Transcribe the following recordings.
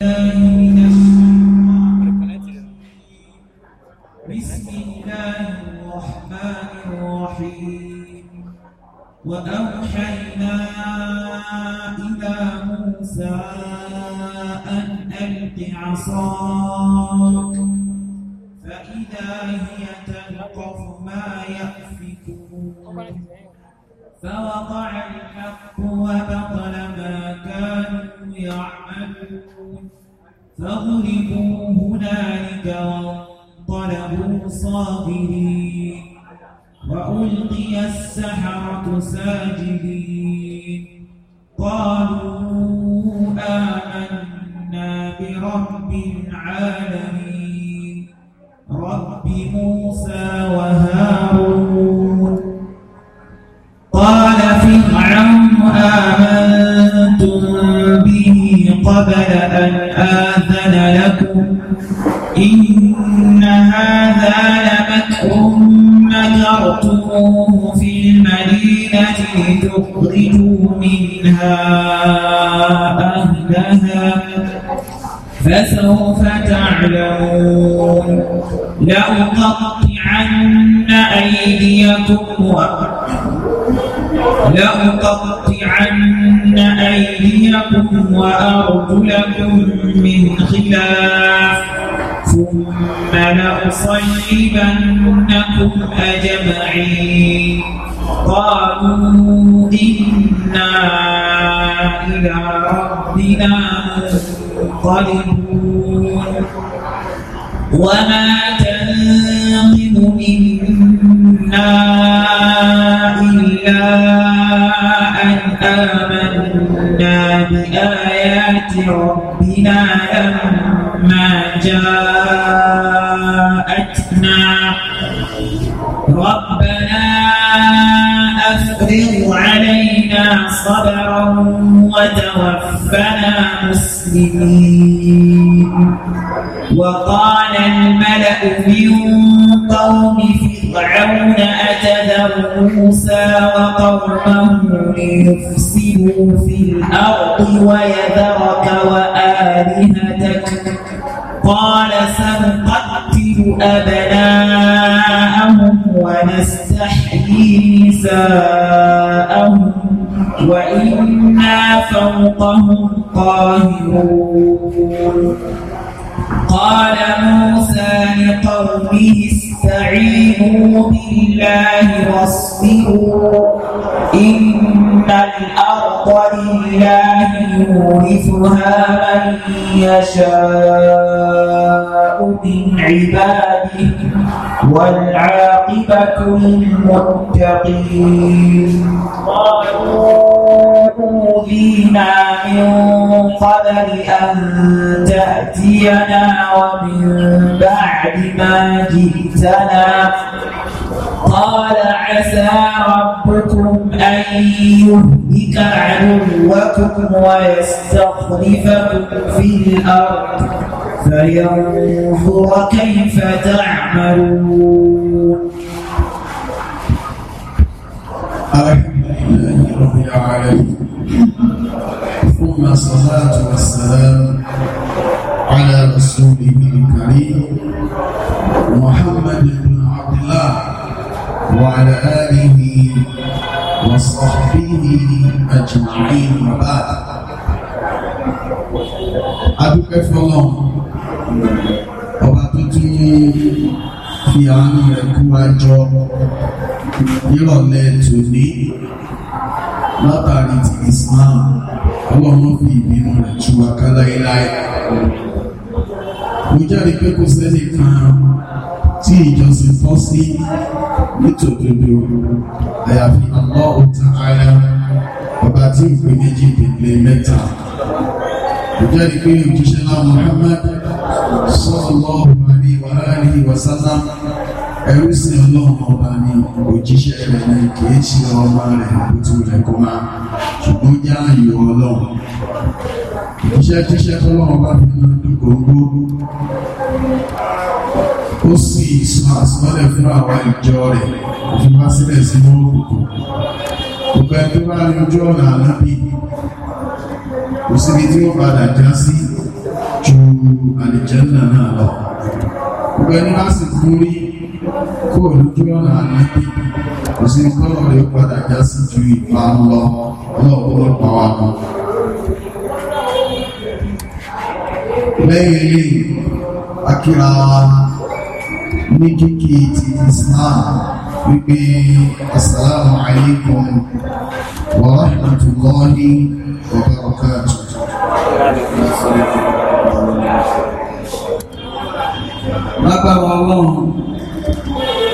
بسم الله الرحمن الرحيم وأوحينا إلى موسى أن ألق عصاك فإذا هي تلقف ما يأفكون فوقع الحق وبطل ما كانوا يعملون فغلبوا هنالك وانقلبوا صاغرين وألقي السحرة ساجدين قالوا آمنا برب العالمين رب موسى وهارون قال فرعون آمنتم به قبل لتخرجوا منها أهلها فسوف تعلمون لأقطعن أيديكم لأقطعن أيديكم وأرجلكم من خلاف ثم لأصيبنكم أجمعين قالوا إنا إلى ربنا منقلبون وما تنقم منا إلا أن آمنا بآيات ربنا إلينا لما جاءتنا ربنا أفرغ علينا صبرا وتوفنا مسلمين وقال الملأ من قوم فرعون أتذر موسى وقومه ليفسدوا في الأرض ويذرك وآلهتك قال سنقتل أبناءهم ونستحيي نساءهم وإنا فوقهم قاهرون قال موسى لقومه استعينوا بالله واصبروا إن الأرض لله يورثها من يشاء من عباده والعاقبة للمتقين أوذينا من قبل أن تأتينا ومن بعد بعد ما جئتنا قال عسى ربكم أن يهلك عدوكم ويستخلفكم في الأرض فينظر كيف تعملون الحمد لله رب العالمين ثم الصلاة والسلام على رسوله الكريم محمد بن عبد الله وعلى آله وصحبه أجمعين وبعد adúpẹ́ fọlọ́ ọba tó tún fi àánú rẹ̀ kú àjọ nírọ̀lẹ́ tòní látàrí ti Islam ọlọ́run fi ìbínú rẹ̀ tú wa ká láéláé mo jáde pé kò sẹ́ni kan tí ìjọsìn tọ́ sí nítòdodo àyàfi Allahu Ta'ala ọba tí ìpè méjì pèlè mẹ́ta mo jáde pé òjíṣẹ́ náà Muhammad sallallahu alaihi wa alihi wa sallam ẹrú sí ọlọ́run ọba ní òjíṣẹ́ rẹ̀ ní kìí ṣe ọmọ rẹ̀ bó tilẹ̀ kó máa ṣùgbọ́n jáàyò ọlọ́run iṣẹ́ tíṣẹ́ tọ́lọ́wọ́ bá fi ń dúgbòǹgbò ó sì sọ àsìmọ́lẹ̀ fún àwa ìjọ rẹ̀ òfin bá sílẹ̀ sínú òkùnkùn gbogbo ẹni tó bá rí ojú ọ̀nà ànábì kò síbi tí ó padà já sí ju àlìjẹ́nà náà lọ gbogbo ẹni bá sì rí kó lójú ọ̀nà ànábì kò síbi tọ́lọ̀ rẹ̀ padà já sí ju ìpa lọ ọlọ́ọ̀pọ̀lọpọ̀ àwọn lẹ́yìn ilé akíra ní kíkí ti Islam wípé assalamu alaikum wa rahmatullahi wa barakatuh lágbára ọlọ́run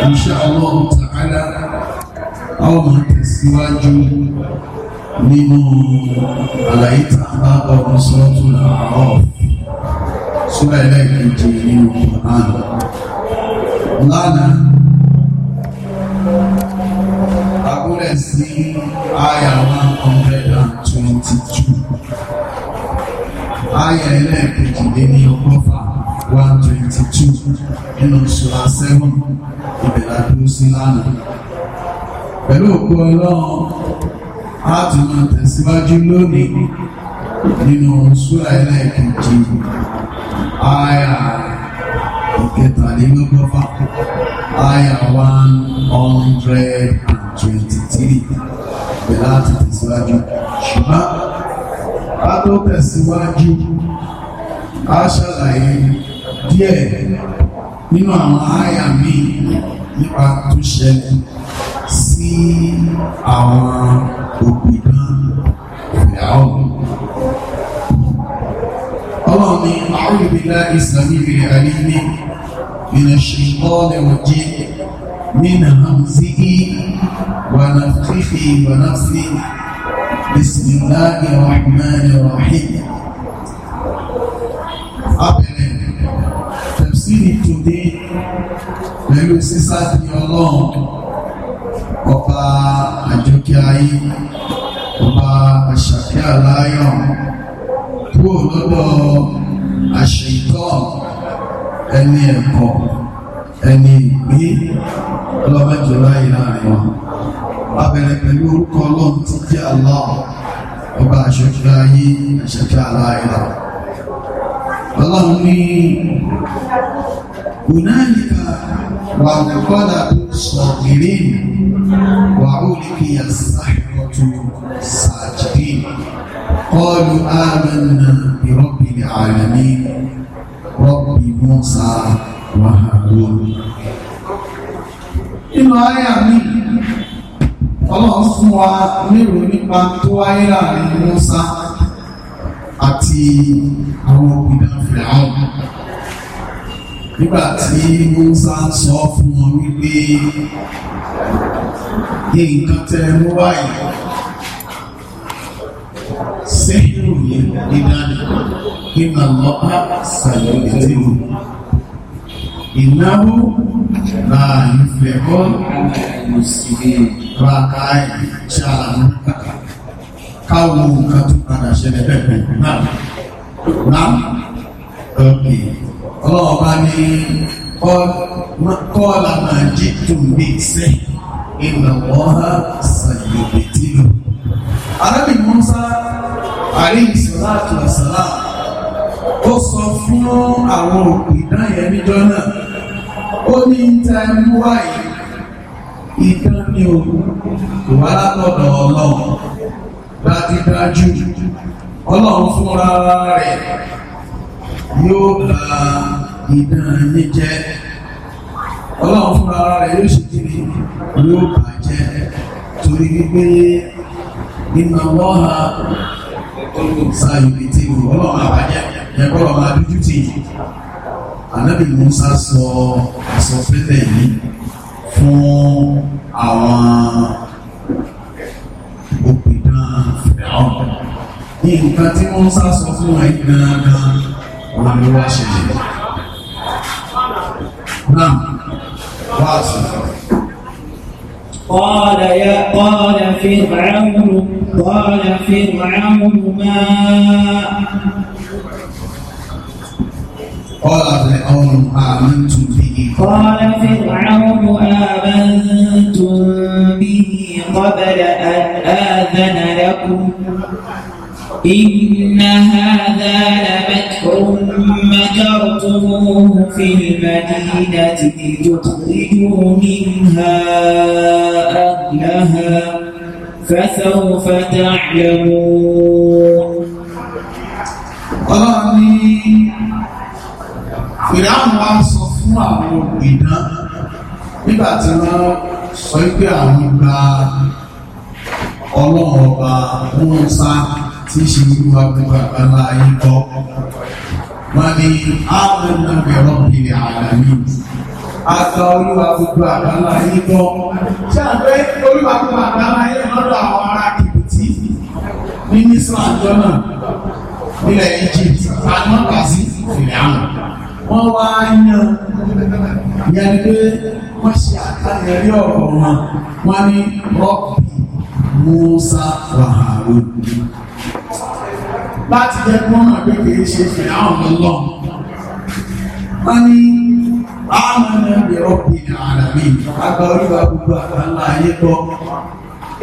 insha nínú àlàyé tàbí àbá sọ́tún àwọn ọ̀fẹ́ súra ẹlẹ́ẹ̀kejì nínú Quran lánàá agúnlẹ̀ sí àyà one hundred and twenty two àyà ẹlẹ́ẹ̀kejì lé ní ọgọ́fà one twenty two nínú súra seven ìbẹ̀rẹ̀ àdúró sí lánàá pẹ̀lú òkú ọlọ́run a tún máa tẹ̀síwájú lónìí nínú súra ẹlẹ́ẹ̀kejì àyà ìkẹtàlélọ́gọ́fà àyà one hundred and twenty three pẹ̀lú àti tẹ̀síwájú ṣùgbọ́n a tó tẹ̀síwájú a ṣàlàyé díẹ̀ nínú àwọn àyà míì nípa tó ṣẹlẹ̀ sí àwọn òpìdán ìyàwó ọlọ́run ni àwọn ìbílá ìsàmì ìrìn àríní ìrìnṣìnkọ́lẹ̀ òjì nínà hamzi wànàfífì wànàfí bismillahi rahman rahim abẹ̀rẹ̀ tẹ̀sílì tòdé pẹ̀lú sísá di ọlọ́run ọba àjọkẹ́ ayé ọba àṣàkẹ́ àláyọ̀ kúrò lọ́dọ̀ àṣetọ́ ẹni ẹ̀kọ́ ẹni ìgbín ọlọ́mọdé láyé láàrin wọn. Abẹ̀rẹ̀ pẹ̀lú orúkọ ọlọ́run ti jẹ́ Allah ọba àṣetọ́ ayé àṣetọ́ aláìlá. Ọlọ́run ní Hùnáyíká wà lọ́kọ́dà sọ̀gìrín wà ó lè fi àṣà ìrọ̀tún sáà. قالوا آمنا برب العالمين رب موسى وهارون nínú àyà mi ọlọ́run fún wa lérò nípa tó wáyé láàrin Mùsá àti àwọn òpìdán fìlàún nígbà tí Mùsá sọ fún wọn wípé nǹkan tẹ́ mú báyìí sẹ́yìn yẹn ìdáná ìmọ̀ lọ́pàá sàlẹ̀ ìdílé ìnáwó náà ìfẹ́ kọ́ mùsùlùmí ràkà ìṣàlàmù káwọn nǹkan tó padà ṣẹlẹ̀ pẹ̀pẹ̀ náà náà ọ̀pẹ̀ ọlọ́ọ̀bá ní kọ́ọ̀lá máa jẹ́ tó ní ìṣẹ́ ìlọ̀wọ́ sàlẹ̀ ìdílé arábìnrin Musa alayhi salatu salam ó sọ fún àwọn òpìdán yẹn níjọ́ náà ó ní tẹ́lúwà yìí ìdán ni o kò wá látọ̀dọ̀ ọlọ́run dájúdájú ọlọ́run fúnra rẹ̀ yóò bá ìdán yín jẹ́ ọlọ́run fúnra rẹ̀ yóò ṣe kiri yóò bàjẹ́ torí wípé ìnáwó ha olùkọ́sá ibi tí mo ọlọ́run àwájá ẹ̀kọ́ ọmọ adójú tì yìí anábì Musa sọ àsọfẹ́tẹ̀ yìí fún àwọn òpìdán fẹ́ràn ní nǹkan tí wọ́n sá sọ fún wọn gangan wọn ni wọ́n ṣẹlẹ̀ náà wọ́n á sọ fún wọn. قال يا قال فرعون قال فرعون ما قال فرعون آمنتم به قال فرعون آمنتم به قبل أن آذن لكم إن فقتلوه في المدينة لتخرجوا منها أهلها فسوف تعلمون ọlọ́run ní fìdáhùn wa sọ fún àwọn ìdán nígbà tí wọ́n sọ pé àwọn gba ọlọ́run wọn sá tí ṣe olúwa gbogbo àgbáńlá ayé kọ́ wọ́n ní àwọn ẹ̀rọ ìrìn àlàyé àgbà olúwa gbogbo àgbàlá yìí gbọ́ ṣé àgbẹ̀ olúwa gbogbo àgbàlá yìí lọ́dọ̀ àwọn ará kìbìtì ní nísìlá àjọ náà nílẹ̀ Egypt àmọ́ kàsí ìrìn àmọ́ wọ́n wá yan yẹn pé wọ́n ṣe àtàyẹrí ọ̀rọ̀ wọn wọ́n ní rọ́pì Musa wàhálà láti jẹ́ kí wọ́n mọ̀ pé kì í ṣe fẹ̀ àwọn ọlọ́run wọ́n ní àwọn ọmọ ẹgbẹ́ ọ̀pìn ara mi àgbà oríwá gbogbo àgbàlá ayé gbọ́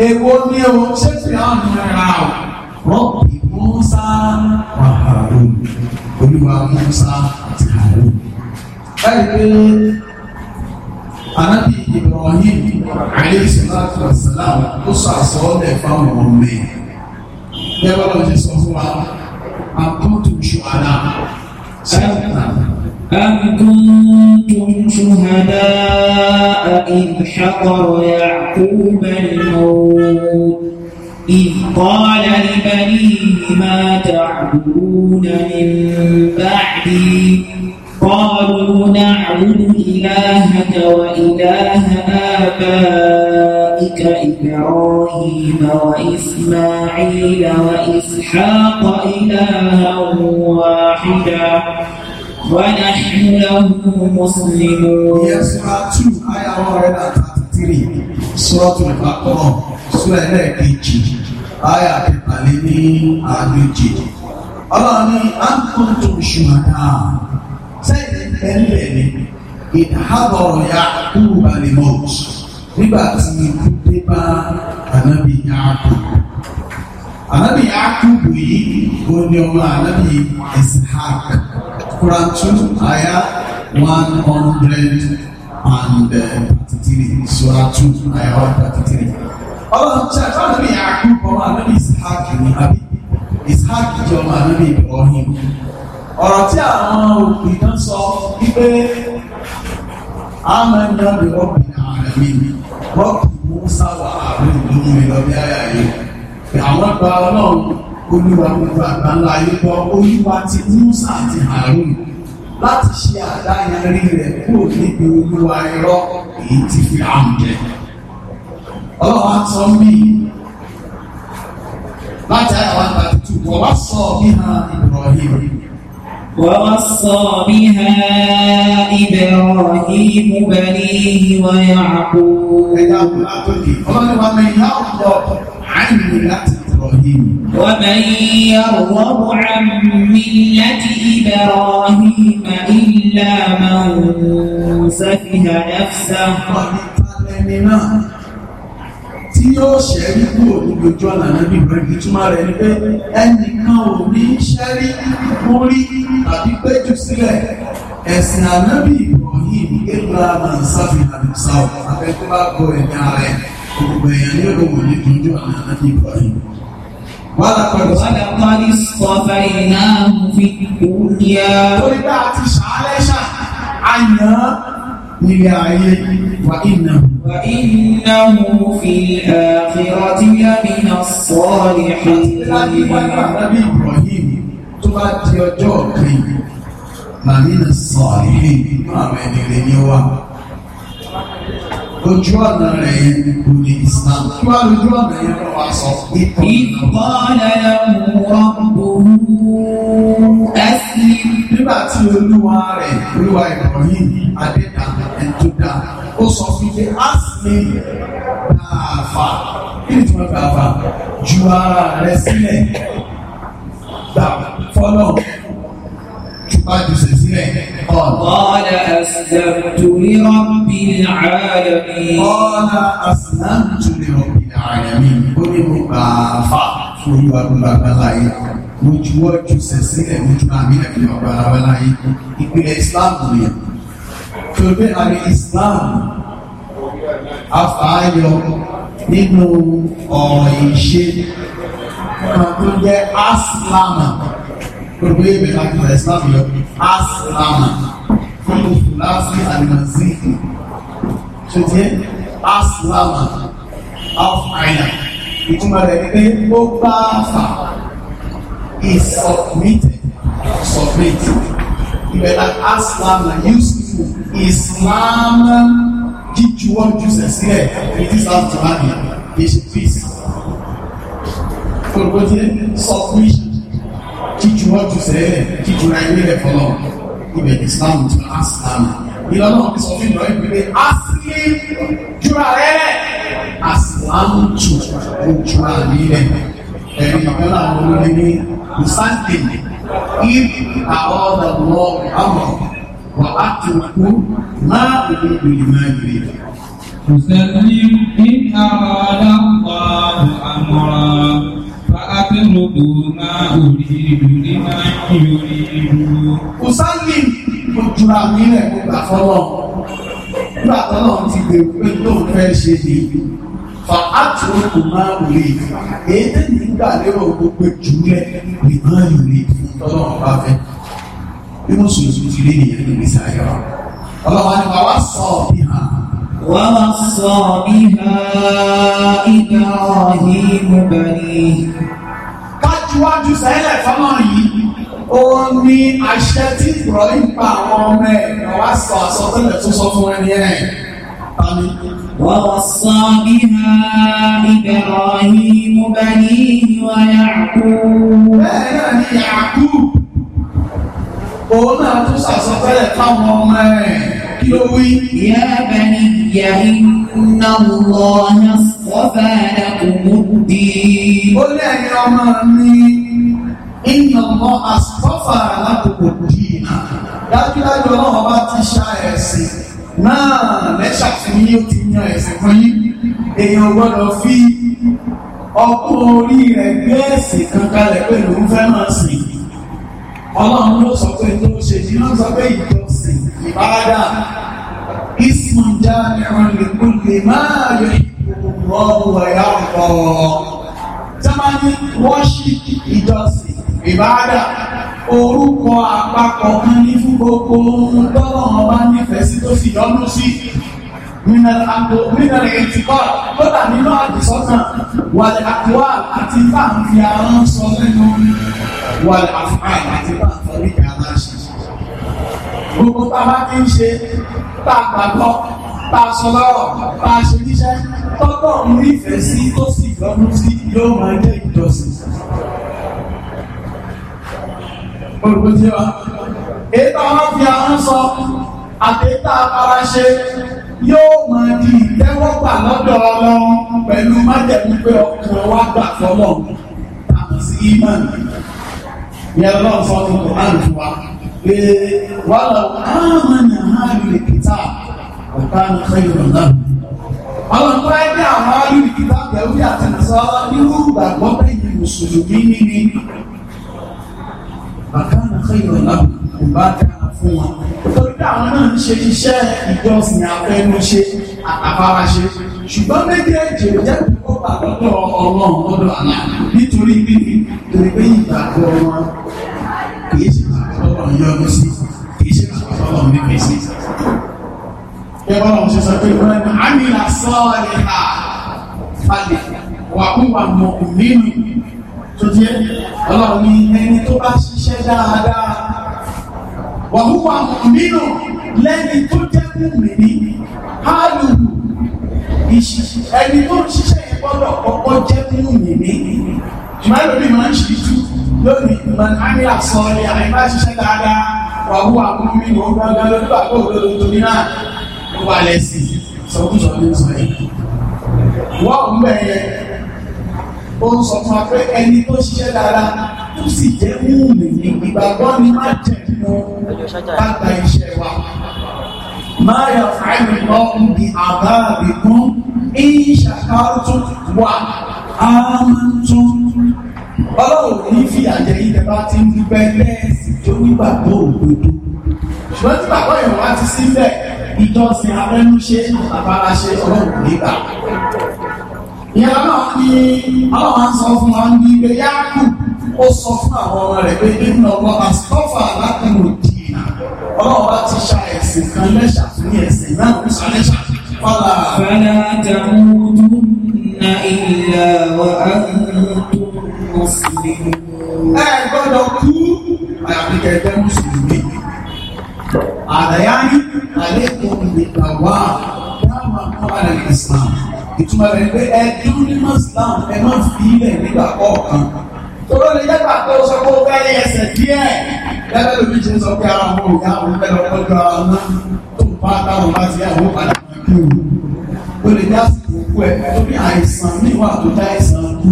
èwo ní ewu ṣé fẹ̀ àwọn ará rọ́pì mọ́sá wàhálà olúwa mọ́sá àti àárẹ̀ báyìí pé anábì Ibrahim alayhi salatu wa salam ó sọ àsọ́ọ́lẹ̀ fáwọn ọmọ ẹ̀ lẹ́wọ́n lọ sí sọ fún wa àkótó شهداء إذ حضر يعقوب الموت إذ قال لبنيه ما تعبدون من بعدي قالوا نعبد إلهك وإله آبائك ذلك إبراهيم وإسماعيل وإسحاق إلها واحدا ونحن له مسلمون Suratul Baqarah sura ẹlẹ́ẹ̀kejì àyà kẹtàlé ní àgbèjì ọlọ́run ní àkóńtò ṣùgbọ́dá sẹ́yìn ẹ̀ńlẹ̀ ní ìdáhàbọ̀ ya kúrú balẹ̀ mọ́ọ̀tù nígbà tí ikú dé bá ànábì Yáàkù ànábì Yáàkù yìí ó ní ọmọ ànábì Ishaq Quran two aya one hundred and thirty-three sura two aya one thirty-three ọlọ́run ṣe àtàwọn ànábì Yáàkù ọmọ ànábì Ishaq ní àbí Ishaq jẹ́ ọmọ ànábì Ibrahim ọ̀rọ̀ tí àwọn olùdán sọ wípé amẹ́ńdá lè rọ́pì àmì mi rọ́pì musa wà àrùn ìlú mi lọ bí ayà yìí àwọn gba ọlọ́run olúwa gbogbo àgbáńlá ayé gbọ́ olúwa ti musa àti àrùn láti ṣe àdáyanrí rẹ̀ kúrò níbi olúwa irọ́ èyí ti fi àrùn jẹ ọlọ́wà sọ mí láti àyàwó àgbàtútù wọ́n wá sọ mí hàn Ibrahim ووصى بها إبراهيم بنيه ويعقوب ومن يرغب عن ملة إبراهيم إلا من سفه نفسه tí yóò ṣẹ́rí kúrò níbi ojú ọ̀nà níbi ìbẹ̀rẹ̀ ìtumọ̀ rẹ̀ ni pé ẹnìkan ò ní ṣẹ́rí múrí tàbí péjú sílẹ̀ ẹ̀sìn ànábì ìbọ̀yìn abraham and safi and south afẹ́kọ́ bá bọ ẹ̀mí ààrẹ gbogbo èèyàn ní òwò ní ojú ọ̀nà níbi ìbọ̀yìn. Wàlàkọ̀dì sọ̀tà ìnáhùn fi kúrú yá. Torí bá a ti ṣàálẹ́ ṣà, àyàn nílé ayé wà iná. wà iná mú fi àfihàn tí lámìnà sọ́ọ̀lì tó bá di ọjọ́ ọ̀gbìn lámìnà sọ́ọ̀lì àwọn ẹni ni wà ojú ọ̀nà rẹ̀ yẹn kò ní islam kí wàá lójú ọ̀nà yẹn lọ wá sọ pé kò ní. ìkọ́lẹ̀ ẹ̀wọ̀n gbòòrò ẹ̀sìn. nígbà tí olúwa rẹ̀ olúwa Ibrahim adéta ẹ̀tọ́dá ó sọ fún pé asmi dàáfà kí ni tí wọ́n dàáfà ju ara rẹ̀ sílẹ̀ gbà fọ́lọ́. قال قال أسلمت لرب العالمين قال أسلمت لرب العالمين قل مبافع فهو مبافعين ojú ọjọ́ sẹ̀sílẹ̀ ojú àmì ẹ̀fẹ́ ọ̀gbà ara láyé ìpínlẹ̀ Islam ni tó gbé àmì Islam afáàyọ nínú ọ̀rọ̀ ìṣe kan Problemen hatten es dafür, Aslama, von Fulasi al-Mazihi. Steht hier? Aslama, auf einer. Ìtumọ̀ rẹ̀ ni pé ó bá fà is submitted, submitted. Ìbẹ̀rẹ̀ Aslama useful Islam to did jíjuwọ́jú sẹ̀sílẹ̀ ìdí sáà jùlọ ní ìṣe peace. Kòròkòtì submission jíjú wọn jù sẹ́lẹ̀ jíjú ra ilé rẹ̀ fọlọ́ ibẹ̀ ní islam tó aslam ìlànà ọ̀hún sọ fún ìlọ ìpínlẹ̀ asílẹ̀ jura rẹ̀ aslam tó jura rẹ̀ ẹ̀rí ìpínlẹ̀ àwọn olórí ní musantin if àwọn ọ̀dọ̀ lọ àmọ̀ wà á ti kú náà ìlú ìlú náà yìí. Muslim in arada Allah amra أترد ما أريد لمن يريد أصلي ojú ra mi rẹ̀ kó gbà fọ́lọ́ nígbà tọ́lọ́ ti gbé pé tó fẹ́ ṣe lè fa àtúnkù máa ń lè èyí tẹ́lẹ̀ nígbà lérò gbogbo jùlẹ̀ nìkan yìí lè tọ́lọ́ bá fẹ́ bí mo sùn sùn ti rí nìyẹn níbi sàyọ̀ ọlọ́wà ni wàá sọ bí hàn. ووصى بها إبراهيم بنيه ṣíwájú sẹ́lẹ̀ fọ́nà yìí ó ní àṣẹ tí ìrọ̀ nípa àwọn ọmọ ẹ̀ wá sọ àsọtẹ́lẹ̀ tó sọ fún ẹni ẹ̀ ووصى بها إبراهيم بنيه ويعقوب بني يعقوب òun náà tún ṣàsọtẹ́lẹ̀ káwọn ọmọ kí ló wí. Ya baniyya inna Allaha istafa lakumud-din. ó lé ẹ̀yin ọmọ mi inna Allaha istafa lakumud-din náà dájúdájú ọlọ́run bá ti ṣá ẹ̀sìn náà lẹ́ṣà fún yín ó ti yan ẹ̀sìn fún yín èèyàn gbọ́dọ̀ fi ọkùn orí rẹ̀ gbé ẹ̀sìn kankan lẹ̀ pẹ̀lú fẹ́ràn sí ọlọ́run ló sọ pé tó ṣe yìí sọ pé ìtọ́ ìjọsìn ìbáradà ismu jami'un li kulli ma yuhibbu Allahu wa yarda tamani worship ìjọsìn ìbáradà orúkọ àpapọ̀ kan ní fún gbogbo ohun tọ́lọ̀ wọn bá nífẹ̀ẹ́ sí tó sì yọ́nú sí mínàlì ìtìkọ́ lọ́dà nínú àdìsọ́kàn wàlẹ̀ àtiwá àti bá àwọn sọ lẹ́nu wàlẹ̀ àfáà àti bá ń fọ́ nígbà aláṣẹ gbogbo tá a bá ti ń ṣe tá a gbàgbọ́ tá a sọ lọ́rọ̀ tá a ṣe níṣẹ́ tọ́tọ̀ ń nífẹ̀ẹ́ sí tó sì gbọ́nú sí yóò máa jẹ́ ìjọsìn. olùkọ́jú wa ètò àwọn fi àwọn sọ àtẹ́tà ara ṣe yóò máa di ìtẹ́wọ́gbà lọ́dọ̀ ọlọ́run pẹ̀lú májẹ̀mú pé ọkùnrin wa gbà fọlọ́ àti sí ìmọ̀ ìyẹn lọ́sọ̀tún kò hàn fún wa pé wàhálà ámànà áàlùlè kìtà ọ̀tá ní ṣẹ́yìn ọ̀la. àwọn tó ẹ ní àwọn áàlùlè kìtà pẹ̀lú àtẹnusọ nínú ìgbàgbọ́ bẹ́yìn mùsùlùmí níbi bàkánà ṣẹ́yìn ọ̀la kò bá dára fún wọn. torí pé àwọn náà ń ṣe iṣẹ́ ìjọsìn afẹnuṣe àtàfaraṣe ṣùgbọ́n méjèèjì ò jẹ́ kó pàtọ́tọ̀ ọlọ́run lọ́dọ̀ àná nítorí pé nítorí pé ìgbàgbọ́ wọn kì í ṣe ọlọ́run yọ́nú sí kìí ṣe àwọn ọlọ́run nífẹ̀ẹ́ sí ẹgbẹ́ ọlọ́run ṣe sọ pé ìwọ́n àmì àsọ́ọ̀ ní à falẹ̀ wà púpà mọ̀ nínú tó jẹ́ ọlọ́run ní ẹni tó bá ṣiṣẹ́ dáadáa wà púpà mọ̀ nínú lẹ́ni tó jẹ́ kúmẹ̀ ní hálù ẹni tó ń ṣiṣẹ́ ìgbọ́dọ̀ kọ́kọ́ jẹ́ kúmẹ̀ ní ìmọ̀ ẹ̀rọ bí máa ń ṣe jù lónìí ìmọ̀n àmì àsọ̀rọ̀ àmì má ṣiṣẹ́ dáadáa wà wú àwọn mímí ìwọ gbọ́ngàn lórí bàbá òdodo torí náà ló wà lẹ́sì sọkúsọ ní sọ yìí. wọ́n ń bẹ̀ yẹn ó ń sọ fún wa pé ẹni tó ṣiṣẹ́ dáadáa tó sì jẹ́ múùnì ní ìgbàgbọ́ ni má jẹ́ nínú bàbá iṣẹ́ wa. máa yọ fáìlì lọ́kùn bí àbá àbíkún ìṣàkárùtù wà ámàntún ọlọ́run kò ní fi àjẹ ilẹ̀ bá ti ń dúpẹ́ lẹ́ẹ̀sì tó nígbàgbọ́ òdodo ṣùgbọ́n tí bàbá yẹn wá ti síbẹ̀ ìjọsìn abẹ́núṣe àbáraṣe ọlọ́run kò ní gbà. ìyá náà ni ọlọ́run á sọ fún wa ní ilé yáàkù ó sọ fún àwọn ọmọ rẹ̀ pé nínú ọgbọ́n àsìkọ́fà látìmọ̀ dìínà ọlọ́run bá ti ṣa ẹ̀sìn kan lẹ́ṣà fún ẹ̀sìn náà ó ṣa lẹ́ṣà fọ́lá. fẹ́lá dàmú dùn náà ìlà wà á ń mùsùlùmí ẹ gbọ́dọ̀ kú àyàfi kẹ̀kẹ́ mùsùlùmí àdáyáyí àlékún ìgbàwá dáhùn àkọ́bàlẹ̀ Islam ìtumọ̀ rẹ̀ pé ẹ dúró nínú Islam ẹ má fi ilẹ̀ nígbà kọ̀ọ̀kan tọ́lọ́ lè jẹ́ pàtó sọ pé ó fẹ́ ní ẹsẹ̀ díẹ̀ lẹ́gbẹ́ lómi ti ń sọ pé ara wọn ò yá òun fẹ́ lọ́kọ́ ju ara wọn tó ń bá táwọn bá ti yá òun padà máa kí òun ó lè dá sí òkú ẹ̀ tó ní àìsàn ní ìwà tó dá àìsàn kú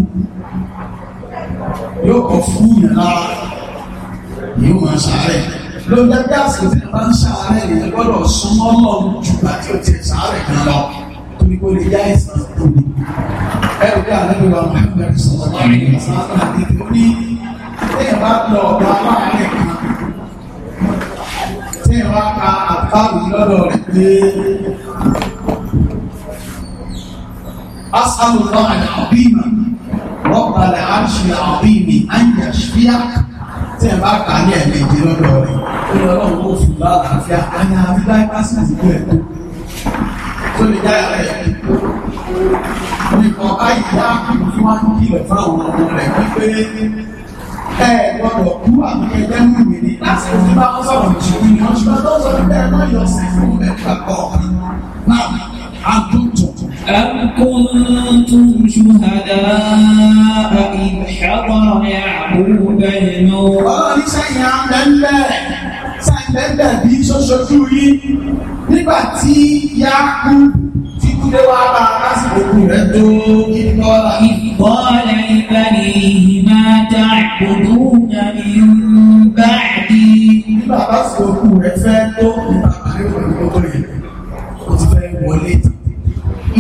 yóò kọ fún yẹn lára yóò máa ṣàárẹ̀ ló ń dájú àsìkò tí a bá ń ṣàárẹ̀ yẹn gbọ́dọ̀ súnmọ́ lọ́run ju àti òtí ṣàárẹ̀ kan lọ torí kò lè yá ìsàn tó lè ẹrù bí àlejò wa Muhammed sọ̀rọ̀ bá mi sáà ní tó ní tí ẹ bá lọ ọ̀dọ̀ aláàárẹ̀ kan tí ẹ bá ka àbáwí lọ́dọ̀ rẹ̀ pé asálùfáà àbí rọ́bà lè àṣì àbí mi àyà ṣíà tẹ́ ẹ bá kà ní ẹ̀mẹ́jì lọ́dọ̀ rẹ̀ ó lọ lọ́wọ́ kó fi bá àlàáfíà àyà àbí láì bá sì àsìkò ẹ̀ tó tó lè dá ẹ̀rọ ẹ̀ nìkan báyìí ẹ gbọ́dọ̀ kú àbí ẹgbẹ́ mú mi ní láti fi bá wọn sọ̀rọ̀ ìṣèlú ni wọ́n ṣùgbọ́n tó sọ̀rọ̀ bẹ́ẹ̀ náà yọ sí fún ẹ̀ka kọ̀ọ̀kan náà àtúntò أم كنتم شهداء إذ حضر يعقوب الموت ọlọ́run sẹ́yìn àmẹ́lẹ́ sẹ́ńtẹ́ńtẹ́ bí ṣoṣojú yìí nígbà tí yáàkú ti kúlé wá bá lásìkò rẹ̀ tó ìkọlà. ìkọlà ìbàdí máa dá ìkòdúnà mi bá dé. nígbà lásìkò rẹ̀ fẹ́ tó ìbàdí rẹ̀ wọlé ó ti fẹ́ wọlé tán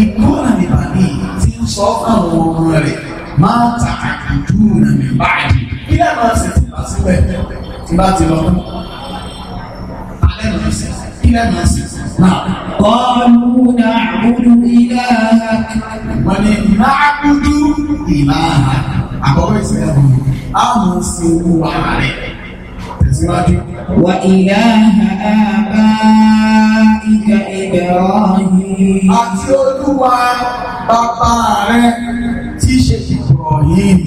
ìkọ́nà ìbàdí ti ń sọ fáwọn ọmọ rẹ̀ máa ta àdúgbò nà mí báyìí. kí lè máa ṣe tí bá síbẹ̀ tí bá ti lọ. alẹ́ máa ṣe kí lè máa ṣe. Kọ́lù nàbùdù ìlàhà. Wọ́n ní nàbùdù ìlàhà. Àkọ́kọ́ ìsìnkú. Àwọn òfin wà rẹ̀. وإله آبائك إبراهيم àti olúwa bàbá rẹ̀ tí í ṣe Ibrahim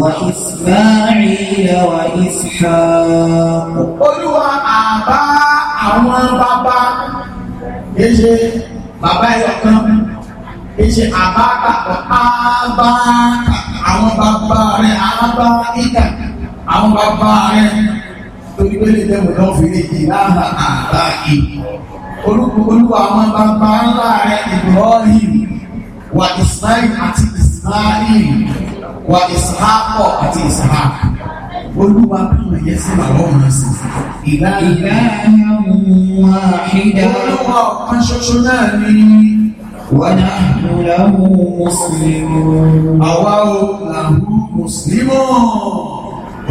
وإسماعيل وإسحاق olúwa àbá àwọn bàbá èṣe bàbá ẹ̀yọ̀kan èṣe àbá kàkọ́ àbá àwọn bàbá rẹ̀ àbá ìkà àwọn bàbá rẹ̀ torí wẹ́lẹ̀ tẹ́wọ̀n náà fi lè yí láhà àrà yìí orúkọ olúwa àwọn bàbá ńlá rẹ̀ Ibrahim wà Ismail àti Ismail wà Ishaq àti Ishaq olúwa bímọ yẹn sí bàbá ọ̀nà sí ìlà ìlà àwọn àhídà olúwa ọ̀kan ṣoṣo náà ní wàdà àmúláwò mùsùlùmù àwa ò làwù mùsùlùmù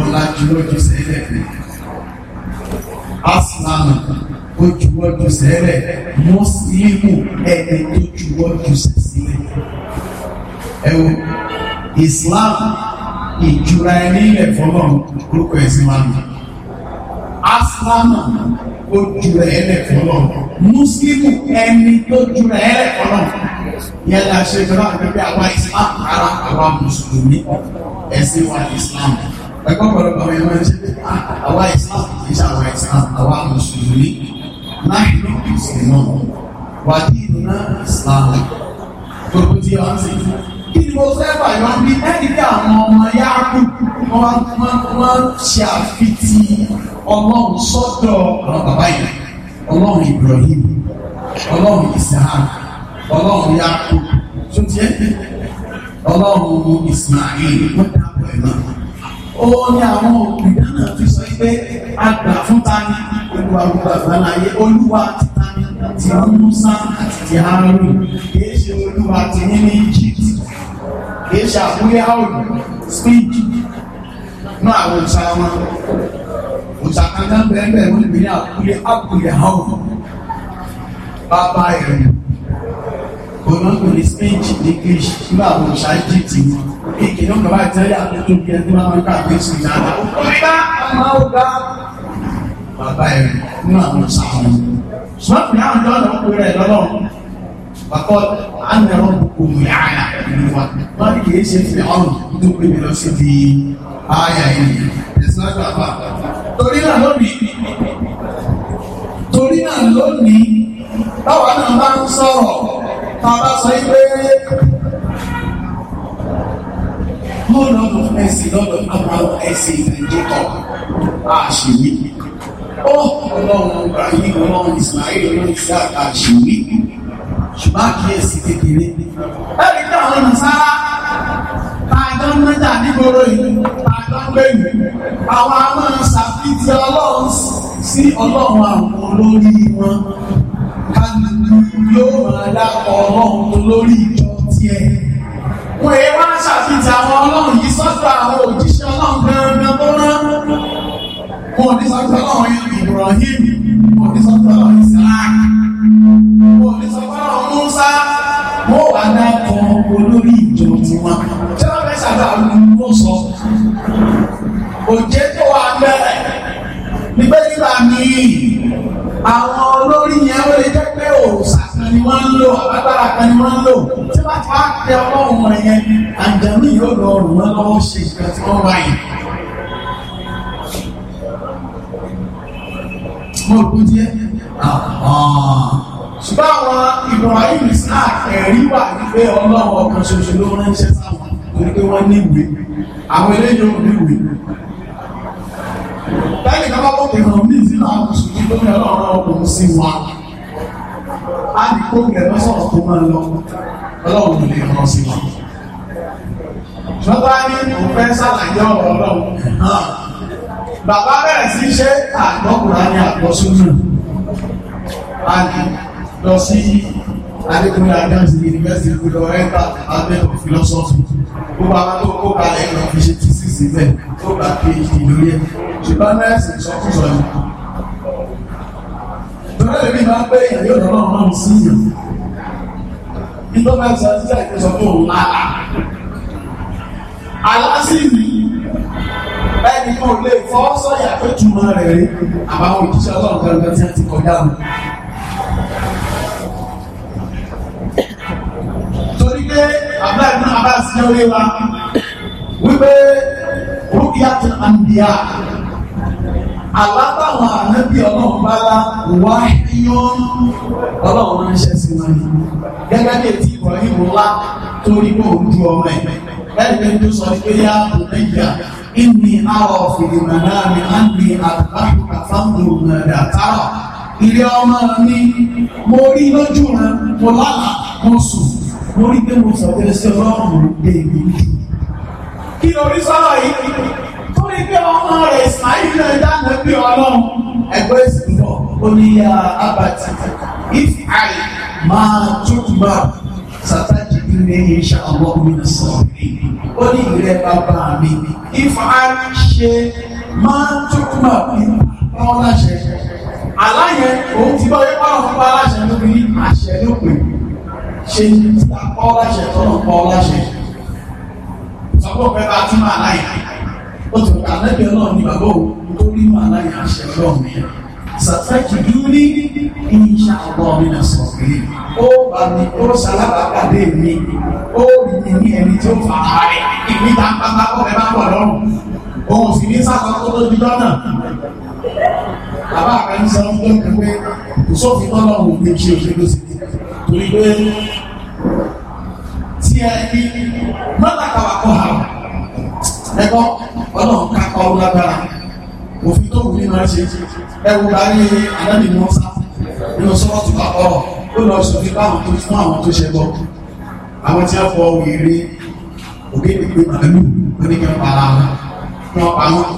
ọ̀làjúlọ́jù sẹ́lẹ̀ fẹ́ẹ́ aslam ó juwọ́ ju sẹ́lẹ̀ mùsùlùmù ẹni tó juwọ́ ju sẹ́sílẹ̀ ẹ̀wọ̀ islam ìjura ẹni ilẹ̀ fọlọ́n orúkọ ẹ̀sìn wa nù aslam ó jura ẹlẹ̀ fọlọ́n mùsùlùmù ẹni tó jura ẹlẹ̀ fọlọ́n yẹn la ṣe fẹ́ràn pípẹ́ àwa islam ara àwa mùsùlùmí ẹ̀sìn wa islam ẹgbẹ́ ọ̀pọ̀lọpọ̀ àwọn ẹ̀wọ̀n ṣe àwa islam kì í ṣe àwa islam àwa mùsùlùmí láìlú ìsìnà wà ní iná islam tó kú tí wọ́n ti. kí ni mo fẹ́ bàyọ̀ bí ẹni bí àwọn ọmọ yáàkú wọ́n máa ń ṣe àfitì ọlọ́run sọ́dọ̀ àwọn bàbá yìí ọlọ́run Ibrahim ọlọ́run Isahak ọlọ́run yáàkú tó tiẹ̀ ọlọ́run Ismail wọ́n dábọ̀ ẹ̀ náà ó ní àwọn òbí náà fi sọ pé àgbà fún tani olúwa gbogbo àgbáláyé olúwa ti tani ti musa àti ti harun kìí ṣe olúwa ti ní ní Egypt kìí ṣe àbúlé àwòrán speed ní àwọn ìta wọn òòtà kankan bẹ́ẹ̀ bẹ́ẹ̀ wọ́n lè ní àbúlé àbúlé àwòrán bàbá ẹ̀rù ònàpè ní speech ní english nígbà àwọn òṣà egypt wọn kí kìnnà kàbá ìtẹ́lẹ̀ àwọn tó bí ẹni máa ń gbà pé sí ìdáná. òmìnira máa ń gbà bàbá ẹ̀rù nínú àwọn òṣà wọn. ṣùgbọ́n kìnnà àwọn ọ̀dọ́ ọ̀dọ́ pé rẹ̀ lọ́lọ́ bàkọ́ àmìràn gbogbo mìíràn ìlú wa wọ́n ní kìí ṣe fi ọ̀rùn tó pè mí lọ sí di ààyè yìí ẹ̀sìn àgbà torí náà lónìí torí náà lónìí báwa náà máa ń sọ̀rọ̀ tàbá sọ ipé whole lot of mercy lot of about mercy and jacob àṣìwí ó ọlọ́run ibrahim ọlọ́run ismail ọlọ́run isaac àṣìwí ṣùgbọ́n àkíyèsí kékeré ẹ̀rí tí àwọn nasara tàjọ ń mẹ́ta nígboro yìí tàjọ ń gbẹ̀yìn àwọn a máa ṣàfihàn ọlọ́run sí ọlọ́run àwọn olórí wọn kálukú yóò máa dá ọlọ́run lórí ìjọ tiẹ̀. Wọ́n èyí wá ṣàfihàn àwọn ọlọ́run yìí sọ́tọ̀ àwọn òjíṣẹ́ ọlọ́run gangan tó rán. Wọ́n ní sọ́tọ̀ ọlọ́run yẹn Ibrahim, wọ́n ní sọ́tọ̀ ọlọ́run Isaac, wọ́n ní sọ́tọ̀ ọlọ́run Musa, wọ́n wà dá kan olórí ìjọ tiwọn. Ṣé fẹ́ ṣàtàlù ló sọ? wọ́n ń lò agbára kan ni wọ́n ń lò tí wọ́n ti wá pẹ ọlọ́run wọn yẹn àjẹmí yóò lọ rùn wọn lọ́wọ́ ṣe nǹkan tí wọ́n wá yìí. mo kú díẹ̀ ṣùgbọ́n àwọn Ibrahim Isaac ẹ̀rí wà wípé ọlọ́run ọkàn ṣoṣo ló ránṣẹ́ sáwọn torí pé wọ́n ní ìwé àwọn eléyìí ò ní ìwé báyìí ká bá bọ̀ kẹ̀kọ́ ní ìsìn àwọn mùsùlùmí lórí ọlọ́run ọkùnrin sí wa á ní kó bẹ̀ lọ́sọ̀rọ̀ tó máa lọ ọlọ́run lè rán sí wọn. ṣọ́gbà ní òun fẹ́ sàlàyé ọ̀rọ̀ ọlọ́run hàn. bàbá bẹ̀rẹ̀ sí ṣe àgbọ̀kùnrin àti àgbọ̀sùnù. a ní lọ sí Adékúnlé Adams University of Kudo ẹ̀ka abẹ́ of philosophy. gbogbo àwọn tó kó kalẹ̀ ẹ̀rọ fi ṣe tìsí síbẹ̀ tó gbà phd lórí ẹ̀. ṣùgbọ́n nọ́ọ̀sì sọ́kùsọ̀ yìí bẹ́ẹ̀ bí máa ń pé èèyàn yóò lọ́wọ́ ọ̀rọ̀ sí yàn nígbà máa ń sọ sí àìkú sọ fún òun lára aláṣìírí ẹni kò lè fọ́ sọ́yà tó túmọ̀ rẹ̀ rí àbáwọn òjíṣẹ́ ọlọ́run kankan tí a ti kọjá lọ. torí pé abúlé náà bá sí orí wa wípé rúkìá tó ń bíyà alábàwọn ànábì ọlọ́run bá lá wá yán ọlọ́run ránṣẹ́ sí wọn ni gẹ́gẹ́ bí etí Ibrahim ńlá torí pé òun ju ọmọ ẹ̀ lẹ́yìn tó sọ pé yá kò lẹ́yà ìní àwọ̀ fìdímọ̀ náà ni a ń ní àtàkùnkà fáwọn òmìnira tààrọ̀ ilé ọmọ mi mo rí lójú rẹ mo lálà mo sùn mo rí pé mo sọ̀tẹ́ sí ọlọ́run lè rí jù kí orí sọ́rọ̀ yìí ní pé ọmọ rẹ̀ Ismail náà dáná pé ọlọ́run ẹgbẹ́ ìsìnkú oníyà abàtì if I máa tún máa sàtàjì ní iṣẹ́ ọmọ mi sọ̀rọ̀ ó ní ìrẹ́ bàbá mi if I ṣe máa tún máa bí wọ́n láṣẹ aláyẹ òun ti bá yẹn pàrọ̀ fún aláṣẹ lórí àṣẹ ló pè ṣe ti ta pọ́ láṣẹ tọ́nà pọ́ láṣẹ sọ́kò pẹ́ bá tún máa láyé ó ti kà lẹ́bi ọlọ́run ní bàbá o nítorí mà láyé àṣẹ ọlọ́run mi sàtẹ́kì dúní ìyá ọlọ́run mi náà sọ pé ó bá mi ó ṣalábàápàdé mi ó rí mi ní ẹni tó fà á rẹ̀ ìpínlẹ̀ àpáta ọ̀rẹ́ bá bọ̀ lọ́rùn òun sì ní sábà tó tó di lọ́nà bàbá àkàní sọ fún mi pé kò sófin ọlọ́run ò ní kí o ṣe ló sì torí pé tí ẹ ní mọ́tàkàwà kọ́ àwọn ẹ̀kọ́ ọlọ́run ká kọ́ lágbára òfin tó wù ní máa ṣe ẹwù láyé anábì ní ọ̀sá nínú sọ́wọ́ tó bá ọ̀rọ̀ ó lọ sọ̀rọ̀ báwọn tó fún àwọn tó ṣẹbọ àwọn tí wọ́n fọ wèrè ògèdè pé màálù oníkẹ́ para wọn kí wọ́n pa wọn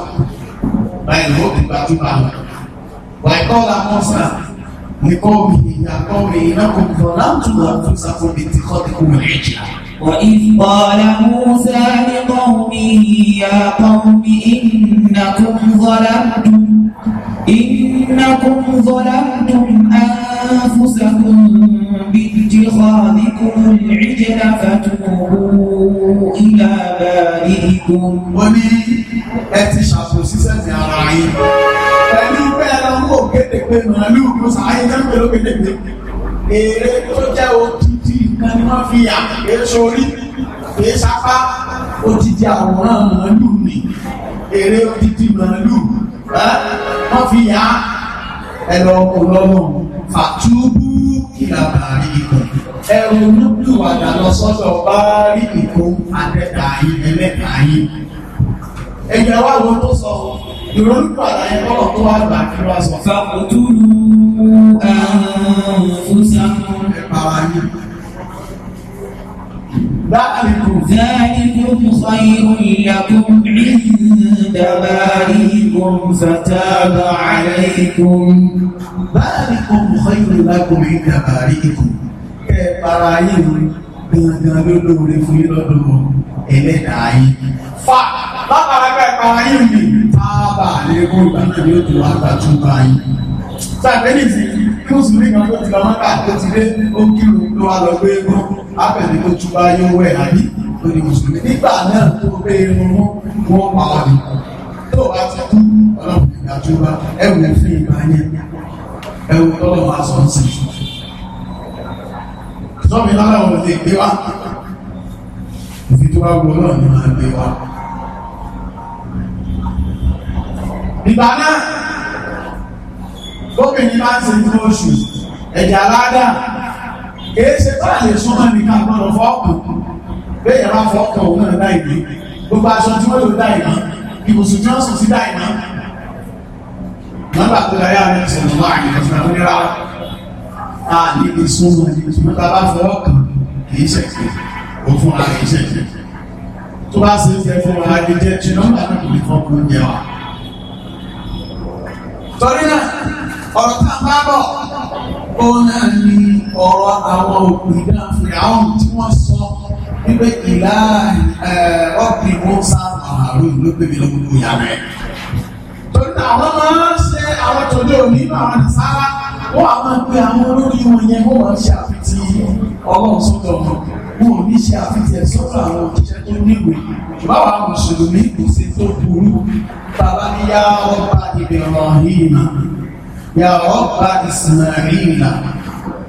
láì lọ́wọ́ ti gbajúmọ̀ àwọn. wàá kọ́ la mọ́sà ní kọ́ mi ìyá kọ́ mi iná kò kọ́ láǹtùmọ̀ àtúnṣàfọ̀ mi ti kọ́ ti kú wọ̀nyí jìlá. وإذ قال موسى لقومه يا قوم إنكم ظلمتم إنكم ظلمتم أنفسكم باتخاذكم العجل فتوبوا إلى بارئكم ومن أتشعر سيسان يا رعيم ẹni bẹ́ẹ̀ lọ́wọ́ kéde pé màálù ló sàáyé náà pẹ̀lú nǹkan ni wọ́n fi hàn èé sórí èé sápá odidi àwòrán màálù ni èrè odidi màálù wọ́n fi hàn ẹ̀rọ ọ̀pọ̀lọ́mọ̀ fàtúbù ìlàbàárí ikọ̀ ẹ̀rù olúwàdà lọ sọ́dọ̀ bá rí ìkó àtẹ́dà yìí ẹlẹ́dà yìí ẹ̀yà wà wọ́n tó sọ ìrònúkọ̀ àlàyé kọ́lọ̀ tó wà gbà kí wọ́n sọ. fàkùtù ààrùn fún sáà. ẹ̀pà wa yìí. ذلكم ذلكم خير لكم عند بارئكم فتاب عليكم ذلكم خير لكم عند بارئكم برايم gangan ló lóore fún yín lọ́dọ̀ ẹlẹ́dàá yín. fa látara pé para yín mi tábà lè kó ìgbà náà yóò tó wá gbàtúgbà yín. sàgbẹ́nìsì kóòsù ní ìgbà tó ti lọ mọ́tà tó ti dé ó kírun ló wá lọ gbé egun ábẹ̀lẹ̀ tó túbá yóò wẹ̀ àbí lórí mùsùlùmí nígbà náà tó gbé irun mú wọn pa ọ ni tó wá ti kú ọlọ́run ìgbà tó bá ẹwù ẹ̀fín ìgbà yẹn ẹwù ọlọ́run aṣọ ń sìn. sọ́mi lára wọn lè gbé wá ìfi tó bá wọ náà ni máa gbé wá. ìgbà náà gómìnà bá ti ní oṣù ẹ̀jẹ̀ aládà kìí ṣe bá lè súnmọ́ nìkan gbọ́dọ̀ fọ́ọ̀kù bẹ́ẹ̀ yẹn bá fọ́ọ̀kù òun náà dá ìdí gbogbo aṣọ tí wọ́n lò dá ìdí ìbùsùn tí wọ́n sùn sí dá ìdí nígbà tó láyé àwọn ẹ̀sẹ̀ ló wà ní ọ̀sán tó nira a ní ìsúnmọ́ ìtumọ̀ tá a bá fọ́ọ̀kù kìí ṣe òfun ara kìí ṣe tó bá ṣe ń jẹ fún wa láti jẹ́ tí nọ́mbà náà kò ní fọ́ọ̀kù ń jẹ wa ọ̀rọ̀ tá a bá bọ̀ òun náà ni ọ̀rọ̀ àwọn òpìdá fìràwọ̀n tí wọ́n sọ wípé ìlà ọ̀pìn mọ́sá àrùn ló pèmí lọ́gbọ̀gbọ̀ ìyá rẹ̀. torí àwọn máa ń ṣe àwọn tòde òní nínú àwọn àdìsára wọ́n á máa pe àwọn olórí wọn yẹn wọ́n wọ́n ṣe àfitì ọlọ́run sọ́dọ̀ wọn wọn ò ní ṣe àfihàn sọ́dọ̀ àwọn òṣìṣẹ́ tó níwèé báwa mùsùlùmí kò ṣe tó burú bàbá níyà ọba ìbẹ̀rọ̀ yìí náà. Ya Ismaila, يا رب إسماعيل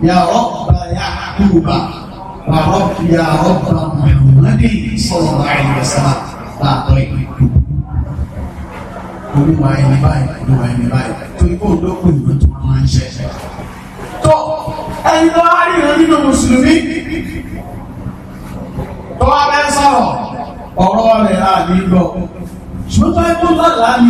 يا رب يعقوب ورب يا رب محمد صلى الله عليه وسلم لا طيب olúwa ẹni báyìí olúwa ẹni báyìí tó ikú olókùn ìwé tó máa ń ṣe. tó ẹni tó wá ríran nínú mùsùlùmí tó wá bẹ́ẹ̀ sọ̀rọ̀ ọ̀rọ̀ rẹ̀ àdìgbò ṣùgbọ́n tó ẹkú lọ́la ni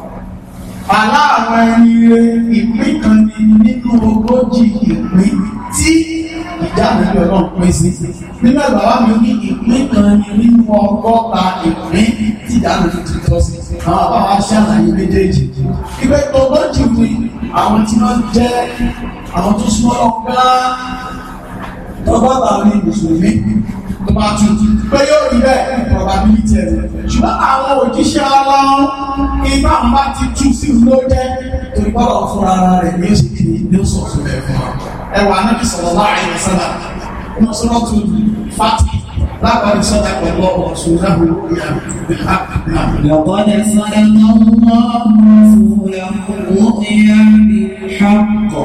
àlá àwọn ẹni rẹ̀ ìpín kan ní nínú ogójì ìpín tí ìjà àbẹ̀bí ọlọ́run pín sí nínú ẹ̀rọ wa mi ní ìpín kan ní nínú ọgọ́ta ìpín tí ìjà àbẹ̀bí ti tọ́ sí àwọn àbá wa ṣàlàyé méjèèjì ìpè ogójì ni àwọn tí wọ́n jẹ́ àwọn tó súnmọ́ lọ́gbà tọ́gbà bàbá ní mùsùlùmí nọ́mbà tù pé yóò rí bẹ́ẹ̀ probability ẹ̀ ṣùgbọ́n àwọn òjíṣẹ́ ọlọ́run ibà ń bá ti tú sí ló jẹ́ torí bọ́lá fún ara rẹ̀ ní oṣù kìíní ní oṣù ọ̀fun rẹ̀ fún wa ẹwà anábì sọ̀rọ̀ láàrin ìṣẹ́lá ní ọ̀ṣọ́rọ̀ tó fati lábàárí sọ́jà pẹ̀lú ọ̀pọ̀ ṣùgbọ́n لقد صدق الله رسوله الرؤيا بالحق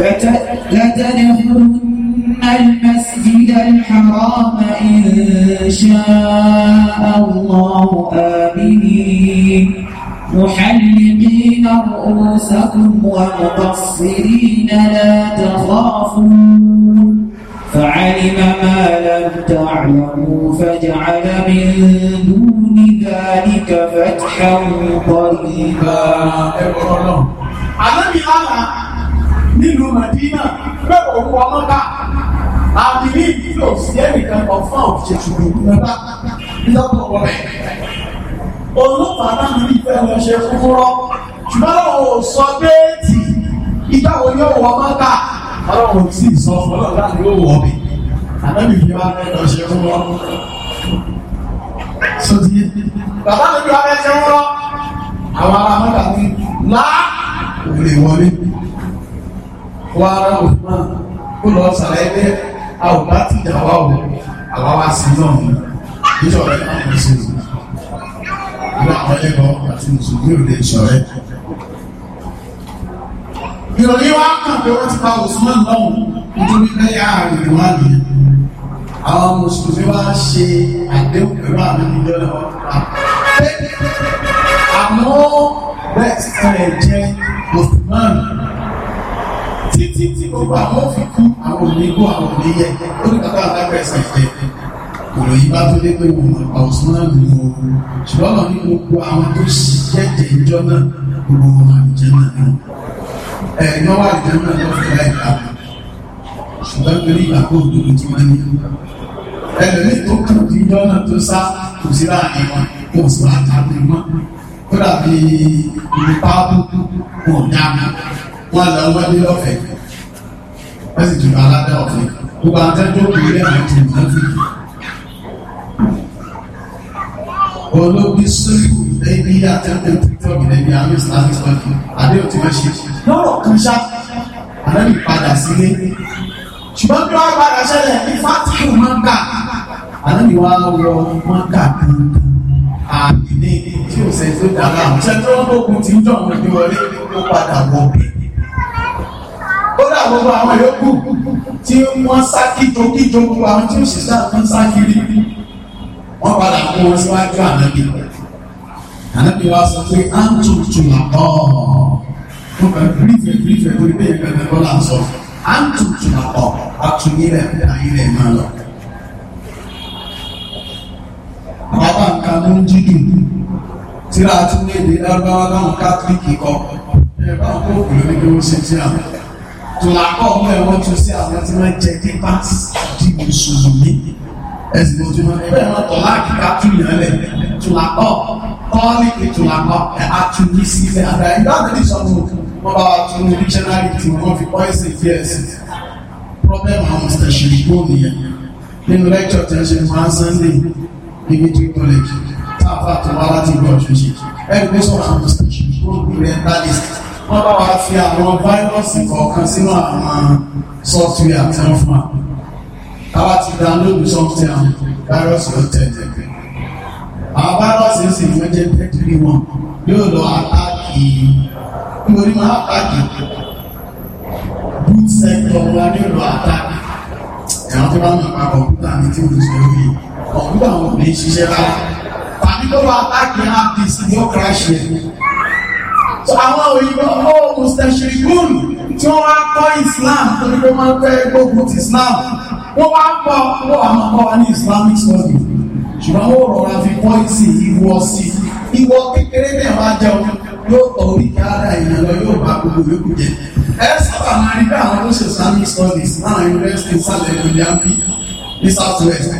لتدخلن المسجد الحرام إن شاء الله آمنين محلقين رؤوسكم ومقصرين لا تخافون فعلم ما لم تعلموا فجعل من دون ذلك فتحا قريبا. nílùú Màdínà bẹ́ẹ̀ òun I believe you know, Sierra can confirm she should be remember. Is that not correct? Olùfà náà ní ìfẹ́ wọn ṣe fúnfúnrọ́. Ṣùgbọ́n àwọn ò sọ déètì ìgbà wo yóò wọ mọ́tà. Ọlọ́run ò sì sọ fún ọlọ́run láti yóò wọ̀ mí. Ànábì fi wá fẹ́ lọ ṣe fúnfúnrọ́. Sọtí bàbá mi fi wá fẹ́ ṣe fúnfúnrọ́. Àwọn ará mọ́tà ní lá òun lè wọlé. Wọ́n ará òfin náà kó lọ sàlẹ̀ ẹgbẹ́ a ò bá ti dà wá o àwa wá sí náà ni níjọ rẹ náà kò sí ìlú àwọn ẹlẹ́gbọ́n àti mùsùlùmí ò lè ṣọ̀rẹ́. ìròyìn wa kàn pé wọ́n ti pa Usman náà nítorí lẹ́yà àrùn wa ni àwọn mùsùlùmí wa ṣe àdéhùn pẹ̀lú àwọn ìjọ náà. àmọ́ bẹ́ẹ̀ ti kan ẹ̀ jẹ́ Usman títí tí gbogbo àwọn fi kú àwọn òní kú àwọn òní yẹ ó ní bàbá àbábẹ̀ ẹ̀sẹ̀ jẹ ọ̀rọ̀ yìí bá tó dé pé mo mọ̀ pa ọ̀sán náà ni o ṣùgbọ́n àwọn nínú gbogbo àwọn tó sì jẹ́jẹ́ ìjọ náà gbogbo wọn àjẹ́ náà ni ẹ̀ẹ́dọ́ wà àjẹ́ náà lọ́fẹ̀ẹ́ láì ká ṣùgbọ́n torí ìgbàgbọ́ òdodo tí wọ́n ní ẹlẹ́ni tó kù ní lọ́nà tó sá kò sí láàrin wọn kò sí láàrin wọn kó dàbí ìlú kò dáná wọn là ń wọlé lọ́fẹ̀ẹ́ wọ́n sì jùlọ aládá ọ̀fẹ́ gbogbo àwọn tẹ́jọ́ òkèèrè àwọn ti mọ̀ ní olóbi sóyún ẹbí àtẹ́tẹ́ títọ́ ìdẹ́bí àwọn islamic study adéhùn tí wọ́n ṣe lọ́rọ̀ kan ṣá àdáni padà sílé ṣùgbọ́n bí wọ́n padà ṣẹlẹ̀ ní fatihu mọ́ńkà àdáni wà wọ mọ́ńkà kankan àbí tí ò sẹ́ni tó dára àwọn ṣẹ́ni tó ń ti ń jọ̀ wọ́n ní wọlé ó padà wọ̀ bẹ́ẹ̀ kódà gbogbo àwọn yòókù tí wọ́n sá kíjokíjo gbogbo àwọn tí òṣìṣẹ́ àwọn sá kiri wọ́n padà kó wọn síwájú ànábì ànábì wa sọ pé à ń tuntun àpọ̀ wọ́n kàn bírífẹ̀ bírífẹ̀ tó gbé yẹn kẹ̀kẹ́ kọ́lá sọ à ń tuntun àpọ̀ àtúnyí rẹ̀ àyí rẹ̀ máa lọ. bàbá nǹkan ló ń jí dùn tíra tún lè dé lárúbáwá láwọn kátólíìkì kọ ẹ bá kó òkú lórí bí wọ́n ṣe ti àwọn tòlákọ̀ ọmọ ẹ̀wọ́n tí ó sí àwọn tí wọ́n jẹ nípa di mùsùlùmí ẹ̀sìn ojú wọn ẹgbẹ́ wọn tòlákì ká túyàn lẹ̀ tòlákọ̀ kọ́ọ̀lìkì tòlákọ̀ àtúnyí sí ilẹ̀ àdá ìgbà àdébí sọ́tò wọn bá wa tún ní dictionary tí wọn fi kọ́ ẹ̀sìn fi ẹ̀sìn problem àwọn mr sherigbó nìyẹn nínú lecture tí wọ́n ṣe fún Sunday níbi tó kọ́lẹ̀jì táàfà tó wá láti ìgbà ọ̀ṣunṣe ẹgbẹ́ sọ̀rọ̀ àwọn mr sherigbó ìrẹ́ntálìsì wọ́n bá wa fi àwọn fáírọ́ọ̀sì kọ̀ọ̀kan sínú àwọn sọ́ftíwẹ̀ àtàn fún wa táwa ti dáńlódù sọ́ftíwẹ̀ àwọn fáírọ́ọ̀sì ló tẹ̀lé pẹ̀. àwọn fáírọ́ọ̀sì sì ń jẹ́ pẹ́kìrì wọn yóò lọ àtàkì nítorí máa àtàkì good sector wa ní ìlú àtàkì ẹ̀rọ tó bá ń pa kọ̀ǹpútà ní tí mo ti lè rí kọ̀ǹpútà wọn kò ní ṣiṣẹ́ rárá tàbí tó bá àtàkì crash yẹn àwọn òyìnbó ó mustachirikun tí wọ́n wá kọ́ Islam torí pé wọ́n fẹ́ gbógun ti Islam wọ́n wá kọ́ wọ́n àwọn ọmọ wa ní Islamic study ṣùgbọ́n wọ́n rọra fi kọ́ ìsì ìwọ sí ìwọ kékeré náà wá jẹun yóò tọ̀ orí káàdà ìyẹn lọ yóò bá gbogbo yòókù jẹ ẹ sábà máa rí bí àwọn tó ṣe Islamic studies láwọn yunifásitì sálẹ̀ ìlú ní south west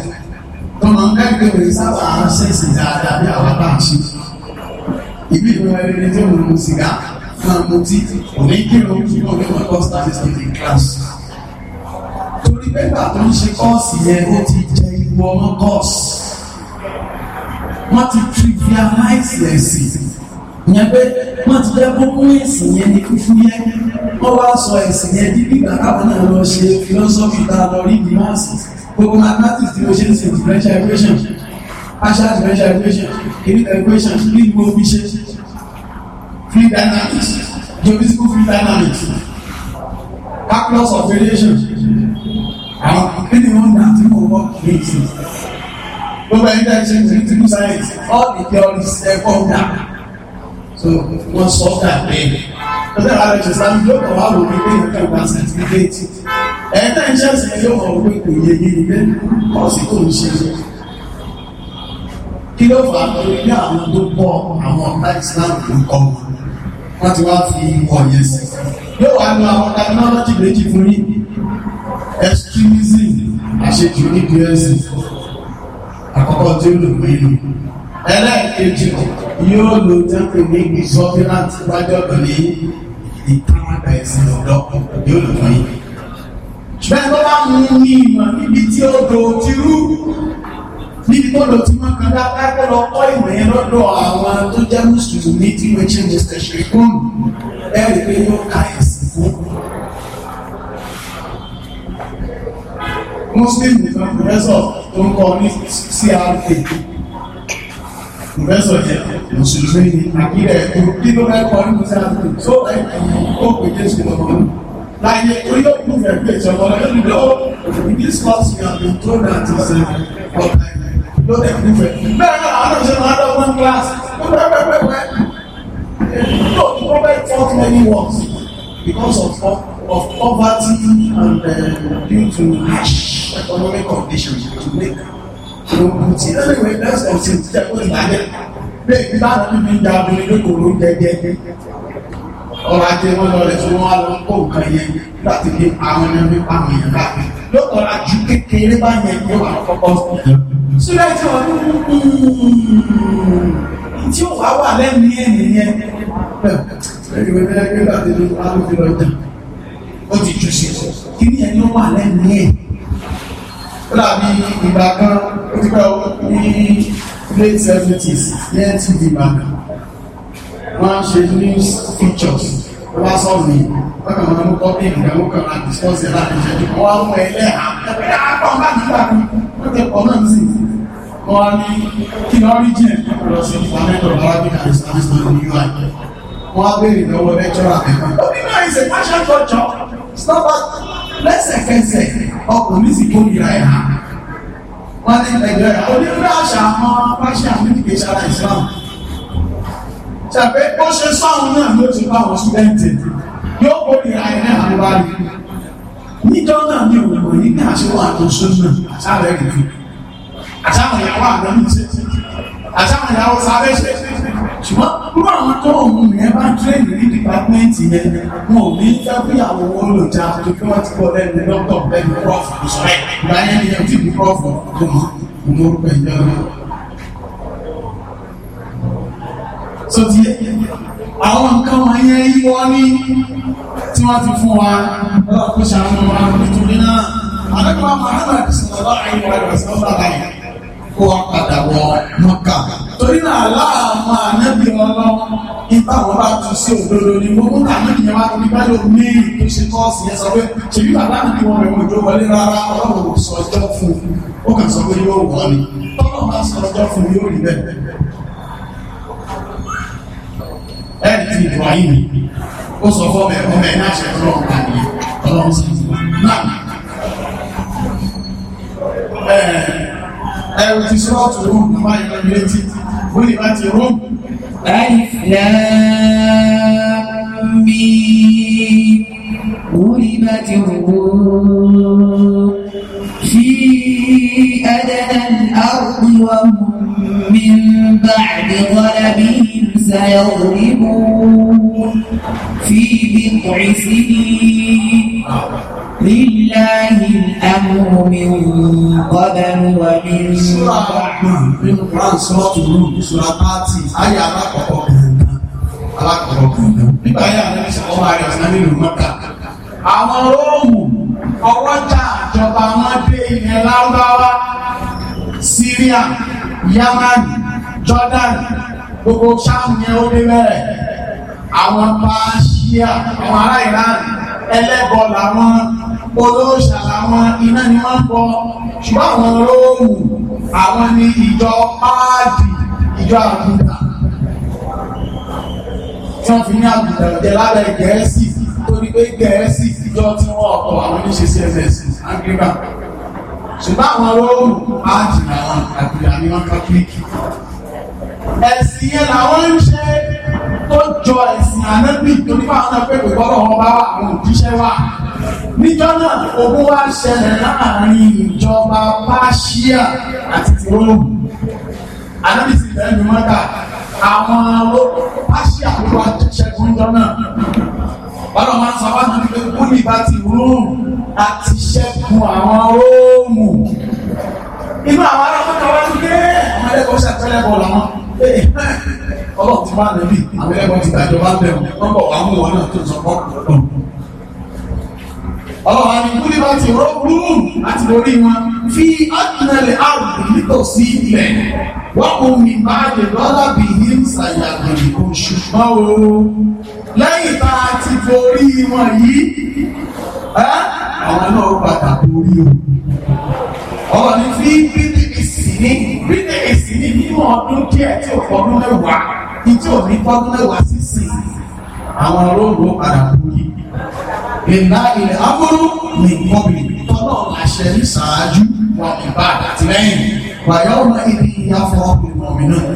tọ́nà ń dẹ́gbẹ̀rẹ̀ sábà ń ṣèṣì dáadáa bí àwọn bá ń ṣe ìbí ìwé ẹni ní tí òun mu sìgá máa mu tí òní kírun ṣùgbọ́n ní ọmọ kọ́ status giving class. torí pépà tó ń ṣe kọ́ọ̀sì yẹn ó ti jẹ ìwọ ọmọ kọ́ọ̀sì. wọ́n ti trivialize ẹ̀sìn ìyẹn pé wọ́n ti jẹ́ kó mú ẹ̀sìn yẹn ní fífú yẹn wọ́n wá sọ ẹ̀sìn yẹn bí bíbá káwọn náà lọ ṣe philosophy tá a lọ rí ní máàsì gbogbo mathematics tí mo ṣe ń ṣe differential equation partial differential equations chemical equations fluid motion fluid dynamics geophysical fluid dynamics calculus of variation àwọn kíni wọn náà tí mo wọ ní ìsìn gbogbo ẹni science all the theories ẹ̀ come down. so wọ́n sọ ọ̀dà bẹ́ẹ̀ ọ̀dà àwọn ẹ̀ṣẹ̀ sáà ló kọ̀ wá wò ní pé ìwé kẹwàá sẹ̀tìfíkẹ́tì ẹ̀ẹ́dẹ́gbẹ̀ṣẹ̀ sì ni yóò mọ̀ wípé kò yẹ yé ni bẹ́ẹ̀ ọ̀sìn kò ń ṣe yẹ kí ló fà á torí ní àwọn tó pọ̀ àwọn ọ̀tá Islam ló kọ́ wọn wọ́n ti wá fi ọ̀yẹ́ sí yóò wá lo àwọn technology méjì fún yín extremism àṣejù níbi ẹ̀sìn àkọ́kọ́ tí ó lò pé lò ẹlẹ́ẹ̀kejì yóò lo tẹ́pẹ̀ ní ìsọ́fíláǹtì wájọ́ lò ní ìkáwádà ẹ̀sìn ọ̀dọ́ yóò lò fún yín bẹ́ẹ̀ tó bá mú ní ìmọ̀ níbi tí ó do ti rú nígbọ́dọ̀ tí wọ́n kan dákọ́ lọ kọ́ ìwé yẹn lọ́dọ̀ àwọn tó jẹ́ mùsùlùmí tí wọ́n ṣe ń jẹ́ ṣẹ̀ṣẹ̀ fún ẹ̀rí pé yóò ka ẹ̀sìn fún. muslim nìkan pòfẹ́sọ̀ tó ń kọ́ ní crpa pòfẹ́sọ̀ yẹn mùsùlùmí ni àkílẹ̀ tó kí ló fẹ́ kọ́ ní crpa tó ẹ̀yìn ó pè jésù lọ́wọ́ láyé orí òkú rẹ̀ pé ìjọba ọlọ́dún lọ́wọ́ this last year been told that is a uh, problem ló dẹ̀ fi fẹ́. bẹ́ẹ̀ náà àwọn ọ̀sẹ̀ máa dọ̀ one class pẹ́pẹ́pẹ́pẹ́ no nobody taught many words because of of poverty and due to harsh economic conditions to make lóògùn tí lẹ́yìn ìwé next of sin jẹ́ kó ìbàdẹ́ bẹ́ẹ̀ bí bá ti fi da obìnrin lóko ló jẹjẹ ọrọ̀ ajé wọn lọ rẹ̀ tí wọ́n á lọ kó nǹkan yẹn láti fi àwọn ẹni pa àwọn èèyàn láàbí ló kọ́ra ju kékeré bá yẹn ní wà kọ́kọ́ fún un. Súlẹ̀tì ọdún tí ó wá wà lẹ́nu yẹn nìyẹn. Ẹ̀yìn wẹ́n bẹ́ẹ̀ gbé láti lè alóbi lọ́jà. Ó ti jù sí kí ni ẹni ó wà lẹ́nu yẹn. Ó dàbí ìgbà kan ó ti pẹ́ ní late seventies ní NTV Bank. Wọ́n á ṣe news features ó wá sọ sí ọkàn máa mú kọ́pì ìdánwò kan máa discuss ẹ̀ láti ṣẹ́jú kọ́ wá mú ẹlẹ́ àpẹẹrẹ àpọ̀ bá ti gbà mí ó ti pọ̀ náà sí kọ́ wá ní kí ní origin lọ sí ìfàmẹ́tọ̀ arabic and islamic study ní ui wọ́n á béèrè lọ́wọ́ lecturer ẹ̀kọ́ ó ní náà ìṣe fashion culture stop at lẹ́sẹ̀kẹsẹ̀ ọkùnrin sì kó ìra ẹ̀ hàn wọ́n ní nàìjíríà onírúurú àṣà àwọn fashion àmì ìgbésàrà islam ṣàpẹ́ ó ṣe sọ́hun náà ló ti bá wọn ṣúdẹ́ǹtì yóò kórè àìní àríwárí níjọ́ náà ní òwúrọ̀ yìí ní àṣewọ́ àtúnṣe náà àtàrẹ kìkì àtàwọn ìyàwó àná mi ṣe àtàwọn ìyàwó sáré ṣe ṣùgbọ́n gbogbo àwọn tó òun yẹn bá tírèèdì ní dìpátímẹ́ǹtì yẹn wọn ò ní fẹ́ kí àwọn owó lò já tó kí wọ́n ti kọ́ lẹ́nu dókítà lẹ́nu prọ́fù ìgbà yẹn ni ẹ̀ ti di prọ́fù ọ̀hún ọ̀hún orúkọ ìjọba tó ti àwọn nǹkan wọ̀nyẹn ìwọ ní tí wọ́n ti fún wa lọ́pọ̀ ṣàánú wa nítorí náà àdẹ́gbà Muhammad sọ̀rọ̀ àyíwá ìwọ̀sọ̀rọ̀ àyè kó wa padà wọ mọ́kà torí náà láàmú ànábì ọlọ́run ipa wọn bá tún sí òdodo ni mo mú ànábì yẹn wá ní bá ló ní tó ṣe kọ́ọ̀sì yẹn sọ pé ṣèbí bàbá mi kí wọn rẹ̀ wọ́n jó wọlé rárá ọlọ́run sọ ọjọ́ fún un ó kàn sọ pé yóò wọ́n ni tọ́lọ́ bá sọ ọjọ́ fún un yóò rí bẹ́ẹ̀ ẹ̀rì tí Ibrahim ó sọ fọ́ bẹ́ẹ̀ ọmọ ẹ̀ náà ṣe ọlọ́run kàní ọlọ́run sì ti náà ẹ̀rù ti sọ́ọ̀tù rúm nàmá ìlànà létí wílì bá ti rúm. Alif Lam Mim غلبت الروم في أدنى الأرض وهم من بعد غلبهم سيغلبون في بضع سنين لله الأمر من قبل ومن بعد سورة الروم سورة باتي آية alákọ̀ọ́kọ́ gangan alákọ̀ọ́kọ́ gangan nígbà yà lẹ́yìn sọ̀rọ̀ ayé ọ̀sán nínú mọ́ta àwọn róòmù ọwọ́jà àjọba wọn dé ilẹ̀ lárúbáwá síríà Yaman Jordan gbogbo sáàmù yẹn ó dé bẹ́ẹ̀ àwọn paṣíà àwọn ará Iran ẹlẹ́bọ làwọn olóòṣà làwọn iná ni wọ́n ń bọ ṣùgbọ́n àwọn róòmù àwọn ni ìjọ páàdì ìjọ àbúdà tí wọ́n fi ní àbúdà jẹ lábẹ́ Gẹ̀ẹ́sì torí pé Gẹ̀ẹ́sì ìjọ tí wọ́n ọ̀tọ̀ àwọn oníṣẹ́ cfs anglican ṣùgbọ́n àwọn róòmù páàtì làwọn àgbìlà ní wọn kátólíkì ẹ̀sìn yẹn làwọn ń ṣe tó jọ ẹ̀sìn ànábì torí báwọn náà pépè bọ́lọ̀ wọn bá wà àwọn òjíṣẹ́ wà níjọ́ náà ogun wá ṣẹlẹ̀ láàrin ìjọba pàṣíà àti ti róòmù ànábì sì bẹ́ẹ̀ ni wọ́n dà àwọn pàṣíà ló wá ṣẹ́gun jọ náà ọlọ́run máa ń sọ wá náà nípa wúlì bá ti rúùn àti ṣẹ́kun àwọn róòmù inú àwọn arákùnrin kan wá sí pé àwọn ẹlẹ́kọ̀ọ́ ṣàtẹ́lẹ́kọ̀ọ́ làwọn ọlọ́run ti máa nẹ́bí àwọn ẹlẹ́kọ̀ọ́ ti gbàjọba bẹ̀rù lọ́pọ̀ àwọn ìwọ̀n náà tó sọ fọ́ọ̀kù ọlọ́wọ́ àdìgúlì bá ti rọ́gbù láti borí wọn fi ọ́dínàlẹ̀ àrùn nítòsí ilẹ̀ wọ́n kò mì bá lè lọ́lá bí ní ìsàyàgbèrè kò ṣùgbọ́n o lẹ́yìn tá a ti borí wọn yìí àwọn náà padà borí o ọ̀rọ̀ ni fi bídí ìsìnì bídí ìsìnì nínú ọdún díẹ̀ tí ò fọdún mẹ́wàá ìjọ ní fọdún mẹ́wàá sísìn àwọn olóògbé padà borí ìlà ilẹ̀ amúrú ní kọ́bì tọ́lọ̀ àṣẹ ní sàájú wọn ìbá àti lẹ́yìn wàyọ̀ ọ̀nà ibi ìyáfọ́ ìmọ̀mí náà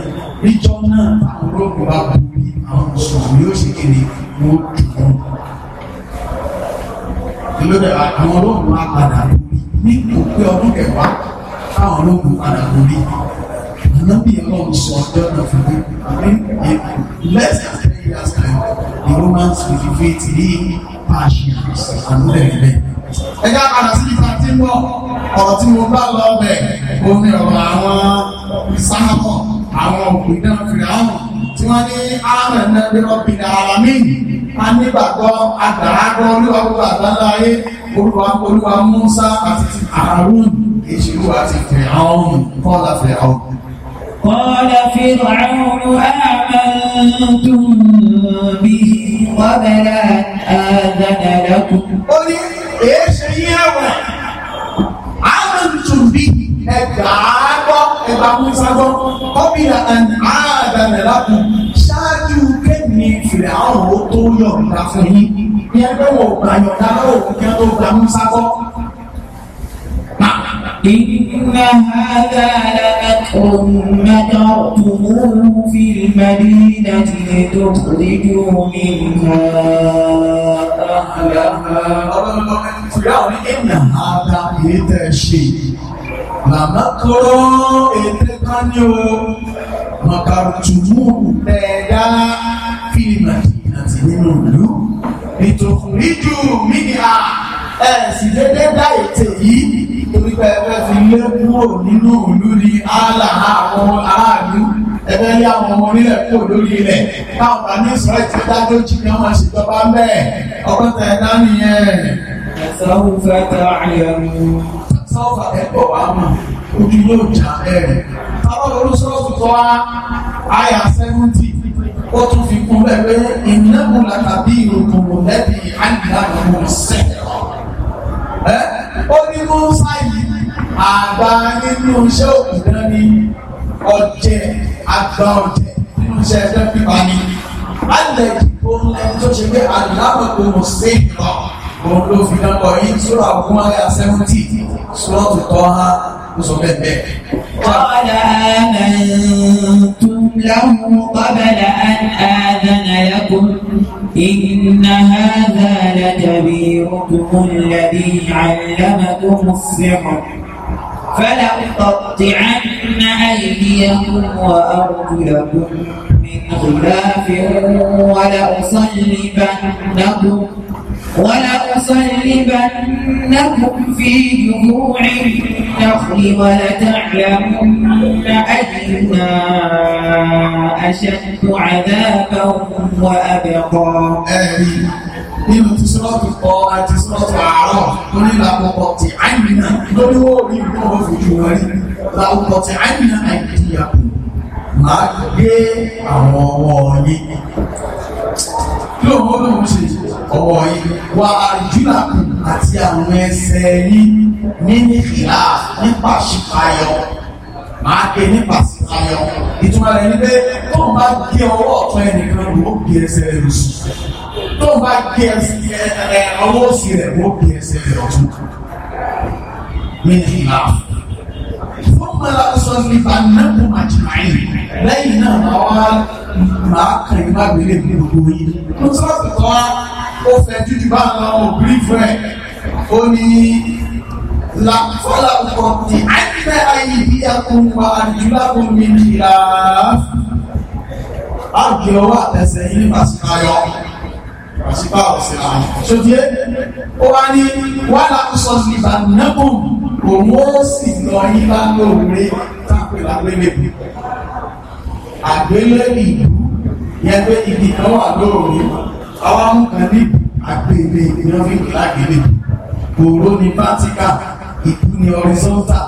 níjọ́ náà àwọn ológun bá bu bí àwọn mùsùlùmí yóò ṣe kéde wọ́n dùn ìlóde àwọn ológun á padà bu bí ní òpin ọdún kẹwàá táwọn ológun padà bu bí ànábì ọlọ́run sọ ọjọ́ náà fún mi àmì less than three years time the romans fifty fifty bá a ṣe fèsì pẹ̀lú ẹ̀rẹ́. ẹ já padà sí ìta tí ń bọ̀ ọ̀rọ̀ tí mo bá lọ bẹ̀ ó ní ọ̀rọ̀ àwọn sáàbọ̀ àwọn òpìdán fìdáhùn tí wọ́n ní ààrùn náà lé ọ̀pìnà ara mi a nígbàgbọ́ àdàágbọ́ olúwa gbogbo àgbáńlá ayé olúwa olúwa Musa àti àrùn èṣèlú àti fẹ̀ àwọn kọ́lá fẹ̀ ọ̀gbìn. قال فرعون آمنتم به قبل أن آذن لكم قل إيش هي آمنتم به ẹgbàágbọ́ ẹgbàmúságbọ́ kọ́bílà and àádánilàkùn ṣáájú kẹ́mi fìlẹ̀ àwọn ò tó yọ̀ǹda fún yín ní ẹgbẹ́ wọn ò gbà yọ̀ǹda lọ́wọ́ òkúkẹ́ tó gbàmúságbọ́. إن هذا ثم تركتموه في المدينة لتخرجوا منها أهلها Fìyàwó ìnà àdá ètè ṣe. Lànà kọ́rọ́ ètè kan ní o. Màkàrùtùmù ẹ̀dá fíìmù àti nínú ìlú. Ìtòkùnrin jù mí ni a. Ẹ dédé dá ètè yìí pípẹ́ ẹgbẹ́ ti lé kúrò nínú ìlú ní ààlà àwọn aráàlú ẹgbẹ́ lé àwọn ọmọ orílẹ̀ kúrò lórí ilẹ̀ káwọn bá ní ìsọ̀rọ̀ ti dájọ́ jì kí wọ́n ṣèjọba ń bẹ́ẹ̀ ọgọ́ta ẹ̀dá nìyẹn. sọ́fà tẹ̀ sọ́fà tẹ̀ pọ̀ wá mọ̀ ojú yóò jà ẹ̀rẹ̀ tábà lórí sọ́ọ̀tù tó wá àyà sẹ́fúntì ó tún fi kún bẹ́ẹ̀ pé ìnáwó làtàbí ìròkòrò lẹ́bi àyìnlá lọ́wọ́ sẹ́ẹ̀ ó ní mú sáyé àgbà nínú iṣẹ́ òkùnkùn ní ọ̀jẹ̀ àgbà ọ̀jẹ̀ nínú iṣẹ́ ẹgbẹ́ pípa ni. alẹ́ ìdìbò ẹni tó ṣe pé àdìlábọ̀ tó mọ̀ sí ìlọ òun ló fi dánwò yìí sórí àwọn àyà sẹ́fúntì sọ́ọ̀tù tọ́ ha ó sọ bẹ́ẹ̀ bẹ́ẹ̀. Qala amantum lahu qabla an adana lakum إن هذا لكبيركم الذي علمكم السحر فلأقطعن أيديهم وأرجلكم من خلاف ولأصلبنكم ولأصلبنكم في جموع النخل ولتعلمن أينا أشد عذابا وأبقى آمين nínú ti sọ́ọ̀tù kọ́ àti sọ́ọ̀tù àárọ̀ onílà àpapọ̀ ti àìmìnà lórí orí ìgbọ́n òfojú wọn rí láwùpọ̀ ti àìmìnà nàìjíríà kù máa gbé àwọn ọwọ́ yín yóò mọ́ lóun ṣe ọwọ́ yín wà àjúlà kù àti àwọn ẹsẹ̀ yín ní nìkìlá nípa ṣípayọ máa gbé nípa ṣípayọ ìtumọ̀ rẹ̀ ni pé tóun bá gbé ọwọ́ ọ̀tún ẹnìkan ló gbé ẹsẹ̀ rẹ̀ lóṣù tó bá gbé ẹsẹ̀ ọwọ́ òsì rẹ̀ wọ́n gbé ẹsẹ̀ rẹ̀ ọ̀tún ní ìlà fún mọ́lá sọ ní fanáàbù àjùmáì lẹ́yìn náà máa wá máa kàn yín bá gbélé ní gbogbo yín mo sọ́ọ̀tì tó wá ó fẹ́ jújù bá ń lọ òbí fún ẹ̀ ó ní làkọ́là ọkọ̀ tí àìpẹ́ ayé bí akọ̀wà àjùlákùn mi kìlá àjọ wà tẹ̀sẹ̀ yín nípa sí ayọ̀ àṣìpá ọ̀sẹ̀ ààrẹ ṣòdíé ó wá ní wà láàkúsọ sí ìbá nẹ́bù òun ó sì lọ yín bá lóore tápẹ̀ lágbélébù àgbélébù yẹn pé ibi kan wà lóore àwọn amúkan ní àgbègbè ìran fi kìlá gèlè òró ni pátíkà ìkú ni ọ̀rìsọ́ńtà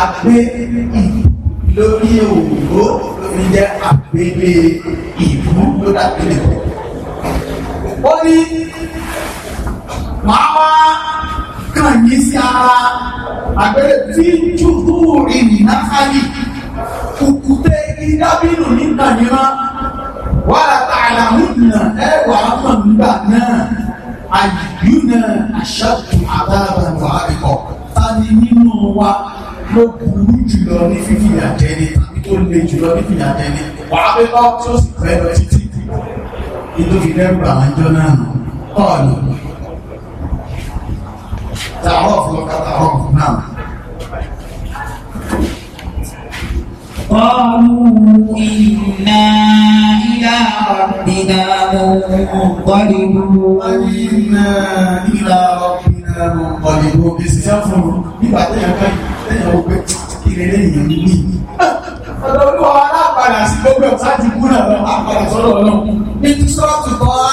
àgbé lórí òwúrò ló fi jẹ́ àgbélé ìbú ló dàgbélé ó ní màá wá kàn yín sí ara àgbẹ̀rẹ̀ tí jújú ìrìn náà sáyé kùkùté ìdábìnú nígbà mìíràn wà látàlà múnà ẹwà mọ̀ nígbà náà àyíyúnà àṣàtù àbára wà àríkọ̀ ta ni nínú wa ló burú jùlọ ní fífi àjẹni tàbí tó le jùlọ ní fífi àjẹni wà á bẹ́ bá tí ó sì fẹ́ lọ títí Itu fi dẹ́rù bà wọ́n jọ náà nù ọ̀nà tààrọ̀ fún ọkà tààrọ̀ fún náà. قالوا إنا إلى ربنا منقلبون إنا إلى ربنا منقلبون bísí sáfù yang téèyàn bá ọ̀dọ̀ olúwa alápàdà sí gbogbo ọ̀tá ti kú náà lọ́wọ́ àpàdà sọ́dọ̀ náà ní ti sọ́ọ̀tù tọ́ a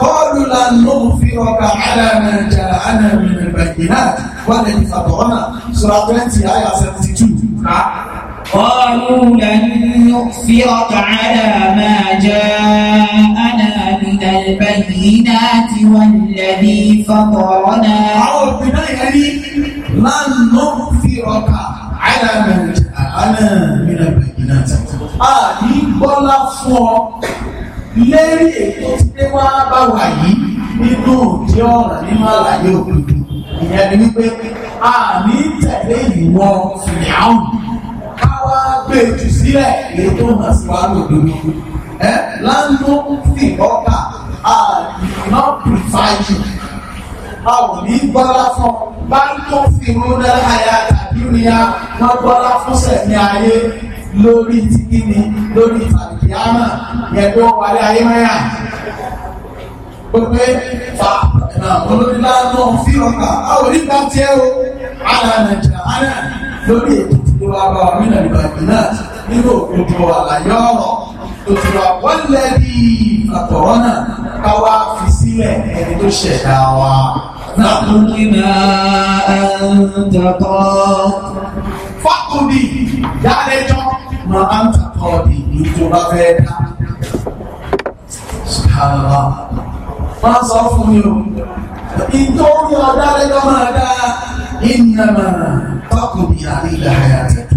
bọ́ọ̀lù la ló ń fi ọkà àdàmì ìjà àdàmì ìbàjẹ́ náà wà lẹ́yìn fàtọ́ọ́nà sọ̀rọ̀ twenty ayà seventy two ká. قالوا لن نؤثرك على ما جاءنا من البينات والذي فطرنا أو بنيني لن نؤثرك على ما جاءنا àánà bọ́lá fún ọ lérí ètò tí dé wá bá wà yìí nínú òdi ọ̀ràn nínú àlàyé òdodo ìyẹn ni wípé a tẹ̀lé ìwọ fìyàwó káwá gbé jù sílẹ̀ èyí tó hàn sí wa lòdodo ẹ lánàá fi ọkà a not provide you a ò ní gbọ́lá fún bá ń tó fi mú náírà ayé àdúnyà wọ́n gbọ́lá fún sẹ̀mí ayé lórí ti kíni lórí tàbí àmà yẹn tó wálé ayé mẹ́yà pé fa olórílá náà fi ọkà a ò ní gbà tiẹ́ o àlà nàìjíríà àná lórí ètò tí wọ́n bá wà nínú ìgbàgbé náà nínú òkòjò àlàyé ọ̀rọ̀ òtùrọ̀ àpọ́nlẹ́bí àtọ̀rọ̀ náà káwá fi sílẹ̀ ẹni tó ṣẹ̀dá wa. فاقض ما أنت قاض fákùnì dáadéjọ́ ma á ń takọ̀ ọ̀dì ìjọba fẹ́ dá. Ṣàlọ́ má sọ fún mi o, ìtorí ọ̀dálẹ́jọ́ máa dá ìnàmà fákùnì àríyá àyàtẹ̀tù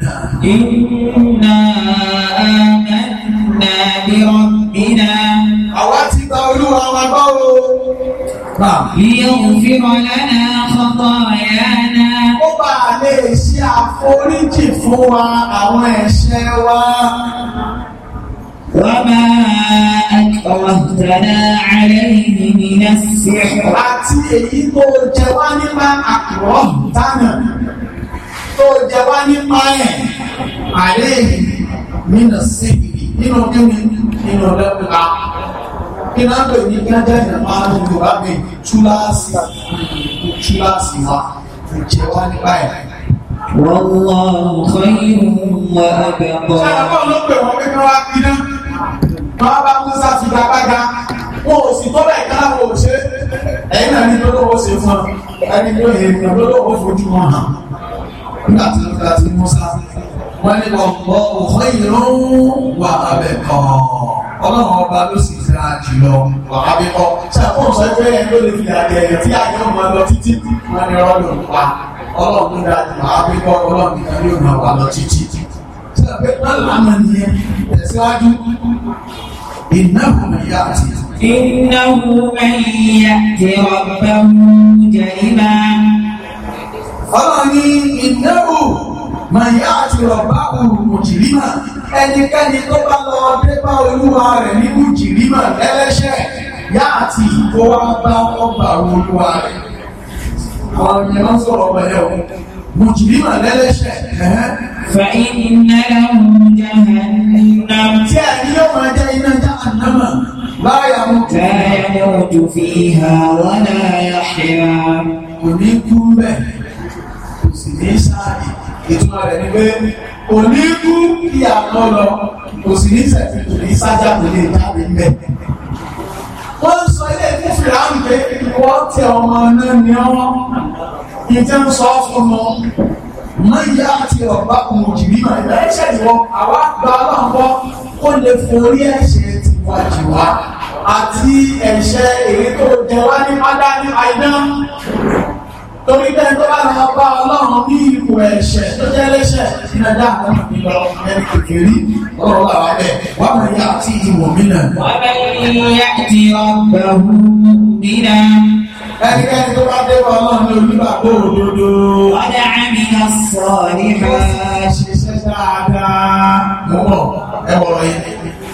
Inna amanna bi rabbina. Àwa ti gba olúwa wa gbọ́ o. Liyaghfir lana khatayana. Ó bá a lè ṣe àforíjì fún wa àwọn ẹ̀ṣẹ̀ wa. وما أكرهتنا عليه من السحر àti èyí tó jẹ wá nípa àkùrọ̀ tánà tó jẹ wá ní páyẹ̀ àlẹ́ nínú síbi nínú kíni nínú lẹ́pẹ̀lá kí náà pè ní gájá ìrìnàmá ní yorùbá pé túláàsì túláàsì wa kò jẹ wá ní páyẹ̀. Wallahu khayrun wa abqa. Ṣáàbọ̀ ló pè wọ́n pé kí wọ́n á kí náà. Wọ́n á bá tún sàtìgbàgbàgbà. Wọ́n ò sì tọ́ bẹ́ẹ̀ láwọn ò Ẹ̀yin náà ní lọ́dọ̀ ṣe fún ọ. Ẹni tó yẹ ìgbà lọ́dọ̀ fojú wọn hàn nígbà tí ló dá sí Musa wọ́n ní ọ̀pọ̀ òfin ìrún wà abẹ́kọ̀ ọlọ́run ọba ló sì dára jùlọ wà abẹ́kọ̀ ṣàkóso sọ pé ẹni ló lè fi àjẹyẹ tí àjọ máa lọ títí wọ́n ní ọlọ́run pa ọlọ́run dára jùlọ abẹ́kọ̀ ọlọ́run nìkan yóò máa wà lọ títí ṣàpẹ́ lánàá nìyẹn tẹ̀síwájú إنه يأتي إنه من يأتي ربه جريما ọlọ́ni ìnáwó màyà àti rọ̀bá mùjìrìmà ẹnikẹ́ni tó bá lọ dé bá olúwa rẹ̀ ní mùjìrìmà lẹ́lẹ́ṣẹ̀ yá àti ìkó wá bá ọgbà olúwa rẹ̀ àwọn ènìyàn sọ̀rọ̀ pẹ̀lẹ́ òun mùjìrìmà lẹ́lẹ́ṣẹ̀ fẹ̀yìn láyà mú tẹ́lẹ̀ ojú fi hà wọ́n náà yà ṣe rà. kò ní kú bẹ́ẹ̀ sì ní sáàyè ìtumọ̀ rẹ̀ ni pé kò ní kú kí àná lọ kò sì ní sẹ̀tì kò ní sájà kò lè jáde ń bẹ̀. wọ́n ń sọ ilé ìfún fìlàmù pé ìwọ́ tẹ ọmọ náà ní ọwọ́ ìjẹ́ ń sọ fún wọn máa àti ọ̀bá kùn òjì mímọ̀ ìdá ẹ̀ṣẹ̀ ìwọ àwa gba aláǹkọ́ kó lè forí ẹ̀ṣẹ̀ tiwa jù wá àti ẹ̀ṣẹ̀ èrè tó jẹ wá ní pádá ní àìdán torí bẹ́ẹ̀ tó bá lọ bá ọlọ́run ní ipò ẹ̀ṣẹ̀ tó jẹ́ lẹ́ṣẹ̀ iná dáadáa mi lọ ẹni kékeré ọlọ́run làwọn abẹ́ wà á yà àti ìwọ̀ mí náà. wọ́n bẹ yíyá ti ọgbà wù mí náà. ẹnikẹ́ni tó bá dé bọ́ ọlọ́run ní onígbàgbọ́ òdodo. ọ̀dà àmì ọ̀sán ní máa ṣiṣẹ́ dáadáa. mo mọ̀ ẹ wọ̀rọ̀ yẹn.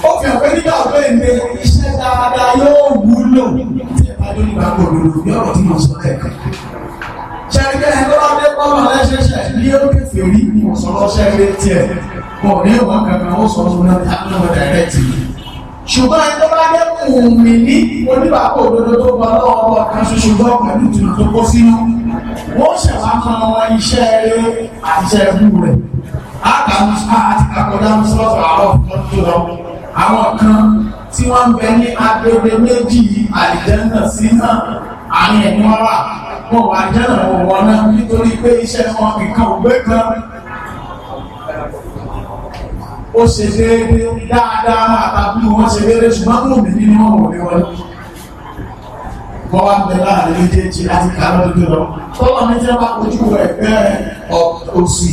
ó fi hàn pé nígbà tó ń de iṣẹ́ dáadáa yóò wúlò tí ẹ bá dé onígbàgbọ́ òdodo bí ọ̀rọ̀ tí mo sọ lẹ́ẹ̀kan ṣẹ́gbẹ́ ẹgbẹ́ pọ́nà lẹ́ṣẹ̀ṣẹ̀ ní orí fèrí ní ọ̀sọ̀rọ̀ṣẹ́ ilé tí ẹ̀ pọ̀ ní ọ̀wọ́n kankan ó sọ fún náà àtúnwọ̀ dàrẹ́tì ṣùgbọ́n ẹni tó bá jẹ́ mùmí ní oníbàbò òdodo tó gba lọ́wọ́ ọwọ́ kan ṣoṣo gbọ́ pẹ̀lú ìtumọ̀ tó kó sínú wọ́n ṣẹ̀wá máa wọn iṣẹ́ eré àṣẹ ẹbú rẹ̀ àti àkọ́dá mùsùlùmí àárọ̀ tó lọ àwọn kan tí wọ́n ń bẹ ní agbègbè méjì àlìjẹ́ńdà sí náà àárín ẹ̀mí wọn wà wọn wà jẹ́nà wọn wọ́n náà nítorí pé iṣẹ́ wọn nǹkan ògbé kan ó ṣe déédé dáadáa àtàbí wọn ṣe déédé ṣùgbọ́n mú mi nínú wọn wọlé wọn kọ́wá bẹ láàrin méjèèjì láti kárọ́ lójú lọ tọ́lọ́ ní tí wọ́n bá kojú ẹ̀gbẹ́ òsì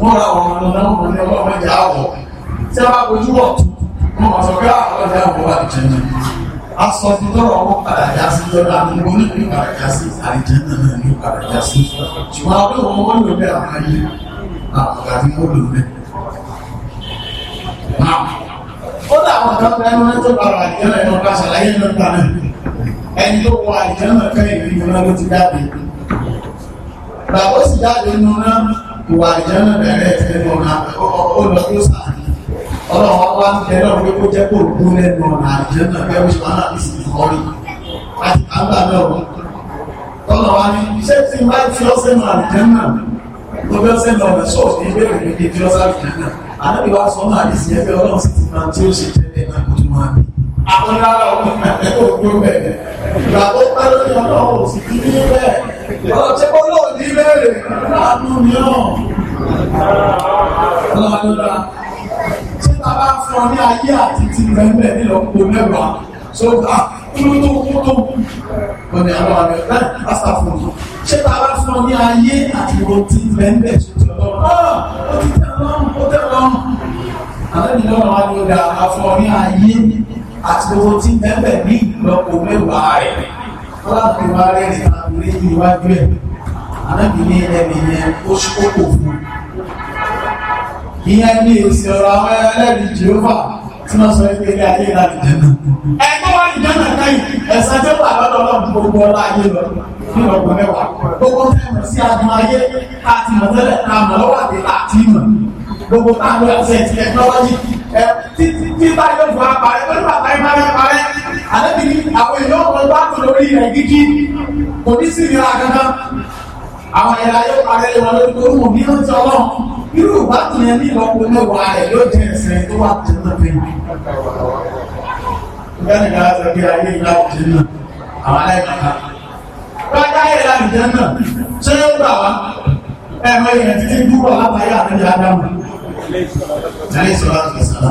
wọ́n ra ọ̀rọ̀ lọ́nà wọn ní ọlọ́run àwọ̀ tí wọ́n bá kojú ọ̀tún wọ́n mọ̀ sọ pé ah, àwọn ọ̀dẹ́ àwọn wà jẹ́ náà aṣọ ti tọrọ ọwọ́ padà já sí lọ́la ní oníbi padà já sí àìjẹ́ náà ní padà já sí ṣùgbọ́n àwọn ọmọ wọn lò bẹ́ẹ̀ àwọn ayé àwọn àti wọn lò bẹ́ẹ̀. ó dáwọn kan bẹ́ẹ̀ wọ́n tó padà àìjẹ́ náà ẹ̀rọ kásàlàyé náà gbà náà ẹni tó wọ àìjẹ́ náà kẹ́ ìrìn ìrìn ló ti jáde. bàbá ó sì jáde nínú náà ìwà àìjẹ́ náà bẹ̀rẹ̀ ẹ̀ ọlọ́run ọba ń bẹ lọ́run pé kó jẹ́ kó dún lẹ́nu ọ̀nà àjẹ́ náà bẹ́ẹ̀ wíṣọ aláàbísì ní ọ̀rí àti àgbà náà wọ́n tọ́lọ̀ wá ní iṣẹ́ tí ń bá ti ọ́sẹ̀ náà àjẹ́ náà ló bẹ́ ọ́sẹ̀ náà ọ̀nà ṣọ́ọ̀ṣì ní ìbéèrè ní kí ọ́sẹ̀ àjẹ́ náà àlẹ́bí wá sọ náà àdìsí ẹgbẹ́ ọlọ́run sì ti máa tí tábà fún ọ ní ayé àti ti mẹ́mẹ́ nílọ́po mẹ́wàá so ah, kúrú tó kú tó kú lọ́nà àwọn àrẹ láì ah, pásítàfún mi ṣé tábà fún ọ ní ayé àti ìwọ ti mẹ́mẹ́ ṣètò ọlọ́run ó ti ah, tẹ̀ lọ́rùn ó tẹ̀ lọ́rùn àlẹ́ mi lọ́rùn wa ni ó dà àfọ̀ ní ayé àti owó tí mẹ́mẹ́ ní ìlọ́po mẹ́wàá rẹ̀ ọlọ́run wa rẹ̀ ní àbúrẹ́ yìí wájú ẹ̀ àlẹ́ mi ní ẹ̀mí yẹn ó ṣ ìyẹn ní èsì ọ̀rọ̀ àwọn ẹlẹ́bí jehova tí wọ́n sọ pé ilé ayé láti jẹ́nà ẹgbẹ́ wà ní jẹ́nà lẹ́yìn ẹ̀sán tó wà lọ́dọ̀ ọlọ́run gbogbo ọlá ayé lọ nínú ọgbọ̀n mẹ́wàá gbogbo fẹ́mọ̀ sí adùn ayé láti mọ̀ tẹ́lẹ̀ ta mọ̀ lọ́wọ́ àti láti mọ̀ gbogbo táwọn ẹ̀sẹ̀ ti tẹkinọ́lọ́jì tí bá yóò fún apàrẹ́ pẹ̀lú àpàrẹ́ parẹ́ parẹ́ àlẹ́bìnrin àwọn èèyàn ọ̀pọ̀ bá kò lórí irú ìbátan yẹn ní ìlọ́pọ̀ mẹ́wàá rẹ̀ ló jẹ́ ẹ̀sẹ̀ tó wà tó náà fi hàn. Ìgbẹ́ni kan sọ pé ayé ìlà òjì náà, àwọn aláìkàkà. Bájá ìlà ìjẹ náà, ṣé ó gbà wá? Ẹ̀mọ ìyẹn títí dúró lábàáyé àtúndì Ádámù. Jẹ́lẹ̀ sọ̀rọ̀ àti ìsìlá.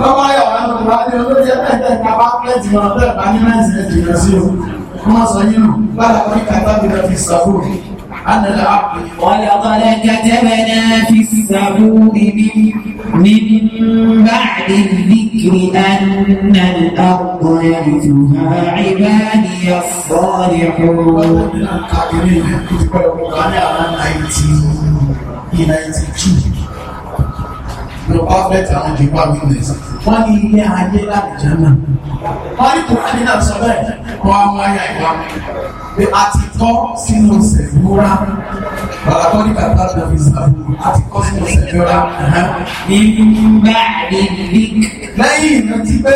Lọ́wọ́ ayọ̀ àwọn ọmọ ìwádìí olóyè ẹ̀ẹ́dẹ́gbẹ̀ta bá pẹ́ẹ́tì wọn bẹ́ẹ̀ bá ní mẹ́sìn ẹ̀jìnlẹ̀ sí o. ما صينه كتبنا في ولقد كتبنا في الزبور من بعد الذكر أن الأرض يرثها عبادي الصالحون your perfect and Jehovah witness wọ́n ní ilé ayé lálejò náà wọ́n ní kùrọ̀ ní náà sọ bẹ́ẹ̀ wọ́n á máa yá ìwà pé a ti tọ́ sínú sẹ̀dúrà bàbá tó ní bàbá tó fi sàbò a ti tọ́ sínú sẹ̀dúrà ní bẹ́ẹ̀ ní lẹ́yìn ìrántí pé.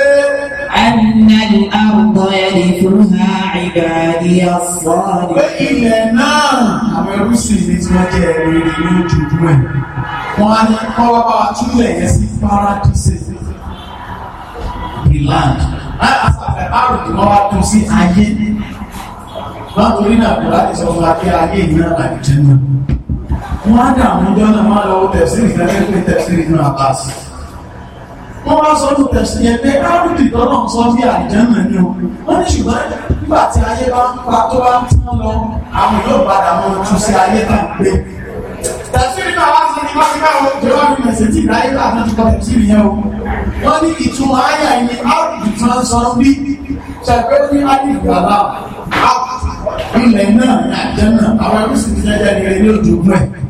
أن الأرض يرثها عبادي الصالحين. ilẹ̀ náà àwọn ẹrú sì ní tí wọ́n jẹ́ ẹ̀rọ ilé ní ojoojú ẹ̀. wọ́n á ní kọ́wọ́ bá wa túlẹ̀ yẹn sí paradise the land. láì pàṣẹ àrùn tí wọ́n wá tún máa lọ tẹ̀síìrì náà tẹ̀síìrì náà bá sí i wọ́n wá sọ ní tẹ̀sí yẹn pé káàrùtì tọ́nà sọ bí àìjẹ́nà ni o wọ́n ní ṣùgbọ́n nígbà tí ayé bá ń pa tó bá ń tún lọ àwọn yóò padà mọ ojú sí ayé tó ń gbé. tẹ̀sí náà wá sí ní wájú báwo jọ̀wọ́ mi mẹ̀sẹ̀ tí ìgbà ayélujára náà ti kọ́ tẹ̀sí yẹn o. wọ́n ní ìtumọ̀ ayé ni káàrùtì tó ń sọ bí ṣàgbé ní àdìgbàlá ilẹ̀ náà àìjẹ́nà àwọn ẹrú sì ti jẹ́jẹ́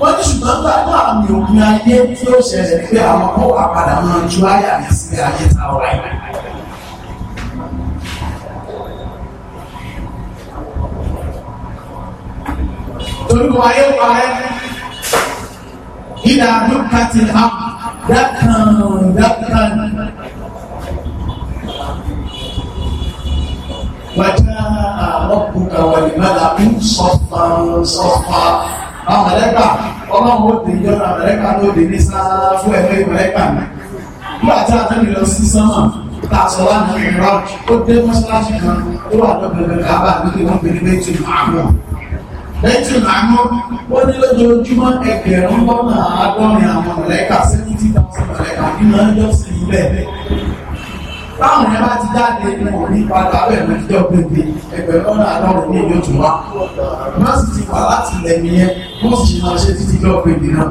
wọ́n ti ṣùgbọ́n gbà tó àmì òpin ayé tí ó ṣẹlẹ̀ pé àwọn kó wà padà máa ju àyà ní sílẹ̀ ayé ta ọ̀rá yìí. Orúkọ ayé parẹ́ ìdá dúkàtì dákàn dákàn. وجاء ربك والملك صفا صفا àwọn mẹ̀lẹ́kà ọlọ́run ó dé yọ́nà mẹ̀lẹ́kà ló dé ní sáárá fún ẹ̀fẹ́ mẹ̀lẹ́kà mi nígbà tí àtẹ́lẹ̀ lọ sí sánmà tá a sọ lánàá ìrọ̀ ó dé mọ́ṣáláṣí kan tó wà lọ́gbẹ̀rẹ̀ kábà nílé wọn pè ní méjì màmú méjì màmú ó ní lójoojúmọ́ ẹgbẹ̀rún lọ́nà àádọ́rin àwọn mẹ̀lẹ́kà seventy thousand mẹ̀lẹ́kà nínú ẹjọ́ sí ilẹ̀ táwọn yẹn bá ti jáde ní òní padà bẹ́ẹ̀ ló jẹ́ òpèpè ẹgbẹ̀rún lọ́nà àádọ́rùn ní ìlú òtún wa wọ́n sì ti wà láti lẹ́mi yẹn wọ́n sì ṣe máa ṣe títí jẹ́ òpèpè náà.